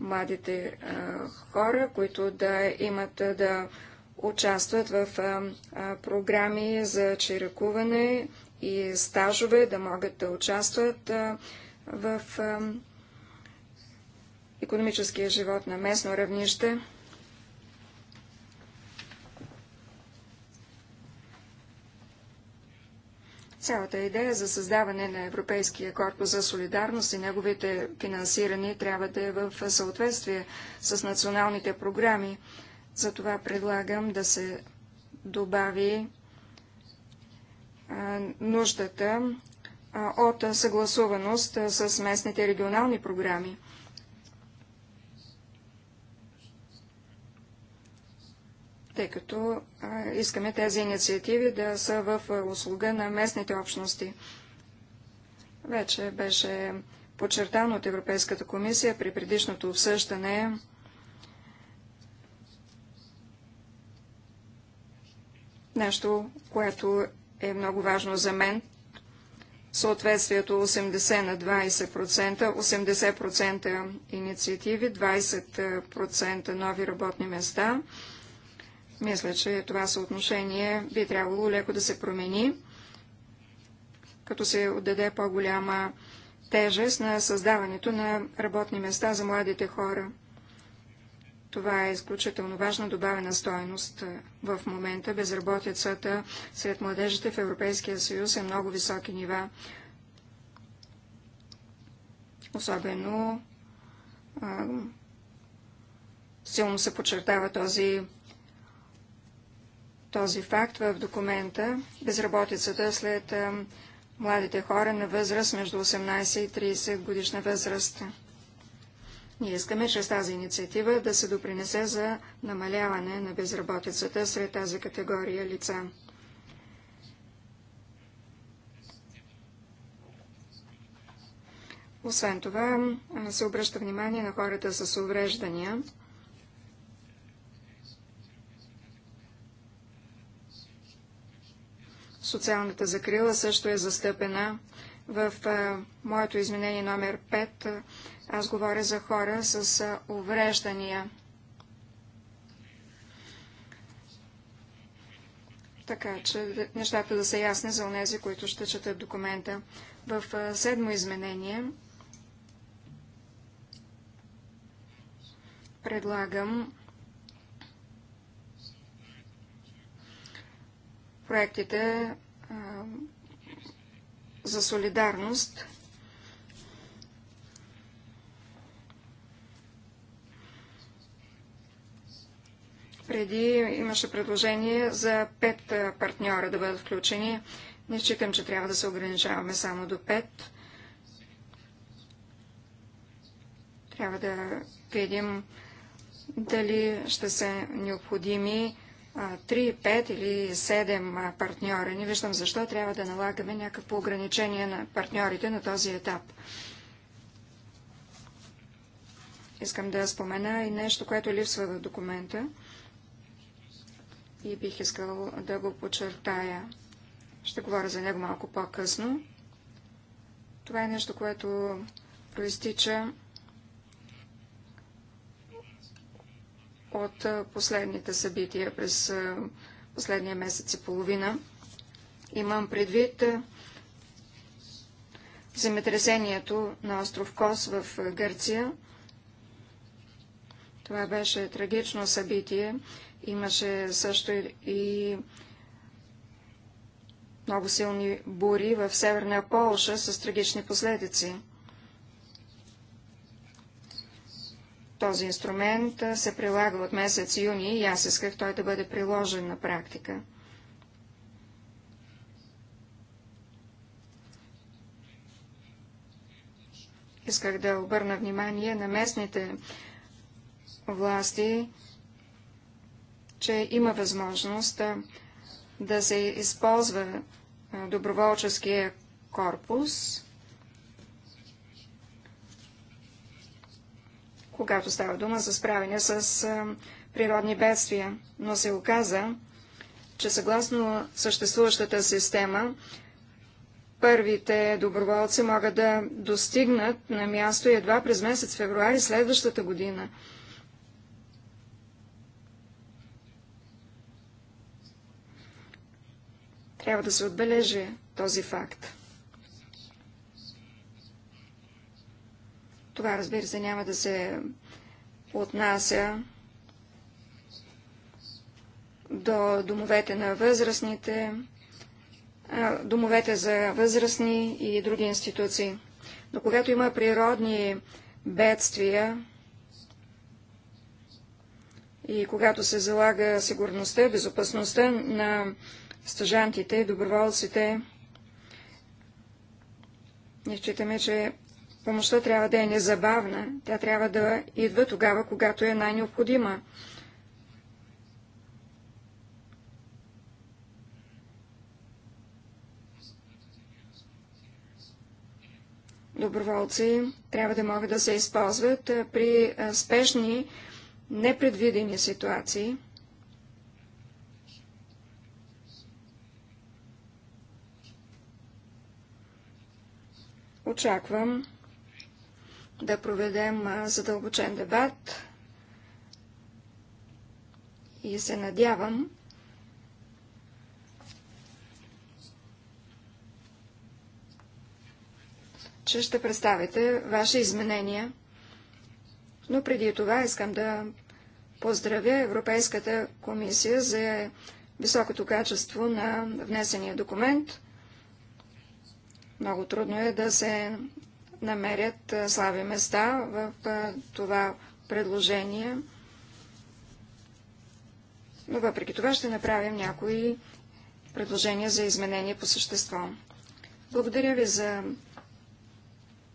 Speaker 3: Младите е, хора, които да имат е, да участват в програми за чиракуване и стажове, да могат да участват в економическия живот на местно равнище. Цялата идея за създаване на Европейския корпус за солидарност и неговите финансирани трябва да е в съответствие с националните програми. Затова предлагам да се добави нуждата от съгласуваност с местните регионални програми. тъй като искаме тези инициативи да са в услуга на местните общности. Вече беше подчертано от Европейската комисия при предишното обсъждане нещо, което е много важно за мен. Съответствието 80 на 20%, 80% инициативи, 20% нови работни места – мисля, че това съотношение би трябвало леко да се промени, като се отдаде по-голяма тежест на създаването на работни места за младите хора. Това е изключително важна добавена стоеност. В момента безработицата сред младежите в Европейския съюз е много високи нива. Особено а, силно се подчертава този този факт в документа. Безработицата след младите хора на възраст между 18 и 30 годишна възраст. Ние искаме чрез тази инициатива да се допринесе за намаляване на безработицата сред тази категория лица. Освен това, се обръща внимание на хората с увреждания. Социалната закрила също е застъпена в а, моето изменение номер 5. Аз говоря за хора с а, увреждания. Така че нещата да са ясни за онези, които ще четат документа. В а, седмо изменение предлагам проектите за солидарност. Преди имаше предложение за пет партньора да бъдат включени. Не считам, че трябва да се ограничаваме само до пет. Трябва да видим дали ще са необходими 3, 5 или 7 партньори. Не виждам защо трябва да налагаме някакво ограничение на партньорите на този етап. Искам да спомена и нещо, което липсва в документа и бих искал да го подчертая. Ще говоря за него малко по-късно. Това е нещо, което проистича от последните събития през последния месец и половина. Имам предвид земетресението на остров Кос в Гърция. Това беше трагично събитие. Имаше също и много силни бури в Северна Полша с трагични последици. Този инструмент се прилага от месец юни и аз исках той да бъде приложен на практика. Исках да обърна внимание на местните власти, че има възможност да се използва доброволческия корпус когато става дума за справяне с природни бедствия. Но се оказа, че съгласно съществуващата система, първите доброволци могат да достигнат на място едва през месец февруари следващата година. Трябва да се отбележи този факт. Това, разбира се, няма да се отнася до домовете на възрастните, домовете за възрастни и други институции. Но когато има природни бедствия и когато се залага сигурността, безопасността на стъжантите доброволците, ние считаме, че Помощта трябва да е незабавна, тя трябва да идва тогава, когато е най-необходима. Доброволци трябва да могат да се използват при спешни, непредвидени ситуации. Очаквам да проведем задълбочен дебат и се надявам, че ще представите ваши изменения. Но преди това искам да поздравя Европейската комисия за високото качество на внесения документ. Много трудно е да се намерят слаби места в това предложение. Но въпреки това ще направим някои предложения за изменение по същество. Благодаря ви за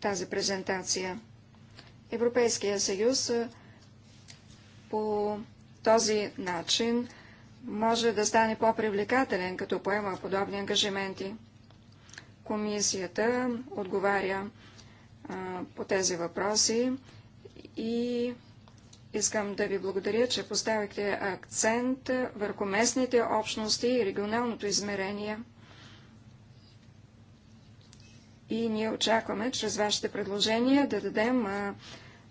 Speaker 3: тази презентация. Европейския съюз по този начин може да стане по-привлекателен, като поема подобни ангажименти. Комисията отговаря по тези въпроси и искам да ви благодаря, че поставихте акцент върху местните общности и регионалното измерение. И ние очакваме, чрез вашите предложения, да дадем а,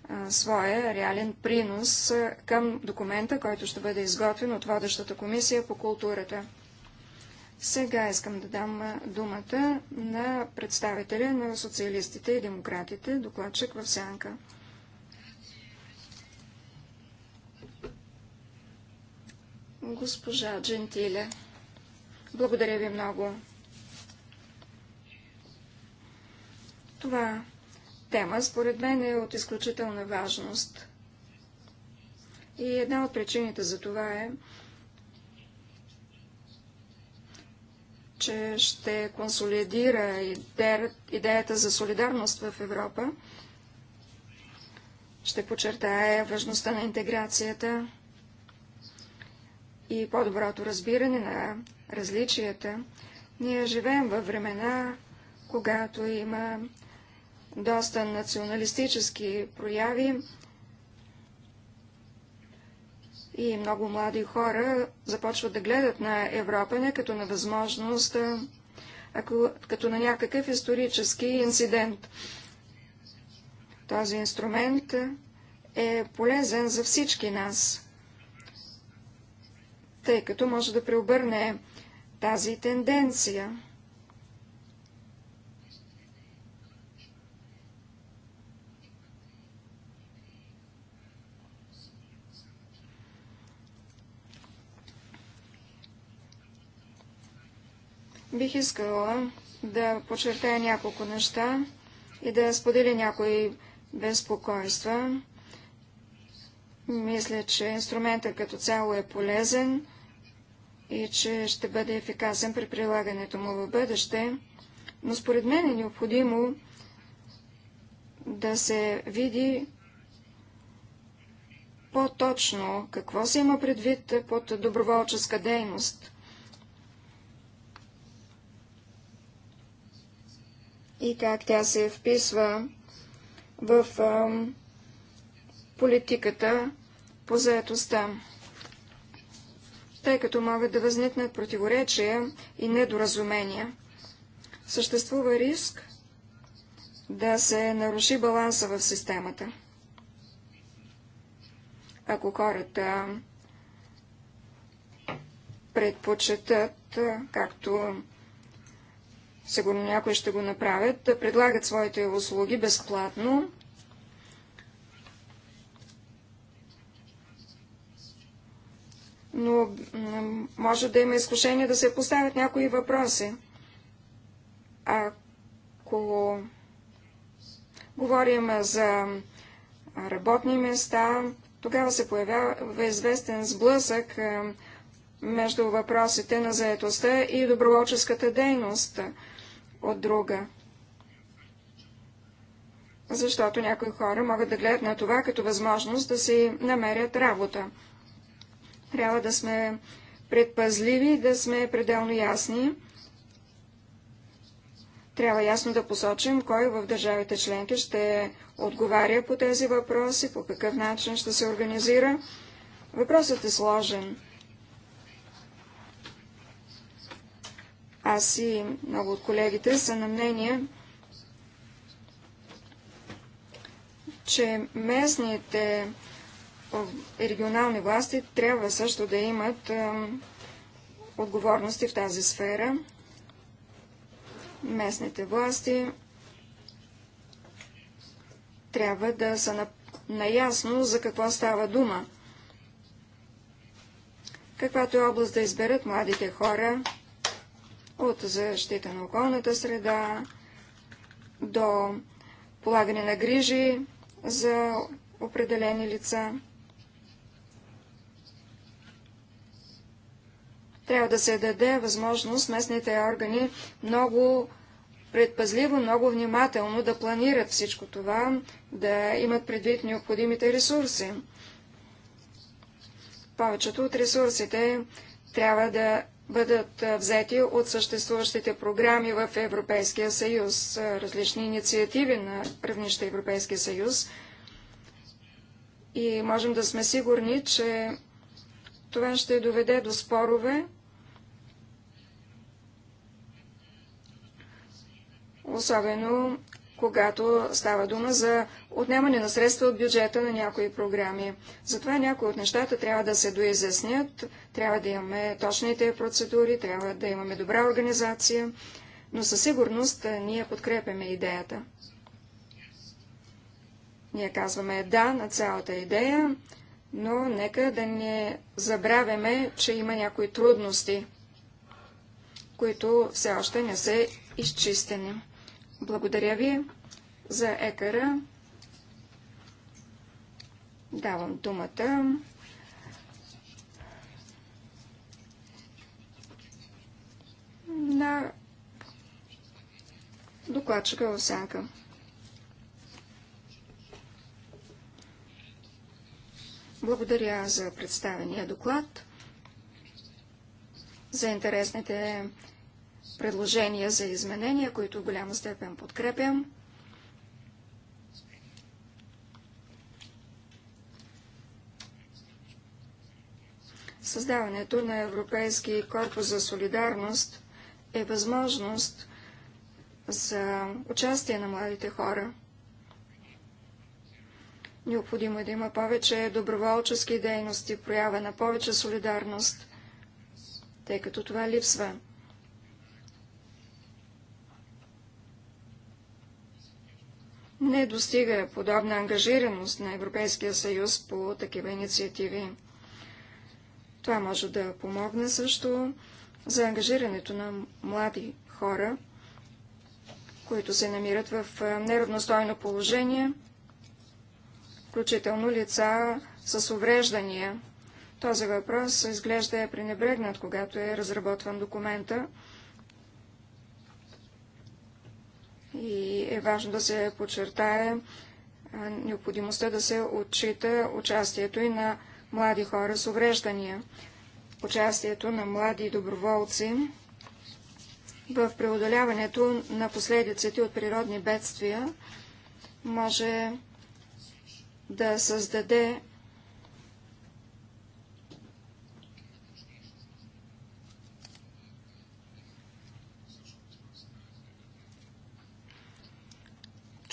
Speaker 3: а, своя реален принос към документа, който ще бъде изготвен от водещата комисия по културата. Сега искам да дам думата на представителя на социалистите и демократите, докладчик в Сянка. Госпожа Джентиле, благодаря ви много. Това тема, според мен, е от изключителна важност. И една от причините за това е, че ще консолидира идеята за солидарност в Европа, ще подчертая важността на интеграцията и по-доброто разбиране на различията. Ние живеем във времена, когато има доста националистически прояви, и много млади хора започват да гледат на Европа не като на възможност, а като на някакъв исторически инцидент. Този инструмент е полезен за всички нас, тъй като може да преобърне тази тенденция. Бих искала да подчертая няколко неща и да споделя някои безпокойства. Мисля, че инструментът като цяло е полезен и че ще бъде ефикасен при прилагането му в бъдеще, но според мен е необходимо да се види по-точно какво се има предвид под доброволческа дейност. и как тя се вписва в политиката по заетостта. Тъй като могат да възникнат противоречия и недоразумения, съществува риск да се наруши баланса в системата. Ако хората предпочитат, както сигурно някои ще го направят, да предлагат своите услуги безплатно. Но може да има изкушение да се поставят някои въпроси. Ако говорим за работни места, тогава се появява известен сблъсък между въпросите на заетостта и доброволческата дейност от друга. Защото някои хора могат да гледат на това като възможност да си намерят работа. Трябва да сме предпазливи, да сме пределно ясни. Трябва ясно да посочим кой в държавите членки ще отговаря по тези въпроси, по какъв начин ще се организира. Въпросът е сложен. Аз и много от колегите са на мнение, че местните регионални власти трябва също да имат отговорности в тази сфера. Местните власти трябва да са наясно за какво става дума. Каквато е област да изберат младите хора, от защита на околната среда до полагане на грижи за определени лица. Трябва да се даде възможност местните органи много предпазливо, много внимателно да планират всичко това, да имат предвид необходимите ресурси. Повечето от ресурсите трябва да бъдат взети от съществуващите програми в Европейския съюз, различни инициативи на равнище Европейския съюз. И можем да сме сигурни, че това ще доведе до спорове, особено когато става дума за отнемане на средства от бюджета на някои програми. Затова някои от нещата трябва да се доизяснят, трябва да имаме точните процедури, трябва да имаме добра организация, но със сигурност ние подкрепяме идеята. Ние казваме да на цялата идея, но нека да не забравяме, че има някои трудности, които все още не са изчистени. Благодаря ви за екара. Давам думата. на докладчика в сянка. Благодаря за представения доклад, за интересните предложения за изменения, които в голяма степен подкрепям. Създаването на Европейски корпус за солидарност е възможност за участие на младите хора. Необходимо е да има повече доброволчески дейности, проява на повече солидарност, тъй като това липсва. не достига подобна ангажираност на Европейския съюз по такива инициативи. Това може да помогне също за ангажирането на млади хора, които се намират в неравностойно положение, включително лица с увреждания. Този въпрос изглежда е пренебрегнат, когато е разработван документа. и е важно да се подчертае необходимостта да се отчита участието и на млади хора с увреждания, участието на млади доброволци в преодоляването на последиците от природни бедствия може да създаде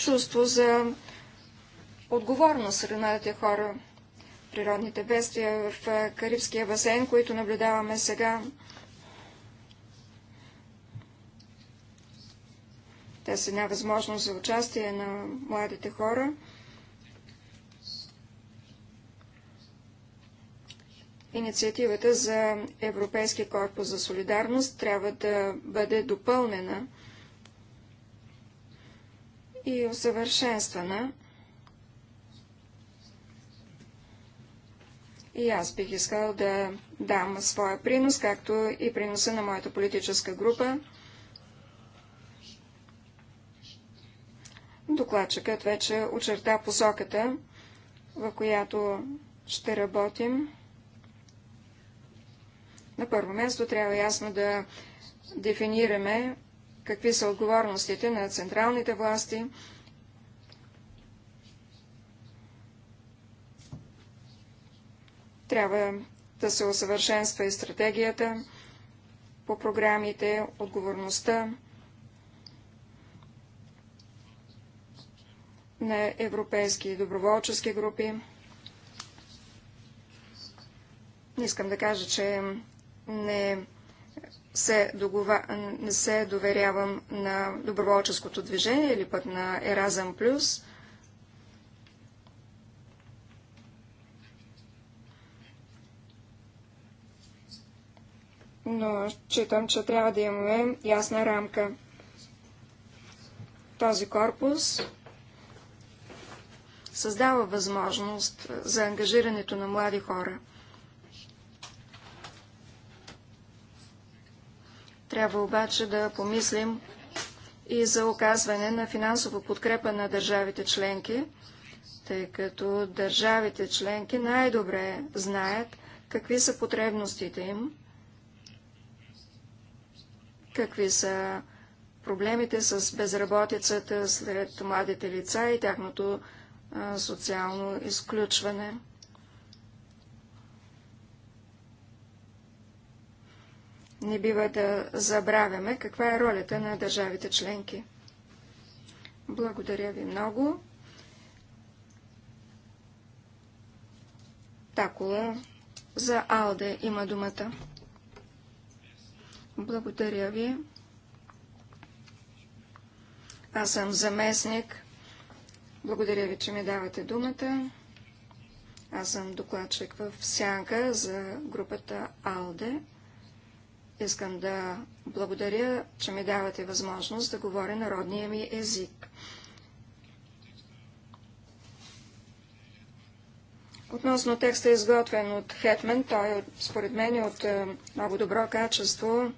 Speaker 3: чувство за отговорност на младите хора. Природните бедствия в Карибския басейн, които наблюдаваме сега, те са една възможност за участие на младите хора. Инициативата за Европейски корпус за солидарност трябва да бъде допълнена – и усъвършенствана. И аз бих искал да дам своя принос, както и приноса на моята политическа група. Докладчикът вече очерта посоката, в която ще работим. На първо място трябва ясно да дефинираме какви са отговорностите на централните власти. Трябва да се усъвършенства и стратегията по програмите, отговорността на европейски доброволчески групи. Не искам да кажа, че не се, догова... не се доверявам на доброволческото движение или пък на Еразъм Плюс. Но считам, че трябва да имаме ясна рамка. Този корпус създава възможност за ангажирането на млади хора – Трябва обаче да помислим и за оказване на финансова подкрепа на държавите членки, тъй като държавите членки най-добре знаят какви са потребностите им, какви са проблемите с безработицата сред младите лица и тяхното социално изключване. не бива да забравяме каква е ролята на държавите членки. Благодаря ви много. Такова за Алде има думата. Благодаря ви. Аз съм заместник. Благодаря ви, че ми давате думата. Аз съм докладчик в Сянка за групата Алде. Искам да благодаря, че ми давате възможност да говоря народния ми език. Относно текста, изготвен от Хетмен, той е според мен е от е, много добро качество.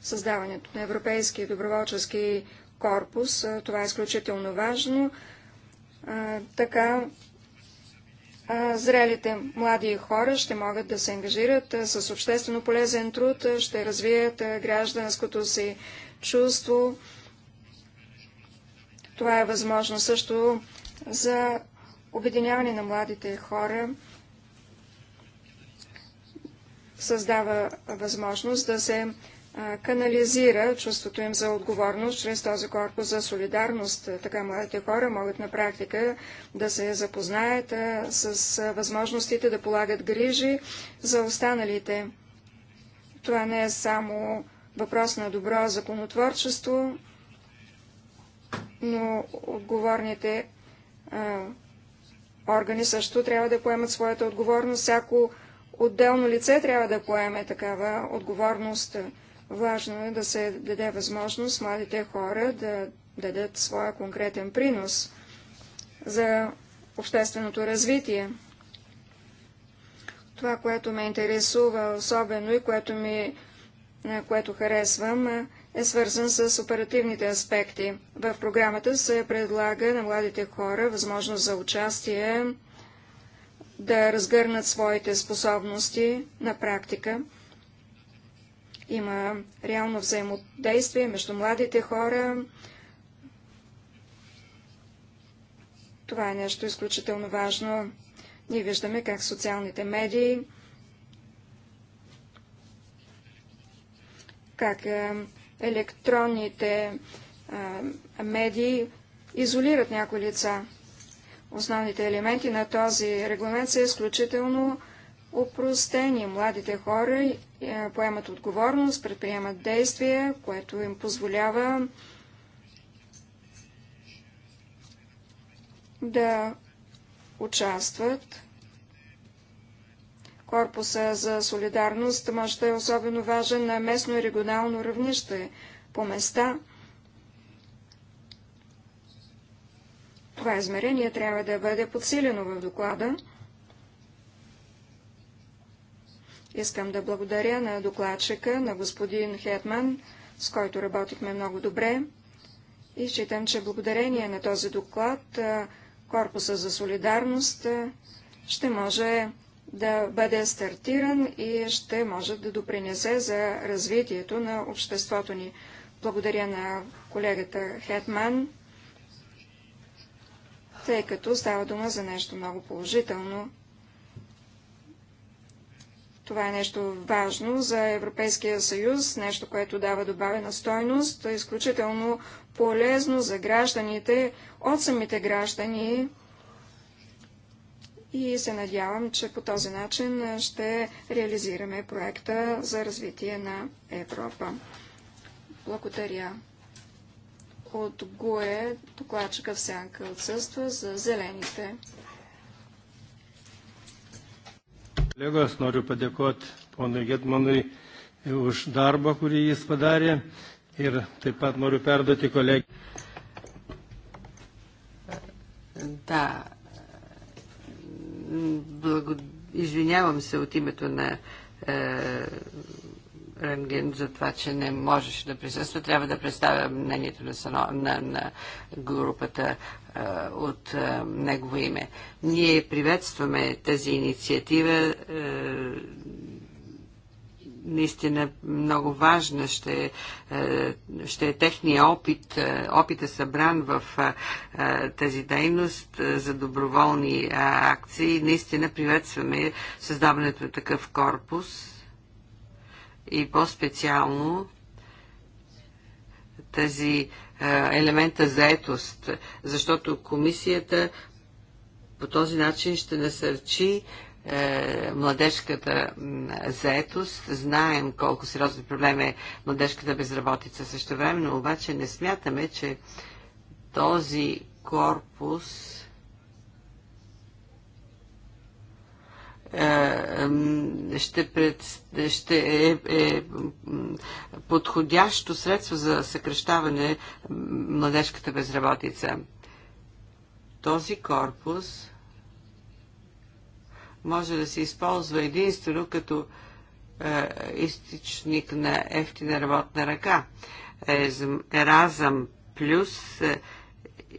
Speaker 3: Създаването на Европейски доброволчески корпус, е, това е изключително важно. Е, така зрелите млади хора ще могат да се ангажират с обществено полезен труд, ще развият гражданското си чувство. Това е възможно също за обединяване на младите хора. Създава възможност да се канализира чувството им за отговорност чрез този корпус за солидарност. Така младите хора могат на практика да се запознаят с възможностите да полагат грижи за останалите. Това не е само въпрос на добро законотворчество, но отговорните а, органи също трябва да поемат своята отговорност. Всяко отделно лице трябва да поеме такава отговорност. Важно е да се даде възможност младите хора да дадат своя конкретен принос за общественото развитие. Това, което ме интересува особено и което, ми, което харесвам, е свързан с оперативните аспекти. В програмата се предлага на младите хора възможност за участие, да разгърнат своите способности на практика има реално взаимодействие между младите хора. Това е нещо изключително важно. Ние виждаме как социалните медии, как е, електронните е, медии изолират някои лица. Основните елементи на този регламент са изключително опростени. Младите хора е, поемат отговорност, предприемат действия, което им позволява да участват. Корпуса за солидарност може да е особено важен на местно и регионално равнище по места. Това измерение трябва да бъде подсилено в доклада. Искам да благодаря на докладчика, на господин Хетман, с който работихме много добре. И считам, че благодарение на този доклад Корпуса за солидарност ще може да бъде стартиран и ще може да допринесе за развитието на обществото ни. Благодаря на колегата Хетман, тъй като става дума за нещо много положително. Това е нещо важно за Европейския съюз, нещо, което дава добавена стойност, е изключително полезно за гражданите, от самите граждани. И се надявам, че по този начин ще реализираме проекта за развитие на Европа. Благодаря. От ГУЕ докладчика в сянка отсъства за зелените.
Speaker 1: Kolegos, noriu padėkoti ponui Gedmanui už darbą, kurį jis padarė ir taip pat noriu perduoti kolegiai.
Speaker 4: Да, Благо... извинявам се от името на е, Ренген за това, че не можеше да присъства. Трябва да представя мнението на, сано, на, на групата а, от а, негово име. Ние приветстваме тази инициатива. А, наистина много важна ще, ще е техния опит, опита събран в тази дейност за доброволни акции. Наистина приветстваме създаването на такъв корпус и по-специално тази елемента заетост, защото комисията по този начин ще насърчи е, младежката заетост. Знаем колко сериозен проблем е младежката безработица също време, но обаче не смятаме, че този корпус Е, ще, пред, ще е, е подходящо средство за съкрещаване младежката безработица. Този корпус може да се използва единствено като е, източник на ефтина работна ръка. Еразъм плюс е,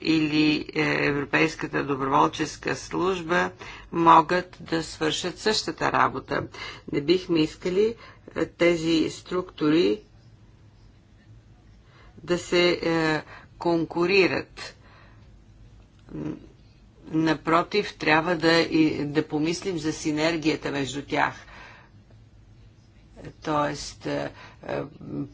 Speaker 4: или е, Европейската доброволческа служба могат да свършат същата работа. Не бихме искали е, тези структури да се е, конкурират. Напротив, трябва да, да помислим за синергията между тях т.е. Е,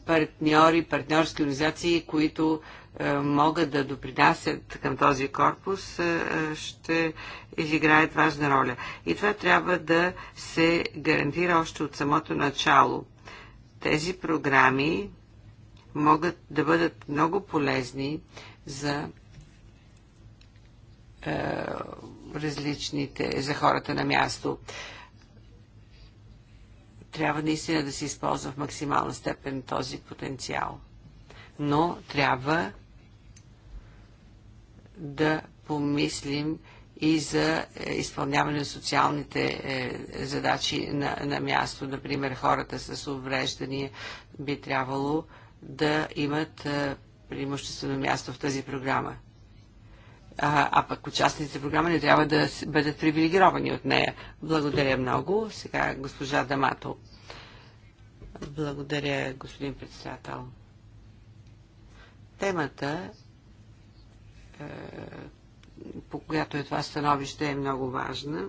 Speaker 4: партньори, партньорски организации, които е, могат да допринасят към този корпус, е, ще изиграят важна роля. И това трябва да се гарантира още от самото начало. Тези програми могат да бъдат много полезни за различните, за хората на място трябва наистина да се използва в максимална степен този потенциал. Но трябва да помислим и за е, изпълняване на социалните е, задачи на, на място. Например, хората с увреждания би трябвало да имат е, преимуществено място в тази програма а, а пък участниците в програма не трябва да бъдат привилегировани от нея. Благодаря много. Сега госпожа Дамато. Благодаря, господин председател. Темата, е, по която е това становище, е много важна.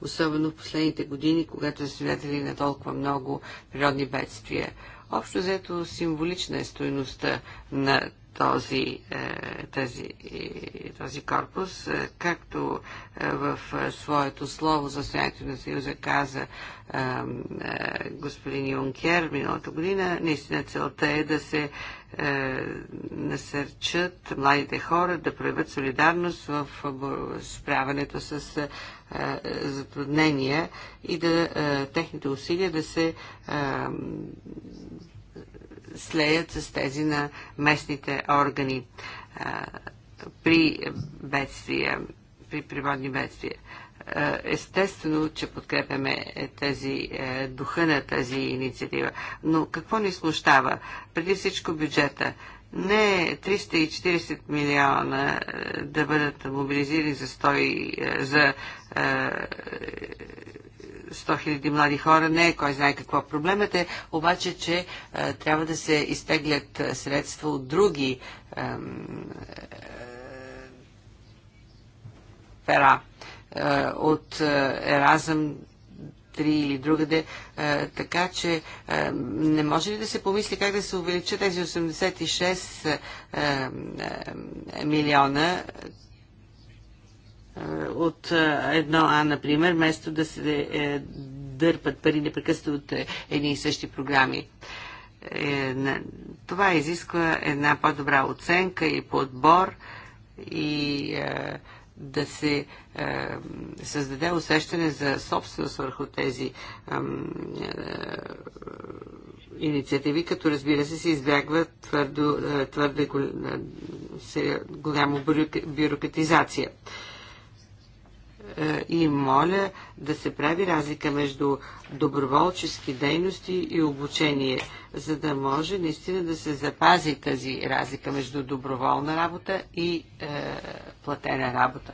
Speaker 4: Особено в последните години, когато са свидетели на толкова много природни бедствия. Общо взето символична е стоеността на този, е, тази, е, този корпус, е, както в своето слово за състоянието на Съюза каза господин Юнкер миналата година, наистина целта е да се насърчат младите хора да проявят солидарност в справянето с затруднения и да техните усилия да се слеят с тези на местните органи при бедствия, при природни бедствия. Естествено, че подкрепяме тези, е, духа на тази инициатива. Но какво ни смущава? Преди всичко бюджета. Не 340 е милиона е, да бъдат мобилизирани за, 100, за 100 хиляди млади хора не е кой знае какво. Е проблемът е обаче, че е, трябва да се изтеглят е, средства от други пера. от Еразъм три или другаде. така че не може ли да се помисли как да се увеличат тези 86 милиона, от едно А, например, вместо да се е, дърпат пари непрекъснато от е, едни и същи програми. Е, това изисква една по-добра оценка и подбор и да се създаде усещане за собственост върху тези инициативи, като разбира се се избягва твърдо, твърде голямо бюрократизация. Е, и моля да се прави разлика между доброволчески дейности и обучение, за да може наистина да се запази тази разлика между доброволна работа и е, платена работа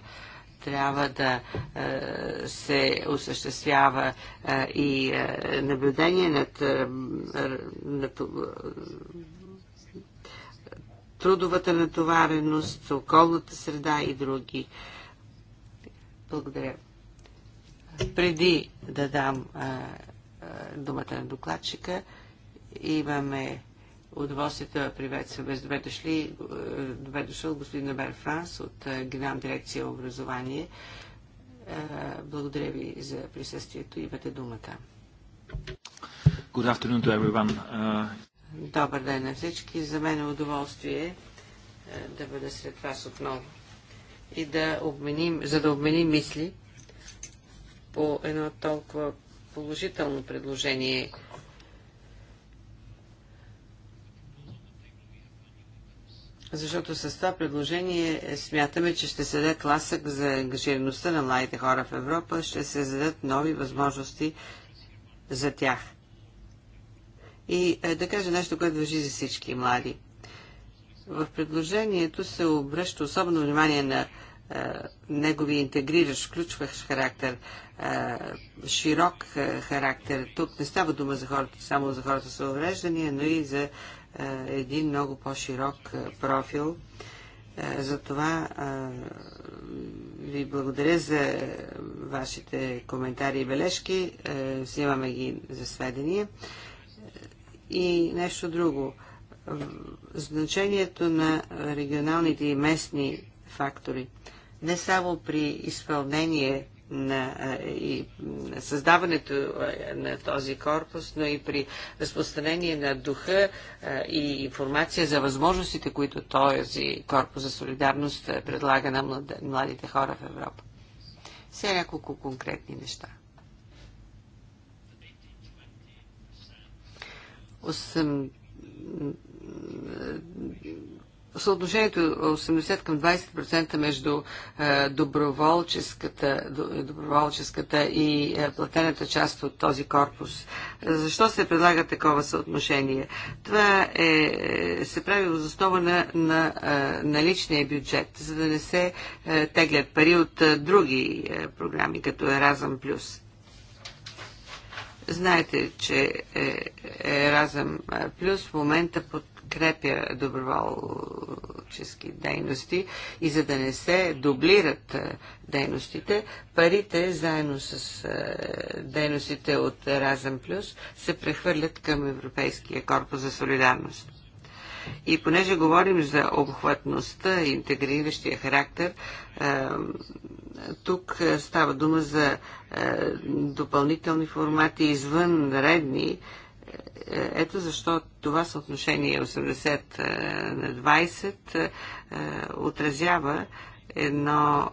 Speaker 4: трябва да е, се осъществява е, и наблюдение над, над трудовата натовареност, околната среда и други. Благодаря. Преди да дам а, а, думата на докладчика, имаме удоволствието да приветствам без добре, дошли, добре дошъл господин Нобер Франс от Генерална дирекция образование. Благодаря ви за присъствието. Имате думата.
Speaker 1: Good afternoon to everyone. Uh...
Speaker 4: Добър ден на всички. За мен е удоволствие да бъда сред вас отново и да обменим, за да обменим мисли по едно толкова положително предложение. Защото с това предложение смятаме, че ще се даде тласък за ангажираността на младите хора в Европа, ще се зададат нови възможности за тях. И е, да кажа нещо, което въжи за всички млади – в предложението се обръща особено внимание на е, негови интегриращ, включващ характер, е, широк е, характер. Тук не става дума за хората, само за хората с увреждания, но и за един много по-широк профил. Затова ви благодаря за вашите коментари и бележки. Взимаме ги за сведения. И нещо друго – значението на регионалните и местни фактори. Не само при изпълнение на, и, създаването на този корпус, но и при разпространение на духа и информация за възможностите, които този корпус за солидарност предлага на младите хора в Европа. Все няколко конкретни неща съотношението 80 към 20% между е, доброволческата, е, доброволческата и е, платената част от този корпус. Защо се предлага такова съотношение? Това е, се прави в основа на, на, на личния бюджет, за да не се теглят пари от други програми, като Еразъм Плюс. Знаете, че Еразъм Плюс в момента под подкрепя доброволчески дейности и за да не се дублират е, дейностите, парите заедно с е, дейностите от Разъм Плюс се прехвърлят към Европейския корпус за солидарност. И понеже говорим за обхватността, интегриращия характер, е, тук става дума за допълнителни формати извън редни. Ето защо това съотношение 80 е, на 20 е, е, отразява едно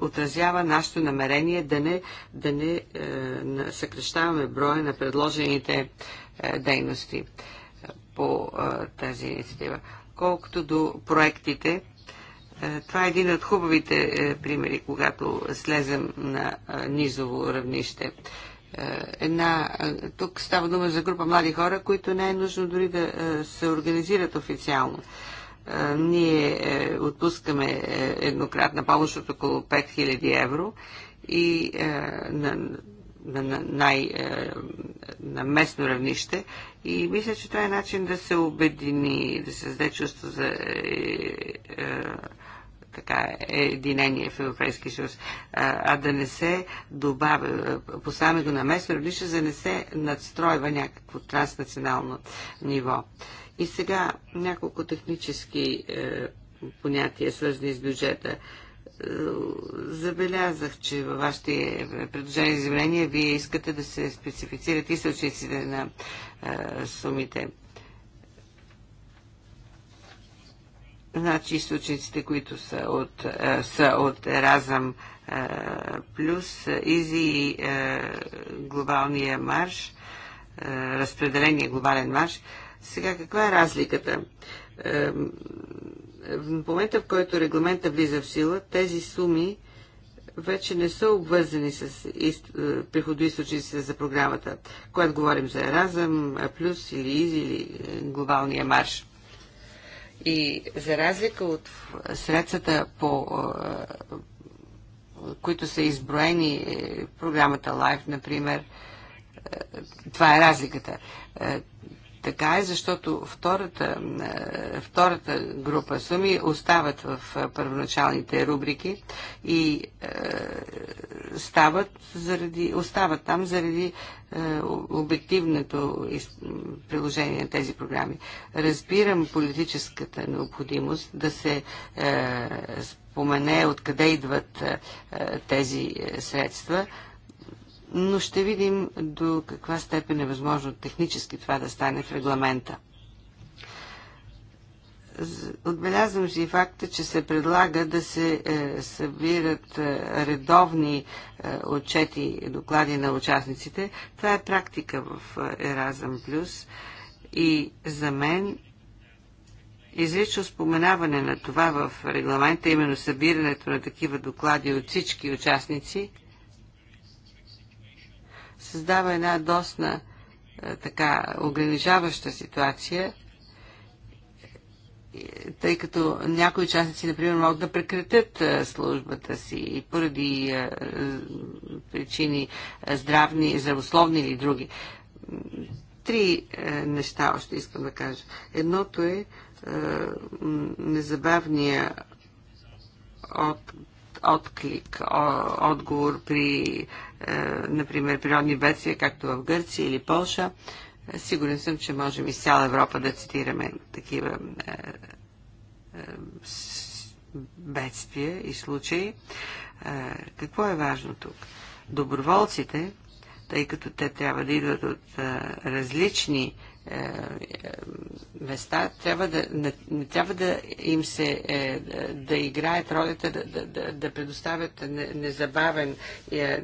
Speaker 4: отразява нашето намерение да не, да не съкрещаваме броя на предложените дейности по тази инициатива. Колкото до проектите, това е един от хубавите примери, когато слезем на низово равнище. Е, една... Е, тук става дума за група млади хора, които не е нужно дори да е, се организират официално. Ние отпускаме еднократна помощ от около 5000 евро и на, на, на, най, на местно равнище. И мисля, че това е начин да се обедини, да се създаде чувство за така е единение в Европейския съюз, а, да не се добавя, поставяме го на местно равнище, за да не се надстройва някакво транснационално ниво. И сега няколко технически е, понятия, свързани с бюджета е, забелязах, че във вашите предложения за изявления вие искате да се специфицират източниците на е, сумите. Значи източниците, които са от, е, са от Еразъм е, плюс е, Изи и глобалния марш, разпределение глобален марш. Сега каква е разликата? в момента, в който регламента влиза в сила, тези суми вече не са обвързани с приходоисточниците за програмата, когато говорим за Еразъм, Плюс или Изи или Глобалния марш. И за разлика от средствата по е, които са изброени, е, програмата Life, например, е, това е разликата. Така е, защото втората, е, втората група суми остават в е, първоначалните рубрики и е, стават заради, остават там заради обективното приложение на тези програми. Разбирам политическата необходимост да се спомене откъде идват тези средства, но ще видим до каква степен е възможно технически това да стане в регламента. Отбелязвам си факта, че се предлага да се е, събират е, редовни е, отчети и доклади на участниците. Това е практика в е, Еразъм Плюс и за мен изрично споменаване на това в регламента, именно събирането на такива доклади от всички участници – създава една досна е, така ограничаваща ситуация, тъй като някои частници, например, могат да прекратят е, службата си поради е, причини здравни, здравословни или други. Три неща още искам да кажа. Едното е незабавния от отклик, отговор при, е, например, природни бедствия, както в Гърция или Полша. Е, сигурен съм, че можем из цяла Европа да цитираме такива е, бедствия и случаи. Какво е важно тук? Доброволците, тъй като те трябва да идват от различни е, места, трябва да, не, не трябва да им се е, да играят ролята, да, да, да, да предоставят незабавен е, е,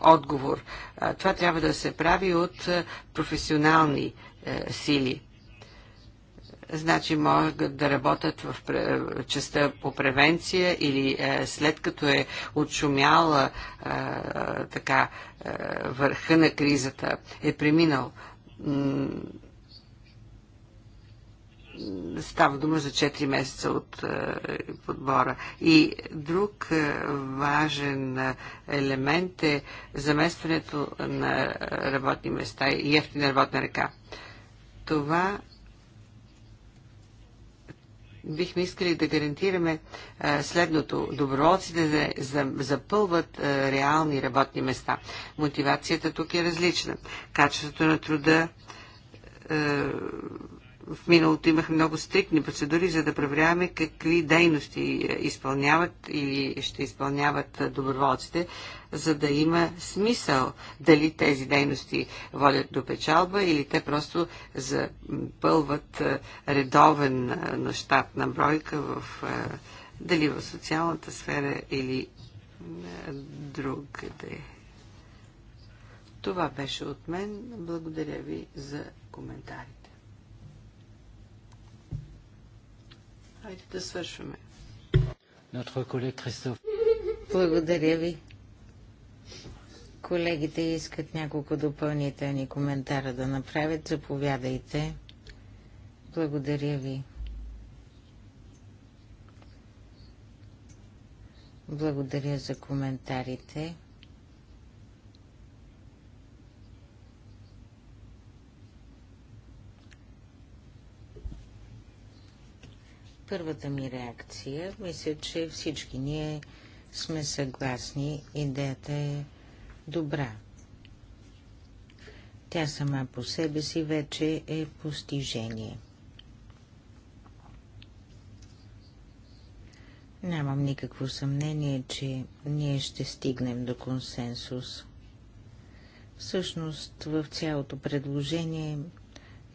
Speaker 4: отговор. Това трябва да се прави от е, професионални е, сили значи могат да работят в частта по превенция или е, след като е отшумяла е, така е, върха на кризата, е преминал. Става дума за 4 месеца от подбора. И друг важен елемент е заместването на работни места и ефтина работна ръка. Това бихме искали да гарантираме следното. Доброволците да е- запълват реални работни места. Мотивацията тук е различна. Качеството на труда в миналото имахме много стрикни процедури, за да проверяваме какви дейности изпълняват или ще изпълняват доброволците, за да има смисъл дали тези дейности водят до печалба или те просто запълват е, редовен е, на щатна бройка в, е, дали в социалната сфера или другаде. Това беше от мен. Благодаря ви за коментарите. Хайде да свършваме.
Speaker 2: Благодаря ви. Колегите искат няколко допълнителни коментара да направят. Заповядайте. Благодаря ви. Благодаря за коментарите. Първата ми реакция, мисля, че всички ние сме съгласни, идеята е добра. Тя сама по себе си вече е постижение. Нямам никакво съмнение, че ние ще стигнем до консенсус. Всъщност в цялото предложение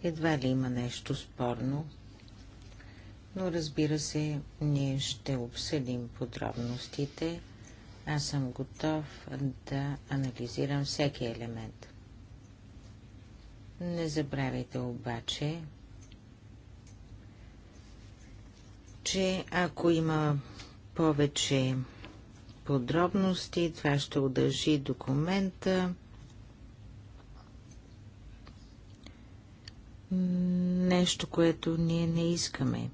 Speaker 2: едва ли има нещо спорно – но разбира се, ние ще обсъдим подробностите. Аз съм готов да анализирам всеки елемент. Не забравяйте обаче, че ако има повече подробности, това ще удържи документа. Нещо, което ние не искаме.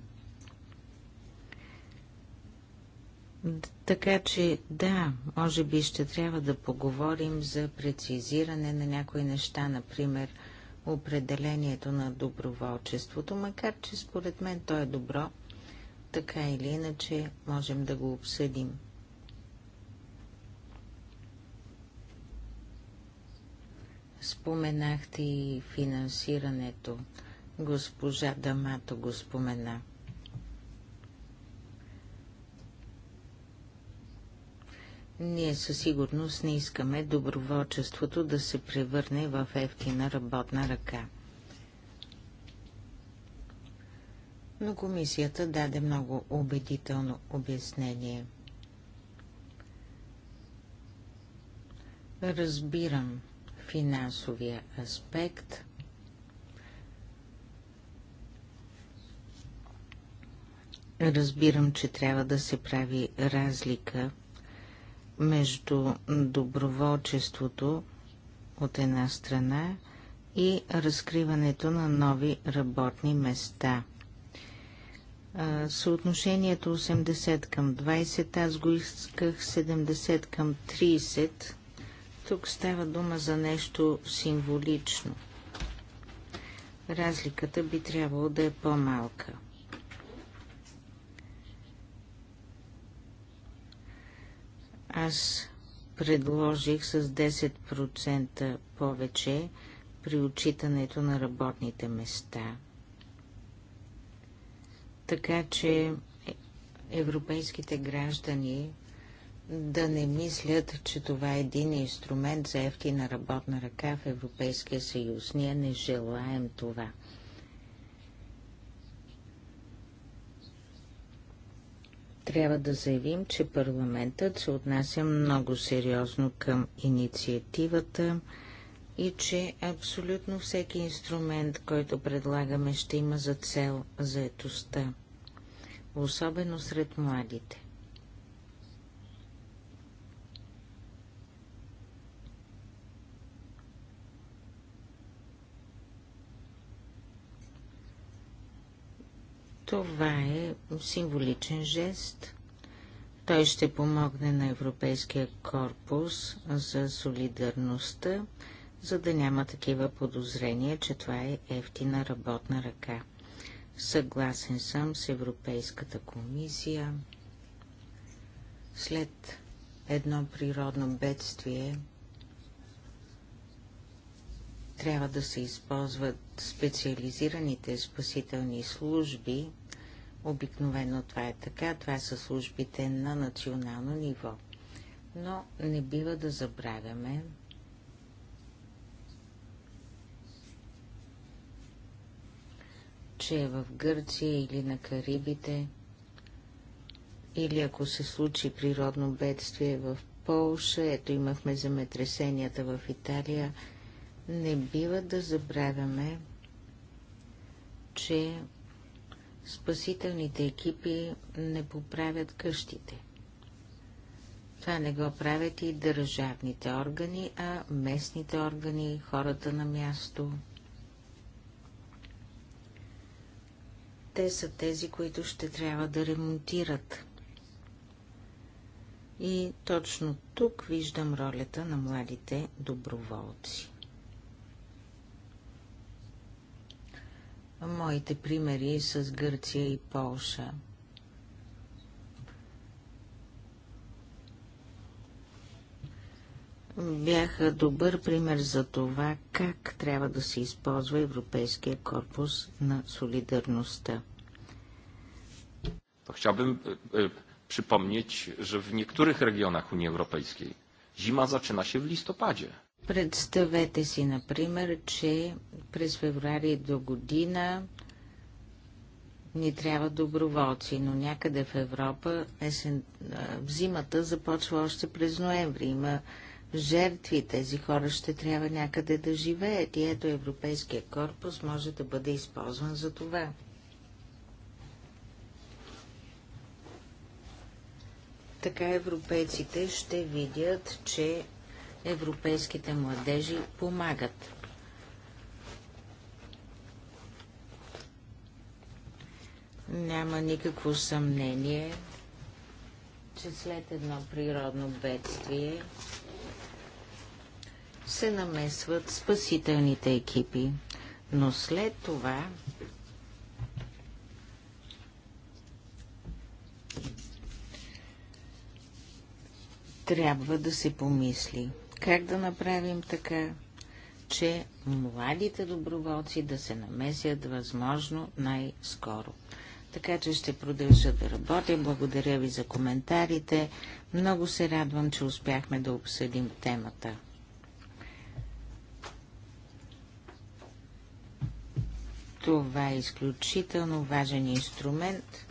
Speaker 2: Така че да, може би ще трябва да поговорим за прецизиране на някои неща, например определението на доброволчеството, макар че според мен то е добро, така или иначе можем да го обсъдим. Споменахте и финансирането. Госпожа Дамато го спомена – Ние със сигурност не искаме доброволчеството да се превърне в ефтина работна ръка. Но комисията даде много убедително обяснение. Разбирам финансовия аспект. Разбирам, че трябва да се прави разлика – между доброволчеството от една страна и разкриването на нови работни места. Съотношението 80 към 20, аз го исках 70 към 30. Тук става дума за нещо символично. Разликата би трябвало да е по-малка. Аз предложих с 10% повече при отчитането на работните места. Така че европейските граждани да не мислят, че това е един инструмент за ефтина работна ръка в Европейския съюз. Ние не желаем това. трябва да заявим, че парламентът се отнася много сериозно към инициативата и че абсолютно всеки инструмент, който предлагаме, ще има за цел заетостта, особено сред младите. Това е символичен жест. Той ще помогне на Европейския корпус за солидарността, за да няма такива подозрения, че това е ефтина работна ръка. Съгласен съм с Европейската комисия. След едно природно бедствие трябва да се използват специализираните спасителни служби – Обикновено това е така, това са службите на национално ниво. Но не бива да забравяме, че в Гърция или на Карибите, или ако се случи природно бедствие в Полша, ето имахме земетресенията в Италия, не бива да забравяме, че спасителните екипи не поправят къщите. Това не го правят и държавните органи, а местните органи, хората на място. Те са тези, които ще трябва да ремонтират. И точно тук виждам ролята на младите доброволци. моите примери с Гърция и Полша. бяха добър пример за това, как трябва да се използва Европейския корпус на солидарността.
Speaker 3: To chciałbym e, przypomnieć, że w niektórych regionach Unii Europejskiej zima zaczyna się w listopadzie.
Speaker 2: Представете си, например, че през февруари до година ни трябва доброволци, но някъде в Европа есен, зимата започва още през ноември. Има жертви, тези хора ще трябва някъде да живеят и ето Европейския корпус може да бъде използван за това. Така европейците ще видят, че европейските младежи помагат. Няма никакво съмнение, че след едно природно бедствие се намесват спасителните екипи, но след това трябва да се помисли – как да направим така, че младите доброволци да се намесят възможно най-скоро? Така че ще продължа да работя. Благодаря ви за коментарите. Много се радвам, че успяхме да обсъдим темата. Това е изключително важен инструмент,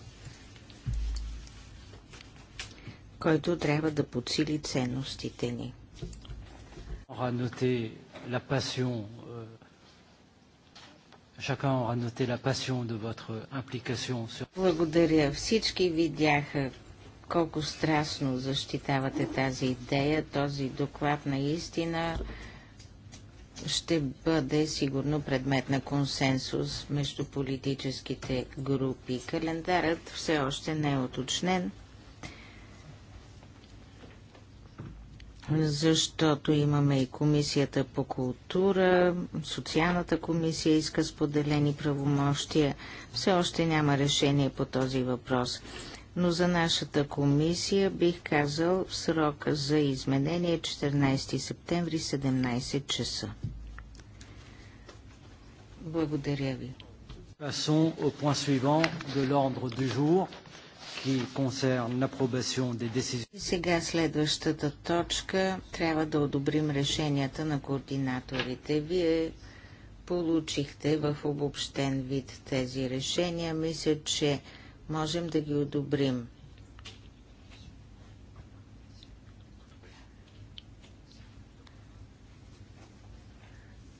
Speaker 2: който трябва да подсили ценностите ни
Speaker 1: aura noté la passion, euh, chacun aura noté la passion de votre implication sur...
Speaker 2: Благодаря. Всички видяха колко страстно защитавате тази идея. Този доклад наистина ще бъде сигурно предмет на консенсус между политическите групи. Календарът все още не е уточнен. защото имаме и комисията по култура, социалната комисия иска споделени правомощия. Все още няма решение по този въпрос. Но за нашата комисия бих казал в срок за изменение 14 септември 17 часа.
Speaker 1: Благодаря ви. Passons au point suivant de l'ordre du jour.
Speaker 2: Сега следващата точка трябва да одобрим решенията на координаторите. Вие получихте в обобщен вид тези решения. Мисля, че можем да ги одобрим.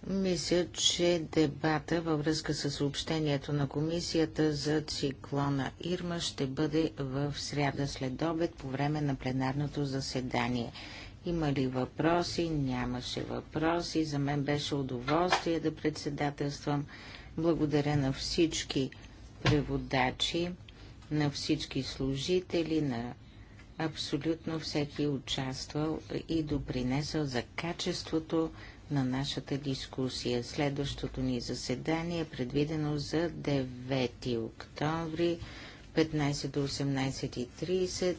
Speaker 2: Мисля, че дебата във връзка с съобщението на комисията за циклона Ирма ще бъде в сряда след обед по време на пленарното заседание. Има ли въпроси? Нямаше въпроси. За мен беше удоволствие да председателствам. Благодаря на всички преводачи, на всички служители, на абсолютно всеки участвал и допринесъл за качеството на нашата дискусия. Следващото ни заседание е предвидено за 9 октомври 15 до 18.30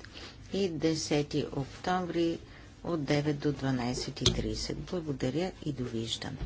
Speaker 2: и 10 октомври от 9 до 12.30. Благодаря и довиждане.